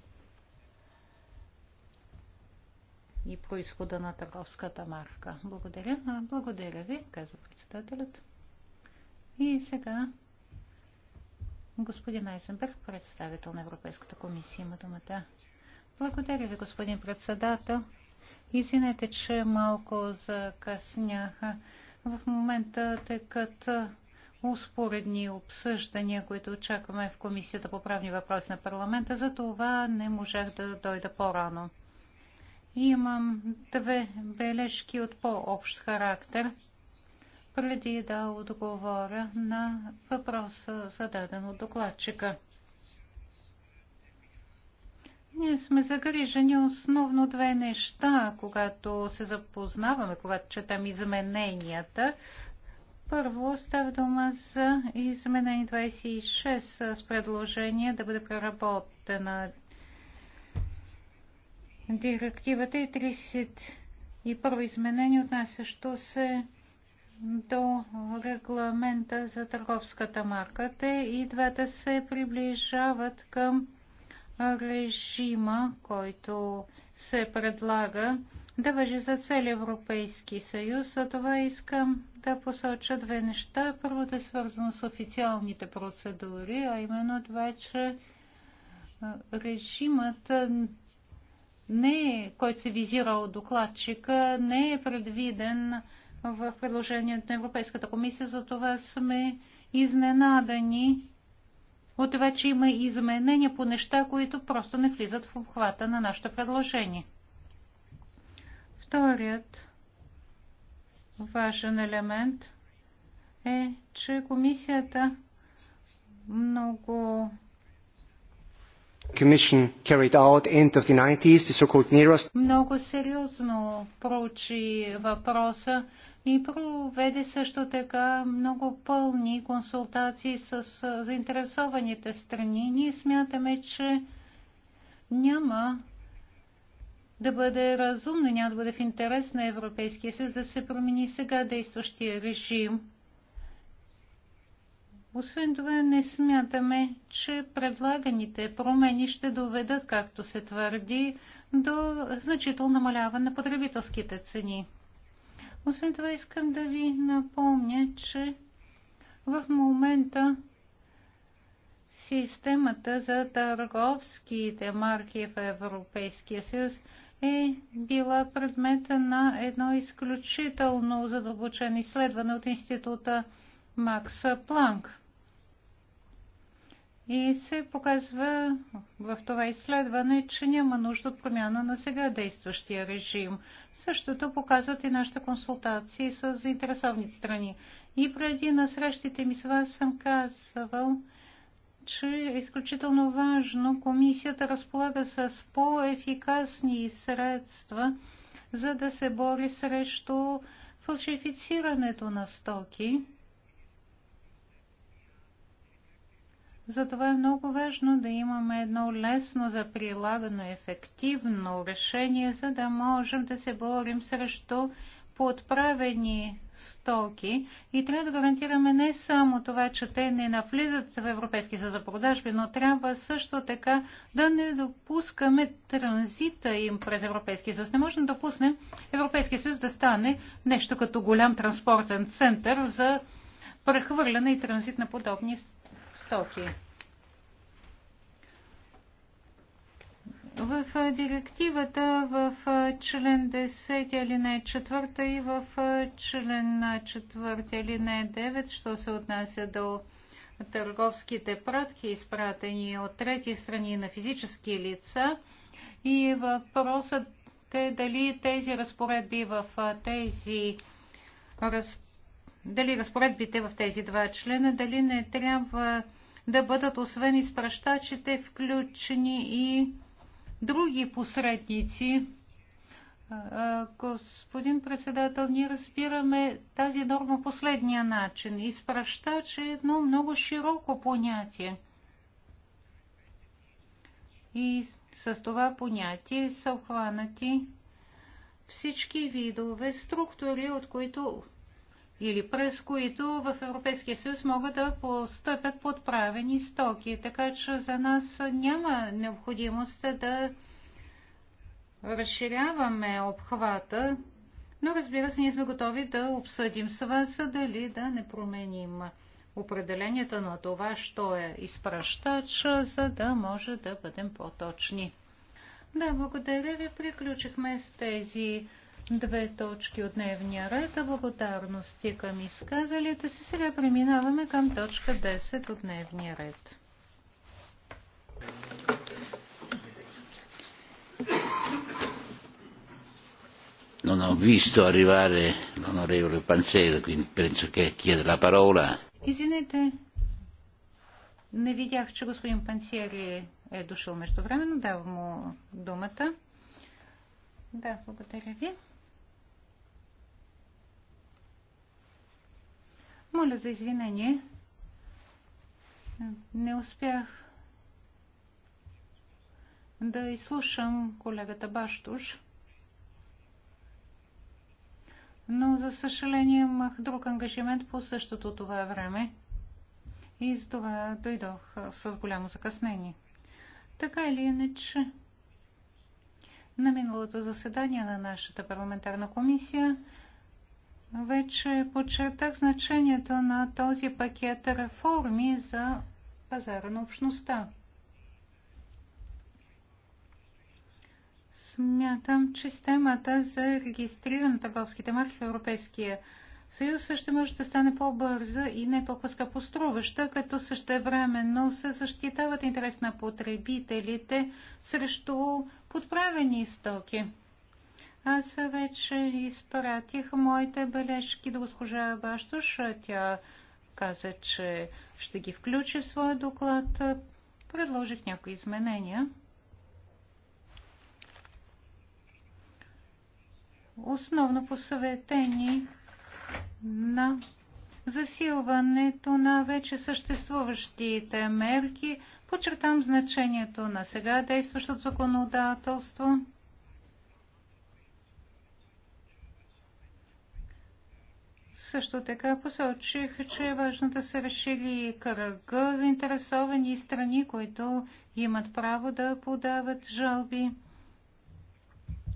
и происхода на търговската марка. Благодаря. Благодаря ви, казва председателят. И сега господин Айзенберг, представител на Европейската комисия, има думата. Благодаря ви, господин председател. Извинете, че малко закъсняха. В момента, тъй като успоредни обсъждания, които очакваме в Комисията по правни въпроси на парламента, за това не можах да дойда по-рано. Имам две бележки от по-общ характер, преди да отговоря на въпроса, зададен от докладчика. Ние сме загрижени основно две неща, когато се запознаваме, когато четам измененията. Първо става дума за изменение 26 с предложение да бъде преработена директивата е и 31 изменение, отнасящо се до регламента за търговската марка. Те и двете се приближават към режима, който се предлага да въжи за цел Европейски съюз. За това искам да посоча две неща. Първото е свързано с официалните процедури, а именно това, че режимът не, е, който се визира от докладчика, не е предвиден в предложението на Европейската комисия, за това сме изненадани от това, че има изменения по неща, които просто не влизат в обхвата на нашето предложение. Вторият важен елемент е, че комисията много много сериозно проучи въпроса и проведе също така много пълни консултации с заинтересованите страни. Ние смятаме, че няма да бъде разумно, няма да бъде в интерес на Европейския съюз да се промени сега действащия режим освен това, не смятаме, че предлаганите промени ще доведат, както се твърди, до значително намаляване на потребителските цени. Освен това, искам да ви напомня, че в момента системата за търговските марки в Европейския съюз е била предмета на едно изключително задълбочено изследване от Института Макса Планк. И се показва в това изследване, че няма нужда от промяна на сега действащия режим. Същото показват и нашите консултации с заинтересовани страни. И преди на срещите ми с вас съм казвал, че е изключително важно комисията разполага с по-ефикасни средства, за да се бори срещу фалшифицирането на стоки Затова е много важно да имаме едно лесно за прилагано ефективно решение, за да можем да се борим срещу подправени стоки и трябва да гарантираме не само това, че те не навлизат в Европейски съюз за продажби, но трябва също така да не допускаме транзита им през Европейския съюз. Не можем да допуснем Европейския съюз да стане нещо като голям транспортен център за прехвърляне и транзит на подобни стоки стоки. В директивата в член 10 алинея 4 и в член 4 алинея 9, що се отнася до търговските пратки, изпратени от трети страни на физически лица. И въпросът е дали тези разпоредби в тези разпоредби, дали разпоредбите в тези два члена, дали не трябва да бъдат освен изпращачите включени и други посредници. Господин председател, ние разбираме тази норма последния начин. Изпращач е едно много широко понятие. И с това понятие са обхванати всички видове структури, от които или през които в Европейския съюз могат да постъпят подправени стоки. Така че за нас няма необходимост да разширяваме обхвата, но разбира се, ние сме готови да обсъдим с вас дали да не променим определенията на това, що е изпращач, за да може да бъдем по-точни. Да, благодаря ви. Приключихме с тези две точки от дневния ред, а благодарности към изказалите си. Сега преминаваме към точка 10 от дневния ред. Non ho visto arrivare l'onorevole quindi penso che chieda la parola. Извинете, не видях, че господин Пансери е дошъл междувременно. Давам му думата. Да, благодаря ви. Моля за извинение. Не успях да изслушам колегата Баштуш. Но, за съжаление, имах друг ангажимент по същото това време и с това дойдох с голямо закъснение. Така или иначе, на миналото заседание на нашата парламентарна комисия вече подчертах значението на този пакет реформи за пазара на общността. Смятам, че системата за регистриране на търговските марки в Европейския съюз ще може да стане по-бърза и не толкова скъпоструваща, като същевременно се защитават интерес на потребителите срещу подправени стоки. Аз вече изпратих моите бележки до госпожа Баштош. Тя каза, че ще ги включи в своя доклад. Предложих някои изменения. Основно посъветени на засилването на вече съществуващите мерки. Подчертам значението на сега действащото законодателство – Също така посочих, че е важно да се разшири кръга заинтересовани страни, които имат право да подават жалби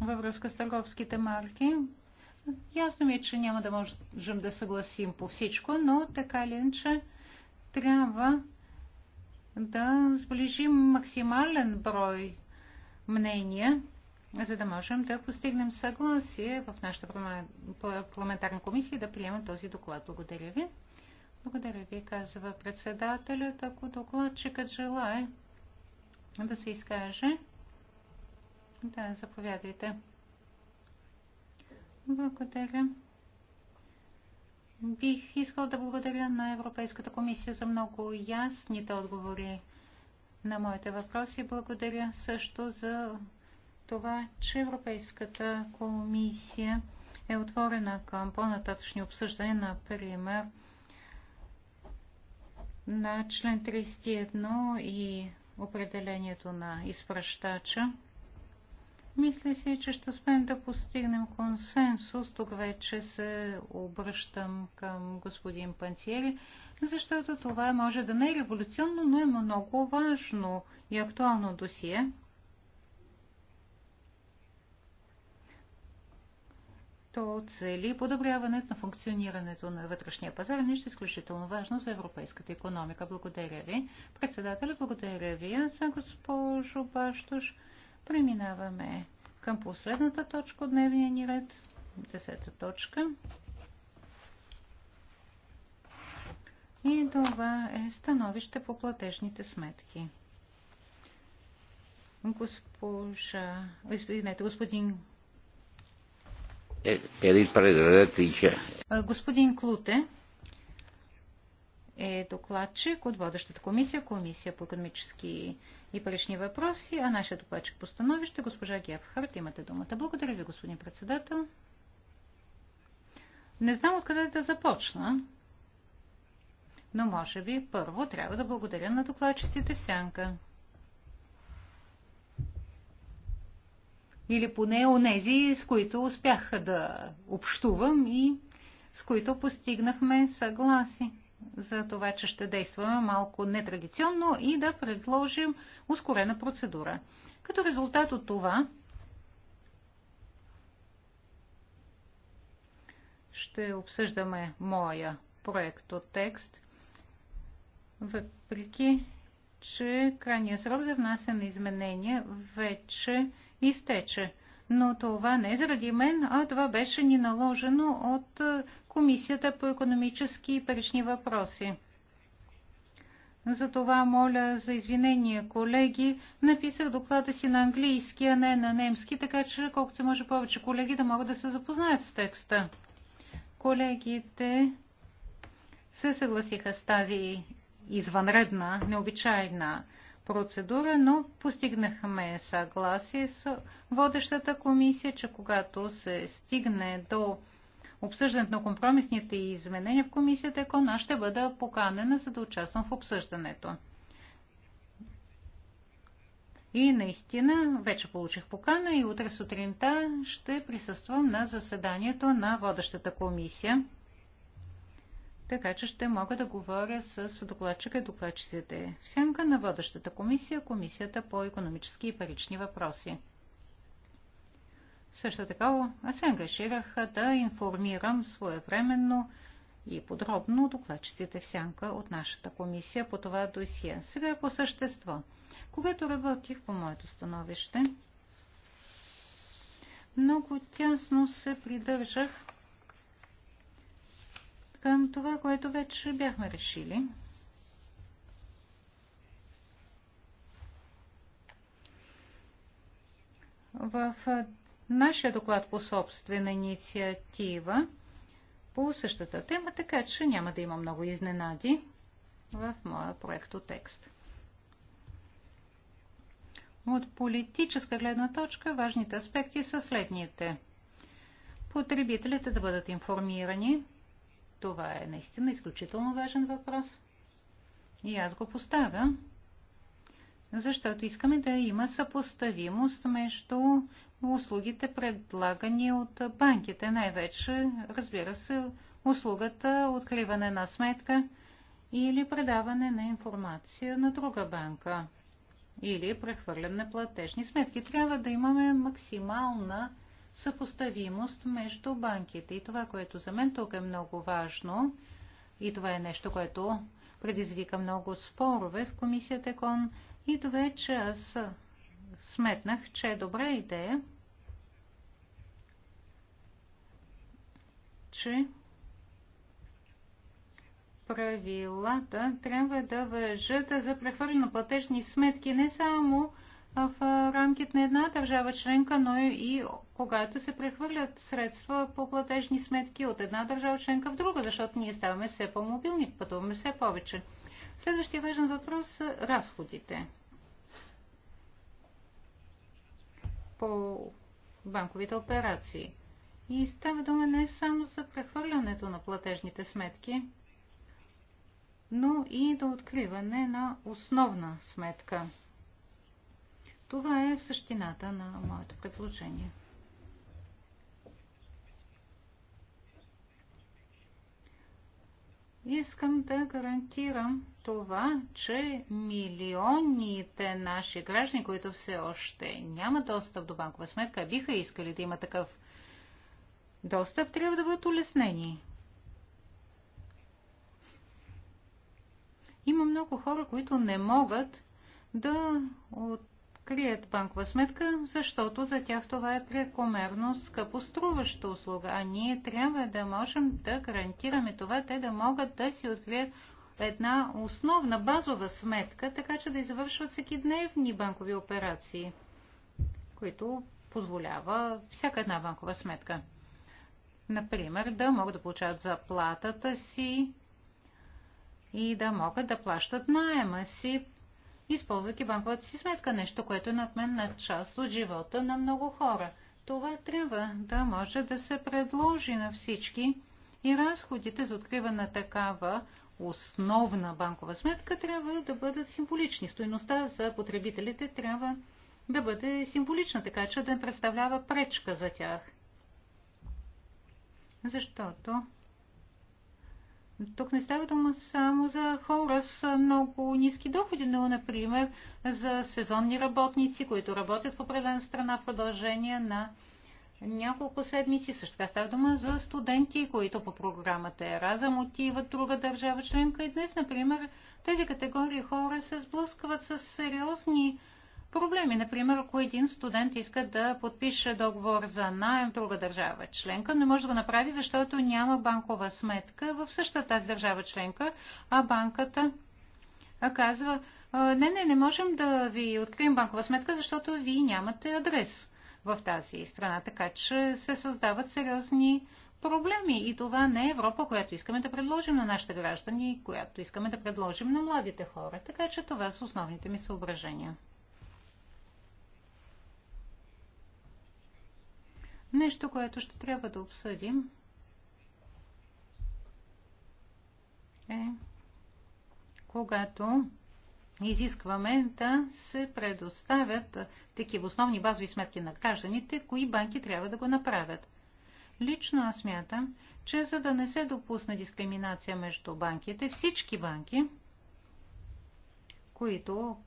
във връзка с търговските марки. Ясно ми е, че няма да можем да съгласим по всичко, но така ли, че трябва да сближим максимален брой мнения за да можем да постигнем съгласие в нашата парламентарна комисия да приемем този доклад. Благодаря ви. Благодаря ви, казва председателят. Ако докладчикът желая да се изкаже, да, заповядайте. Благодаря. Бих искал да благодаря на Европейската комисия за много ясните отговори на моите въпроси. Благодаря също за това, че Европейската комисия е отворена към по-нататъчни обсъждания, например, на член 31 и определението на изпращача. Мисля си, че ще успеем да постигнем консенсус. Тук вече се обръщам към господин Пантиери, защото това може да не е революционно, но е много важно и актуално досие. То цели подобряването на функционирането на вътрешния пазар, нещо изключително важно за европейската економика. Благодаря ви. Председателя, благодаря ви за госпожо Баштош. Преминаваме към последната точка от дневния ни ред. Десета точка. И това е становище по платежните сметки. Госпожа, извинете, господин е, господин Клуте е докладчик от водещата комисия, комисия по економически и парични въпроси, а нашия докладчик по становище, госпожа Гебхарт, имате думата. Благодаря ви, господин председател. Не знам откъде да започна, но може би първо трябва да благодаря на докладчиците в сянка. или поне онези, с които успях да общувам и с които постигнахме съгласи за това, че ще действаме малко нетрадиционно и да предложим ускорена процедура. Като резултат от това ще обсъждаме моя проект от текст, въпреки че крайният срок за внасяне изменения вече изтече. Но това не е заради мен, а това беше ни наложено от е, Комисията по економически и парични въпроси. Затова моля за извинение, колеги. Написах доклада си на английски, а не на немски, така че колкото се може повече колеги да могат да се запознаят с текста. Колегите се съгласиха с тази извънредна, необичайна процедура, но постигнахме съгласие с водещата комисия, че когато се стигне до обсъждането на компромисните изменения в комисията ЕКОН, аз ще бъда поканена, за да участвам в обсъждането. И наистина вече получих покана и утре сутринта ще присъствам на заседанието на водещата комисия така че ще мога да говоря с докладчика и докладчиците в сянка на водещата комисия, комисията по економически и парични въпроси. Също така аз се ангажирах да информирам своевременно и подробно докладчиците в сянка от нашата комисия по това досие. Сега по същество. Когато работих по моето становище, много тясно се придържах към това, което вече бяхме решили. В нашия доклад по собствена инициатива по същата тема, така че няма да има много изненади в моя проектотекст. От политическа гледна точка важните аспекти са следните. Потребителите да бъдат информирани това е наистина изключително важен въпрос. И аз го поставям, защото искаме да има съпоставимост между услугите, предлагани от банките. Най-вече, разбира се, услугата откриване на сметка или предаване на информация на друга банка или прехвърляне на платежни сметки. Трябва да имаме максимална съпоставимост между банките. И това, което за мен тук е много важно, и това е нещо, което предизвика много спорове в комисията ЕКОН, и вече аз сметнах, че е добра идея, че правилата трябва да въжат за прехвърлено платежни сметки не само в рамките на една държава членка, но и когато се прехвърлят средства по платежни сметки от една държава членка в друга, защото ние ставаме все по-мобилни, пътуваме все повече. Следващия важен въпрос са разходите. По банковите операции. И става дума не само за прехвърлянето на платежните сметки, но и до откриване на основна сметка. Това е в същината на моето предложение. Искам да гарантирам това, че милионите наши граждани, които все още нямат достъп до банкова сметка, биха искали да има такъв достъп, трябва да бъдат улеснени. Има много хора, които не могат да от крият банкова сметка, защото за тях това е прекомерно скъпоструваща услуга, а ние трябва да можем да гарантираме това, те да могат да си открият една основна базова сметка, така че да извършват всеки дневни банкови операции, които позволява всяка една банкова сметка. Например, да могат да получават заплатата си и да могат да плащат найема си използвайки банковата си сметка, нещо, което е над мен на част от живота на много хора. Това трябва да може да се предложи на всички и разходите за откриване на такава основна банкова сметка трябва да бъдат символични. Стоеността за потребителите трябва да бъде символична, така че да не представлява пречка за тях. Защото тук не става дума само за хора с много ниски доходи, но, например, за сезонни работници, които работят в определена страна в продължение на няколко седмици. Също така става дума за студенти, които по програмата Еразъм отиват друга държава членка. И днес, например, тези категории хора се сблъскват с сериозни проблеми. Например, ако един студент иска да подпише договор за найем в друга държава членка, не може да го направи, защото няма банкова сметка в същата тази държава членка, а банката казва, не, не, не можем да ви открием банкова сметка, защото ви нямате адрес в тази страна. Така че се създават сериозни проблеми. И това не е Европа, която искаме да предложим на нашите граждани, която искаме да предложим на младите хора. Така че това са основните ми съображения. Нещо, което ще трябва да обсъдим е когато изискваме да се предоставят такива основни базови сметки на гражданите, кои банки трябва да го направят. Лично аз мятам, че за да не се допусне дискриминация между банките, всички банки, които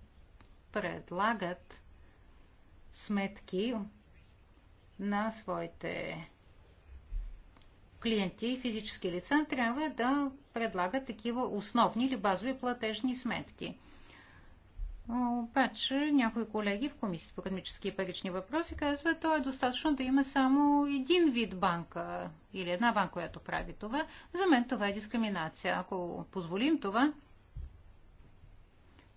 предлагат сметки на своите клиенти и физически лица трябва да предлагат такива основни или базови платежни сметки. Обаче някои колеги в Комисията по економически и парични въпроси казват, то е достатъчно да има само един вид банка или една банка, която прави това. За мен това е дискриминация. Ако позволим това,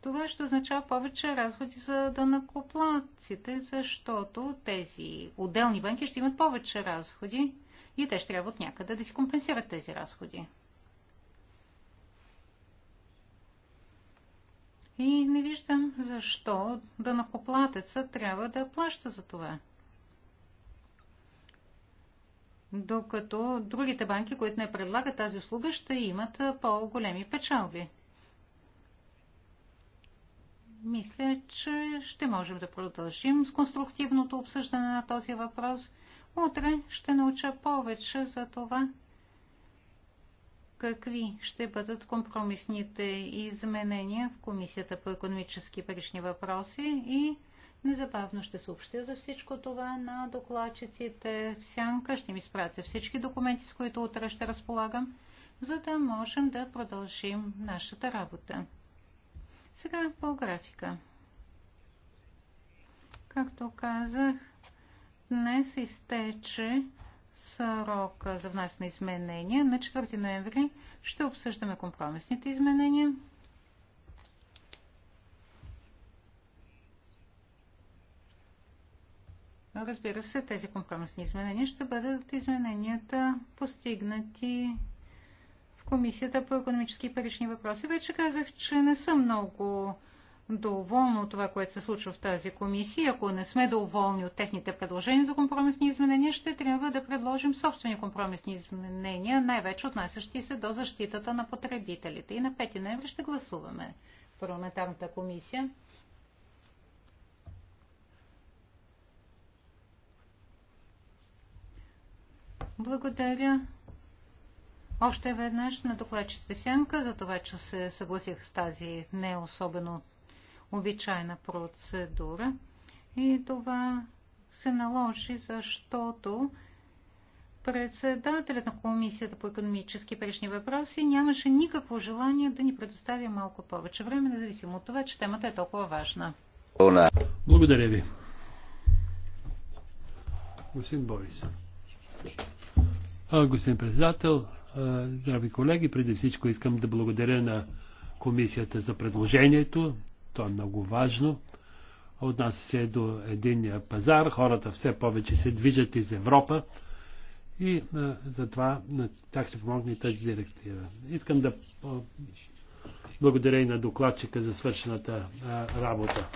това ще означава повече разходи за данакоплаците, защото тези отделни банки ще имат повече разходи и те ще трябва от някъде да си компенсират тези разходи. И не виждам защо данакоплатеца трябва да плаща за това. Докато другите банки, които не предлагат тази услуга, ще имат по-големи печалби мисля, че ще можем да продължим с конструктивното обсъждане на този въпрос. Утре ще науча повече за това, какви ще бъдат компромисните изменения в Комисията по економически парични въпроси и незабавно ще съобщя за всичко това на докладчиците в Сянка. Ще ми спратя всички документи, с които утре ще разполагам, за да можем да продължим нашата работа. Сега по графика. Както казах, днес изтече срока за внасяне изменения. На 4 ноември ще обсъждаме компромисните изменения. Разбира се, тези компромисни изменения ще бъдат измененията постигнати Комисията по економически и парични въпроси. Вече казах, че не съм много доволна от това, което се случва в тази комисия. Ако не сме доволни от техните предложения за компромисни изменения, ще трябва да предложим собствени компромисни изменения, най-вече отнасящи се до защитата на потребителите. И на 5 ноември ще гласуваме в парламентарната комисия. Благодаря още веднъж на докладчите Сянка за това, че се съгласих с тази не особено обичайна процедура. И това се наложи, защото председателят на Комисията по економически прешни въпроси нямаше никакво желание да ни предостави малко повече време, независимо от това, че темата е толкова важна. Благодаря ви. Господин Борис. господин председател, Драги колеги, преди всичко искам да благодаря на комисията за предложението. То е много важно. Отнася се до единния пазар. Хората все повече се движат из Европа. И затова на тях ще помогне тази директива. Искам да благодаря и на докладчика за свършената работа.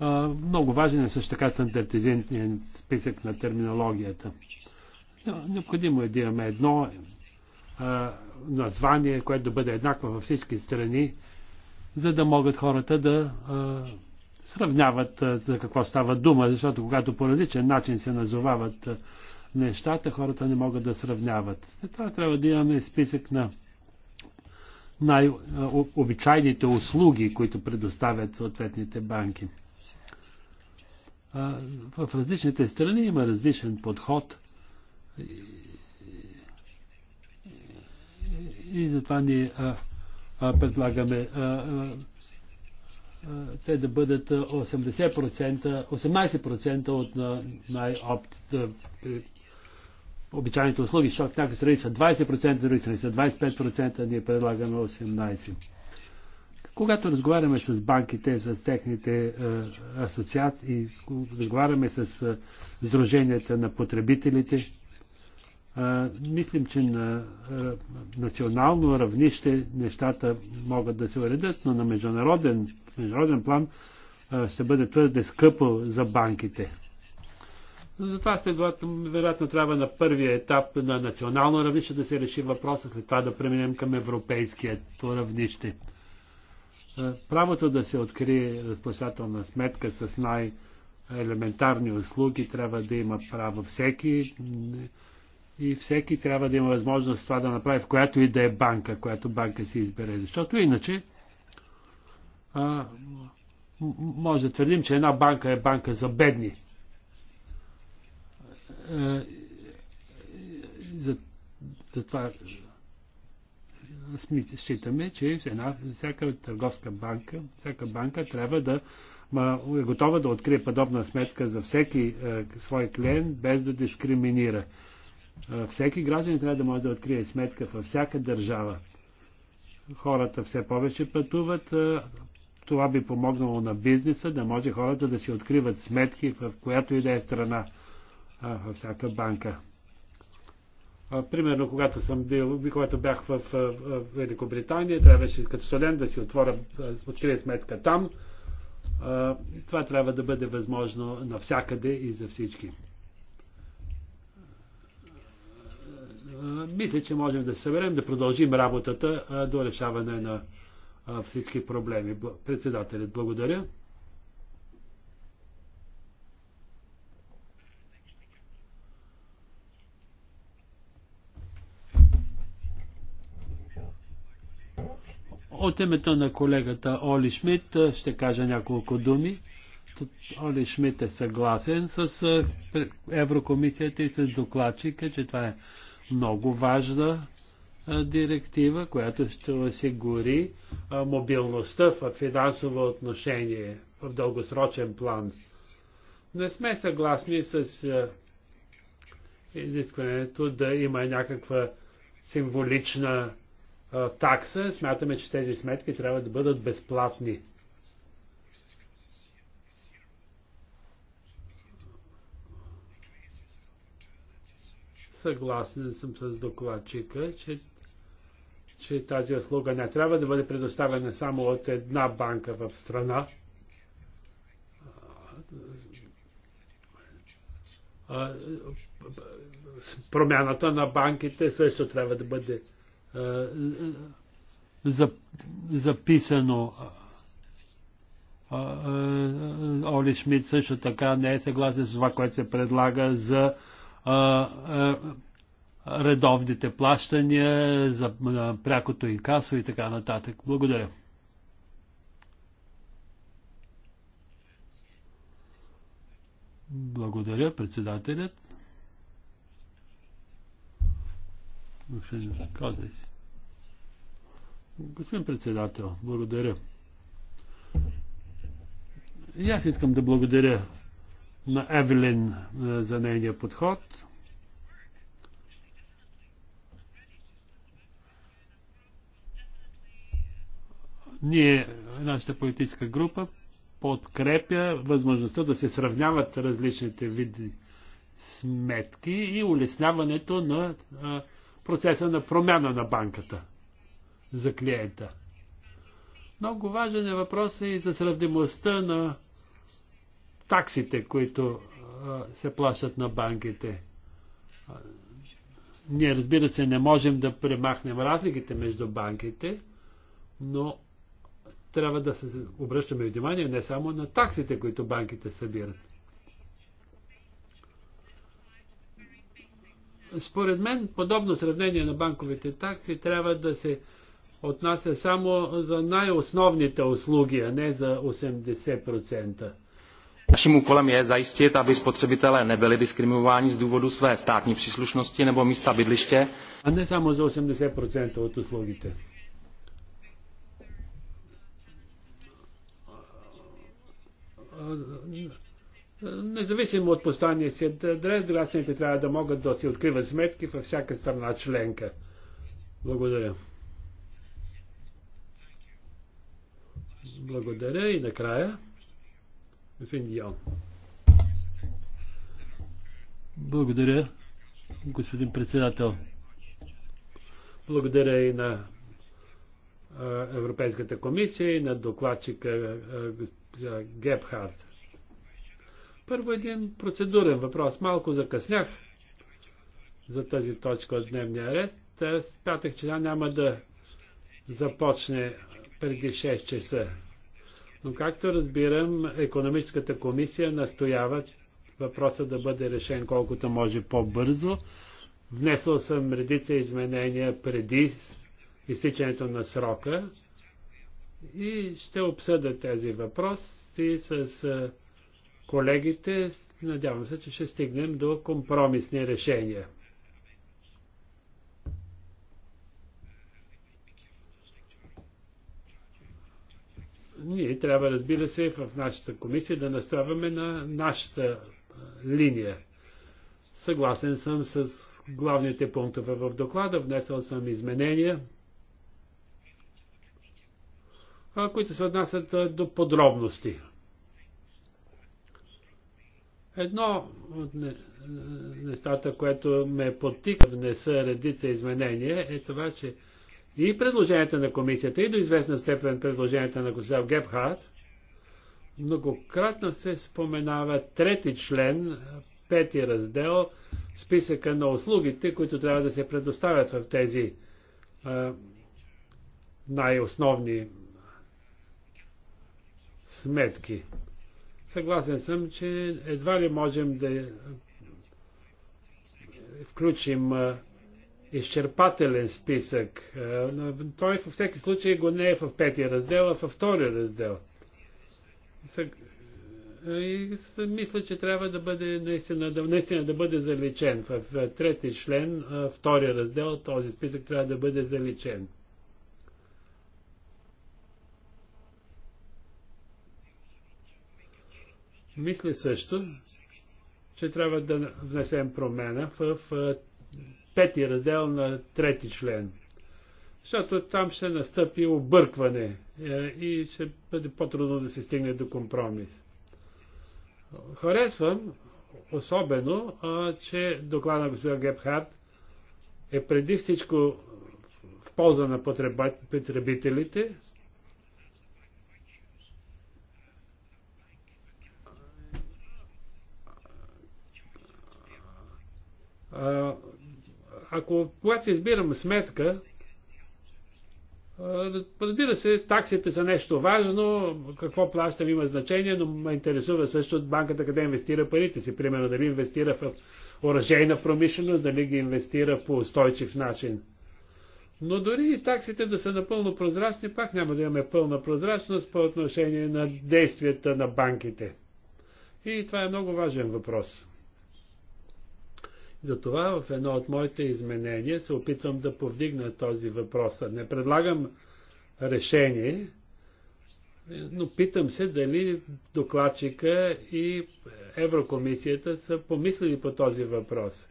Много важен е също така стандартизиран списък на терминологията. Необходимо е да имаме едно название, което да бъде еднакво във всички страни, за да могат хората да сравняват за какво става дума, защото когато по различен начин се назовават нещата, хората не могат да сравняват. За това трябва да имаме списък на най-обичайните услуги, които предоставят съответните банки в различните страни има различен подход и затова ние предлагаме те да бъдат 80%, 18% от най оптите обичайните услуги, защото някои страни са 20%, други страни са 25%, ние предлагаме 18%. Когато разговаряме с банките, с техните е, асоциации, разговаряме с е, сдруженията на потребителите, е, мислим, че на национално равнище нещата могат да се уредят, но на международен, международен план ще бъде твърде скъпо за банките. Затова следователно, вероятно, трябва на първия етап на национално равнище да се реши въпроса, след това да преминем към Европейския равнище. Е, правото да се открие разплащателна сметка с най-елементарни услуги трябва да има право всеки и всеки трябва да има възможност това да направи в която и да е банка, която банка си избере. Защото иначе а, може да твърдим, че една банка е банка за бедни. Затова е, за, считаме, че една, всяка търговска банка, всяка банка трябва да ма, е готова да открие подобна сметка за всеки е, свой клиент, без да дискриминира. Е, всеки гражданин трябва да може да открие сметка във всяка държава. Хората все повече пътуват. Е, това би помогнало на бизнеса да може хората да си откриват сметки в която и да е страна, е, във всяка банка. Примерно, когато съм бил, когато бях в Великобритания, трябваше като студент да си отворя, открия сметка там. Това трябва да бъде възможно навсякъде и за всички. Мисля, че можем да се съберем, да продължим работата до решаване на всички проблеми. Председателят, благодаря. От името на колегата Оли Шмидт ще кажа няколко думи. Оли Шмидт е съгласен с Еврокомисията и с докладчика, че това е много важна директива, която ще осигури мобилността в финансово отношение в дългосрочен план. Не сме съгласни с изискването да има някаква символична такса, смятаме, че тези сметки трябва да бъдат безплатни. Съгласен съм с докладчика, че, че тази услуга не трябва да бъде предоставена само от една банка в страна. Промяната на банките също трябва да бъде е, е, записано. Е, Оли Шмидт също така не е съгласен с това, което се предлага за редовните плащания, за прякото инкасо и така нататък. Благодаря. Благодаря, председателят. Господин председател, благодаря. И аз искам да благодаря на Евелин е, за нейния подход. Ние, нашата политическа група, подкрепя възможността да се сравняват различните види сметки и улесняването на а, е, процеса на промяна на банката за клиента. Много важен е въпросът е и за сравнимостта на таксите, които се плащат на банките. Ние, разбира се, не можем да премахнем разликите между банките, но трябва да се обръщаме внимание не само на таксите, които банките събират. Според мен, подобно сравнение на банковите такси трябва да се отнася само за най-основните услуги, а не за 80%. Naším úkolem je zajistit, aby spotřebitelé nebyli diskriminováni z důvodu své státní příslušnosti nebo místa bydliště. A ne samo za 80% od uslugite. Независимо от постоянния си адрес, гражданите трябва да могат да си откриват сметки във всяка страна членка. Благодаря. Благодаря и накрая. Финдион. Благодаря, господин председател. Благодаря и на Европейската комисия и на докладчика Гебхарт. Първо един процедурен въпрос. Малко закъснях за тази точка от дневния ред. Пятък, е, че няма да започне преди 6 часа. Но както разбирам, економическата комисия настоява въпросът да бъде решен колкото може по-бързо. Внесъл съм редица изменения преди изсичането на срока и ще обсъда тези въпроси с е, колегите. Надявам се, че ще стигнем до компромисни решения. Ние трябва, разбира се, в нашата комисия да настояваме на нашата линия. Съгласен съм с главните пунктове в доклада, внесъл съм изменения, които се отнасят до подробности. Едно от нещата, което ме подтика внеса редица изменения, е това, че и предложенията на комисията, и до известна степен предложенията на госпожа Гепхард, многократно се споменава трети член, пети раздел, списъка на услугите, които трябва да се предоставят в тези най-основни сметки. Съгласен съм, че едва ли можем да включим изчерпателен списък. Той във всеки случай го не е в петия раздел, а във втория раздел. И мисля, че трябва да бъде наистина да, наистина да бъде заличен. В трети член, втория раздел, този списък трябва да бъде заличен. Мисля също, че трябва да внесем промена в пети раздел на трети член. Защото там ще настъпи объркване е, и ще бъде по-трудно да се стигне до компромис. Харесвам особено, че доклада на господин Гепхард е преди всичко в полза на потребителите, ако, когато избирам сметка, разбира се, таксите са нещо важно, какво плащам има значение, но ме интересува също от банката къде инвестира парите си. Примерно дали инвестира в оръжейна промишленост, дали ги инвестира по устойчив начин. Но дори и таксите да са напълно прозрачни, пак няма да имаме пълна прозрачност по отношение на действията на банките. И това е много важен въпрос. Затова в едно от моите изменения се опитвам да повдигна този въпрос. Не предлагам решение, но питам се дали докладчика и Еврокомисията са помислили по този въпрос.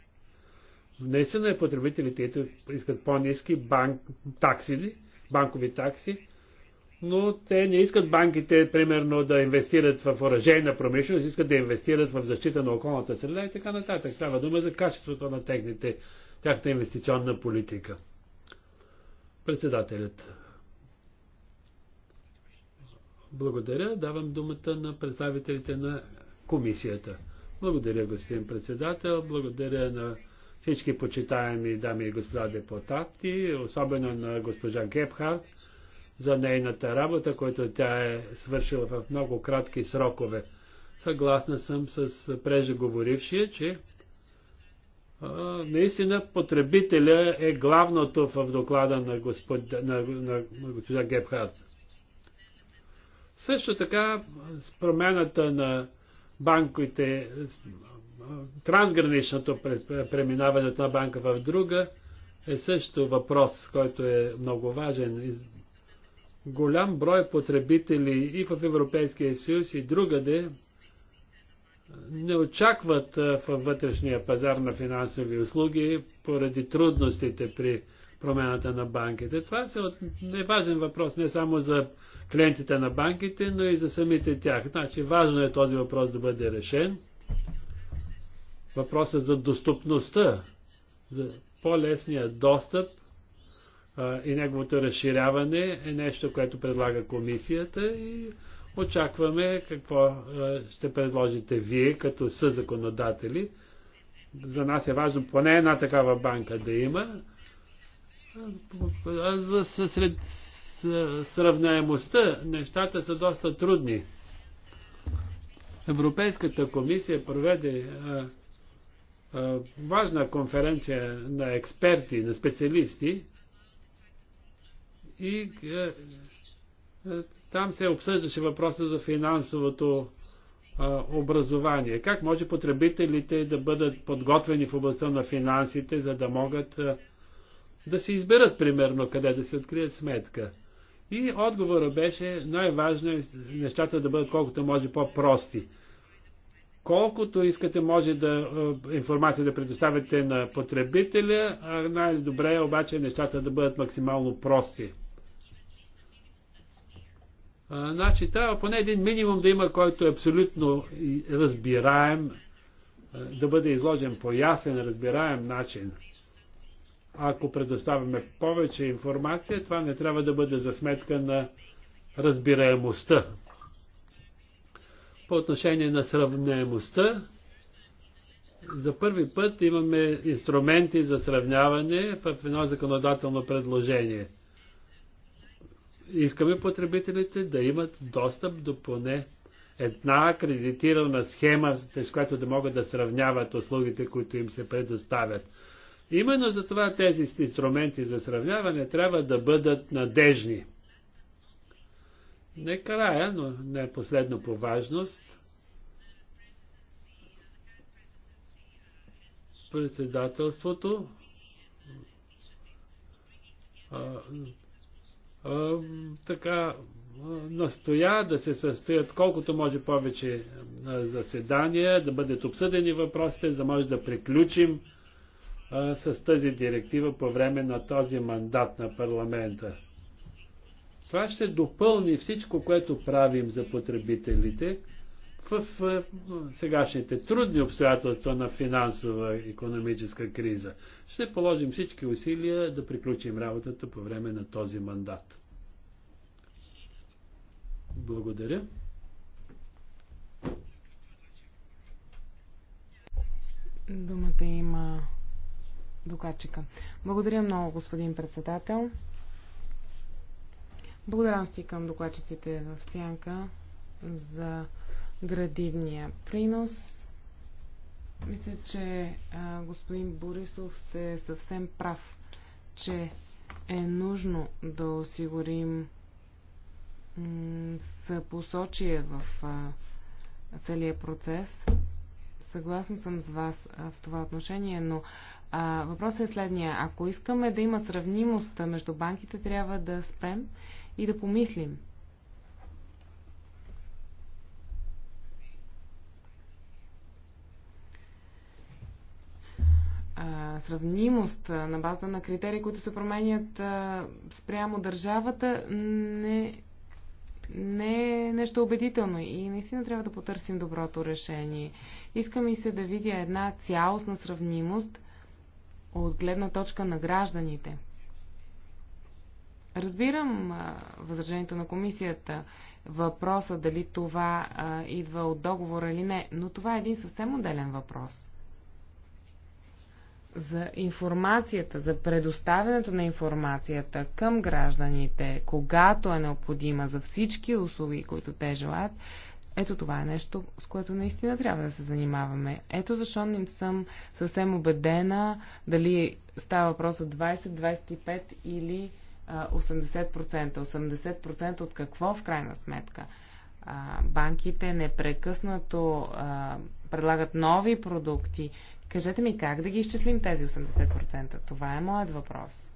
Наистина е, потребителите искат по-низки банк, такси, банкови такси, но те не искат банките, примерно, да инвестират в оръжейна промишленост, искат да инвестират в защита на околната среда и така нататък. Става дума за качеството на техните, тяхната инвестиционна политика. Председателят. Благодаря. Давам думата на представителите на комисията. Благодаря, господин председател. Благодаря на всички почитаеми дами и господа депутати, особено на госпожа Гепхарт за нейната работа, която тя е свършила в много кратки срокове. Съгласна съм с прежеговорившия, че а, наистина потребителя е главното в доклада на, господ... на, на, на госпожа Също така с промената на банковите, трансграничното преминаването на банка в друга е също въпрос, който е много важен голям брой потребители и в Европейския съюз и другаде не очакват във вътрешния пазар на финансови услуги поради трудностите при промената на банките. Това е важен въпрос не само за клиентите на банките, но и за самите тях. Значи важно е този въпрос да бъде решен. Въпросът за достъпността, за по-лесния достъп и неговото разширяване е нещо, което предлага комисията и очакваме какво ще предложите вие като съзаконодатели. За нас е важно поне една такава банка да има. За сред сравняемостта нещата са доста трудни. Европейската комисия проведе а, а, важна конференция на експерти, на специалисти, и е, е, там се обсъждаше въпроса за финансовото образование. Как може потребителите да бъдат подготвени в областта на финансите, за да могат е, да се изберат примерно къде да се открият сметка. И отговорът беше най-важно е нещата да бъдат колкото може по-прости. Колкото искате може да информация да предоставите на потребителя, най-добре е обаче нещата да бъдат максимално прости значи трябва поне един минимум да има, който е абсолютно разбираем, да бъде изложен по ясен, разбираем начин. Ако предоставяме повече информация, това не трябва да бъде за сметка на разбираемостта. По отношение на сравняемостта, за първи път имаме инструменти за сравняване в едно законодателно предложение – искаме потребителите да имат достъп до поне една акредитирана схема, с която да могат да сравняват услугите, които им се предоставят. Именно за това тези инструменти за сравняване трябва да бъдат надежни. Не края, но не е последно по важност. Председателството така настоя да се състоят колкото може повече заседания, да бъдат обсъдени въпросите, за да може да приключим с тази директива по време на този мандат на парламента. Това ще допълни всичко, което правим за потребителите, в сегашните трудни обстоятелства на финансова и економическа криза. Ще положим всички усилия да приключим работата по време на този мандат. Благодаря. Думата има докачика. Благодаря много, господин председател. Благодаря си към докладчиците в Сянка за градивния принос. Мисля, че а, господин Борисов сте съвсем прав, че е нужно да осигурим съпосочие в а, целия процес. Съгласна съм с вас а, в това отношение, но а, въпросът е следния. Ако искаме да има сравнимост между банките, трябва да спрем и да помислим сравнимост на база на критерии, които се променят спрямо държавата, не, не е нещо убедително и наистина трябва да потърсим доброто решение. Искам и се да видя една цялостна сравнимост от гледна точка на гражданите. Разбирам възражението на комисията, въпроса дали това а, идва от договора или не, но това е един съвсем отделен въпрос за информацията, за предоставянето на информацията към гражданите, когато е необходима за всички услуги, които те желаят, ето това е нещо, с което наистина трябва да се занимаваме. Ето защо не съм съвсем убедена дали става въпрос за 20, 25 или 80%. 80% от какво в крайна сметка? банките непрекъснато предлагат нови продукти, Кажете ми как да ги изчислим тези 80%? Това е моят въпрос.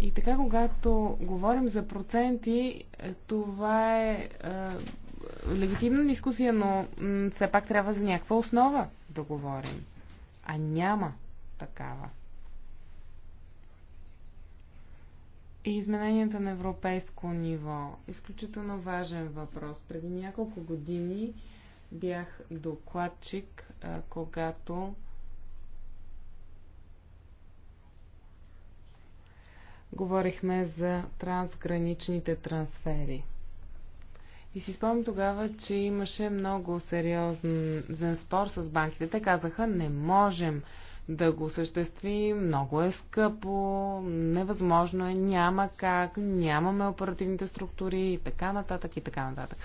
И така, когато говорим за проценти, това е, е легитимна дискусия, но все пак трябва за някаква основа да говорим. А няма такава. И измененията на европейско ниво. Изключително важен въпрос. Преди няколко години бях докладчик, когато говорихме за трансграничните трансфери. И си спомням тогава, че имаше много сериозен спор с банките. Те казаха, не можем да го съществи, Много е скъпо, невъзможно е, няма как, нямаме оперативните структури и така нататък и така нататък.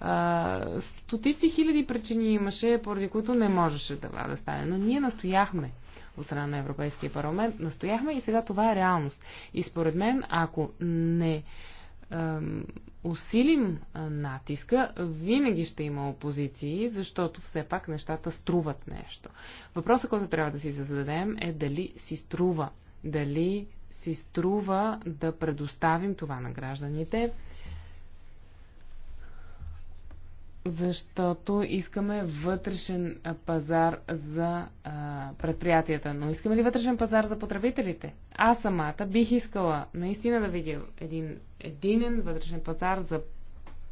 Uh, стотици хиляди причини имаше, поради които не можеше това да стане. Но ние настояхме от страна на Европейския парламент, настояхме и сега това е реалност. И според мен, ако не усилим натиска, винаги ще има опозиции, защото все пак нещата струват нещо. Въпросът, който трябва да си зададем е дали си струва. Дали си струва да предоставим това на гражданите, защото искаме вътрешен пазар за а, предприятията. Но искаме ли вътрешен пазар за потребителите? Аз самата бих искала наистина да видя един единен вътрешен пазар за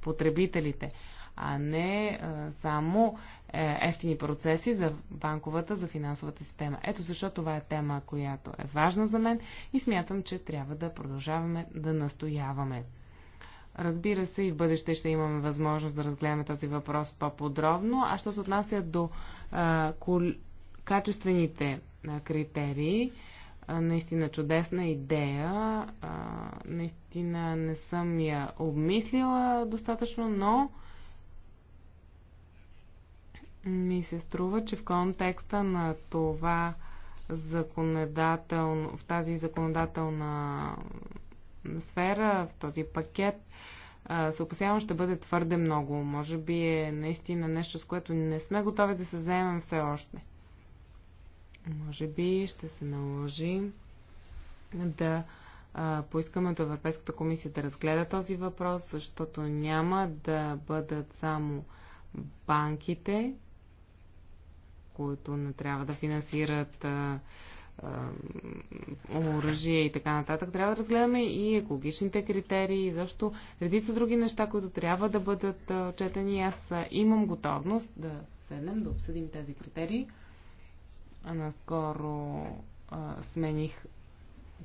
потребителите, а не а, само е, ефтини процеси за банковата, за финансовата система. Ето защо това е тема, която е важна за мен и смятам, че трябва да продължаваме да настояваме Разбира се, и в бъдеще ще имаме възможност да разгледаме този въпрос по-подробно. А що се отнася до а, кол... качествените а, критерии, а, наистина чудесна идея. А, наистина не съм я обмислила достатъчно, но ми се струва, че в контекста на това законодателно, в тази законодателна сфера, в този пакет, се опасявам ще бъде твърде много. Може би е наистина нещо, с което не сме готови да се заемем все още. Може би ще се наложи да поискаме от Европейската комисия да разгледа този въпрос, защото няма да бъдат само банките, които не трябва да финансират а, оръжие и така нататък, трябва да разгледаме и екологичните критерии, и защо редица други неща, които трябва да бъдат отчетени. Аз имам готовност да седнем, да обсъдим тези критерии. А наскоро а, смених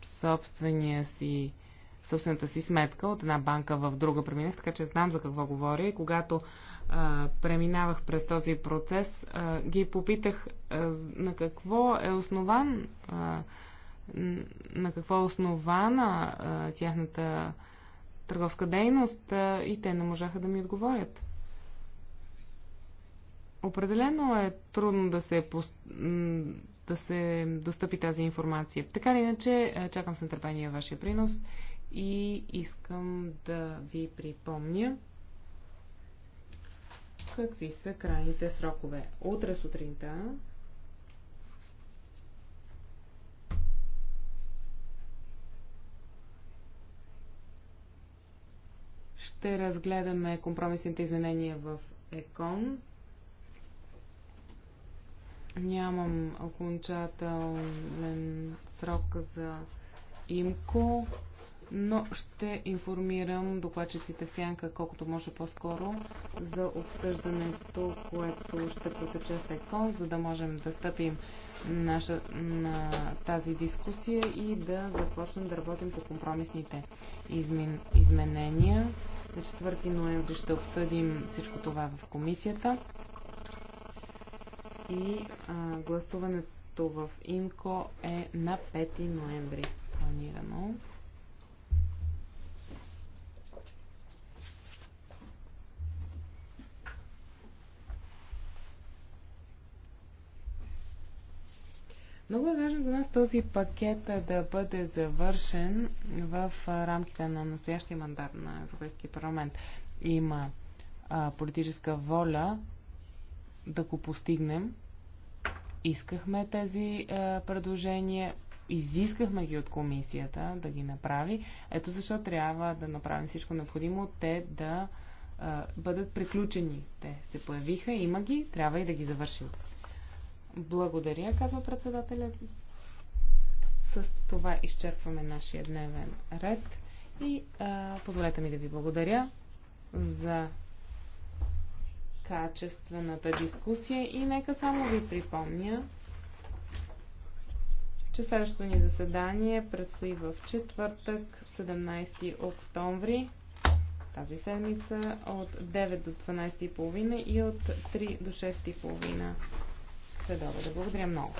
собствения си собствената си сметка от една банка в друга преминах, така че знам за какво говоря и когато а, преминавах през този процес, а, ги попитах а, на какво е основан а, на какво е основана а, тяхната търговска дейност а, и те не можаха да ми отговорят. Определено е трудно да се, да се достъпи тази информация. Така или иначе, чакам с нетърпение вашия принос и искам да ви припомня, какви са крайните срокове. Утре сутринта ще разгледаме компромисните изменения в ЕКОН. Нямам окончателен срок за имко но ще информирам докладчиците в Сянка колкото може по-скоро за обсъждането, което ще протече в ЕКОН, за да можем да стъпим наша, на тази дискусия и да започнем да работим по компромисните измен, изменения. На 4 ноември ще обсъдим всичко това в комисията и а, гласуването в ИМКО е на 5 ноември планирано. Много е важно за нас този пакет да бъде завършен в рамките на настоящия мандат на Европейския парламент. Има а, политическа воля да го постигнем. Искахме тези а, предложения, изискахме ги от комисията да ги направи. Ето защо трябва да направим всичко необходимо те да а, бъдат приключени. Те се появиха, има ги, трябва и да ги завършим. Благодаря, казва председателя. С това изчерпваме нашия дневен ред и а, позволете ми да ви благодаря за качествената дискусия и нека само ви припомня, че следващото ни заседание предстои в четвъртък, 17 октомври, тази седмица, от 9 до 12.30 и от 3 до 6.30 следобеда. Благодаря много.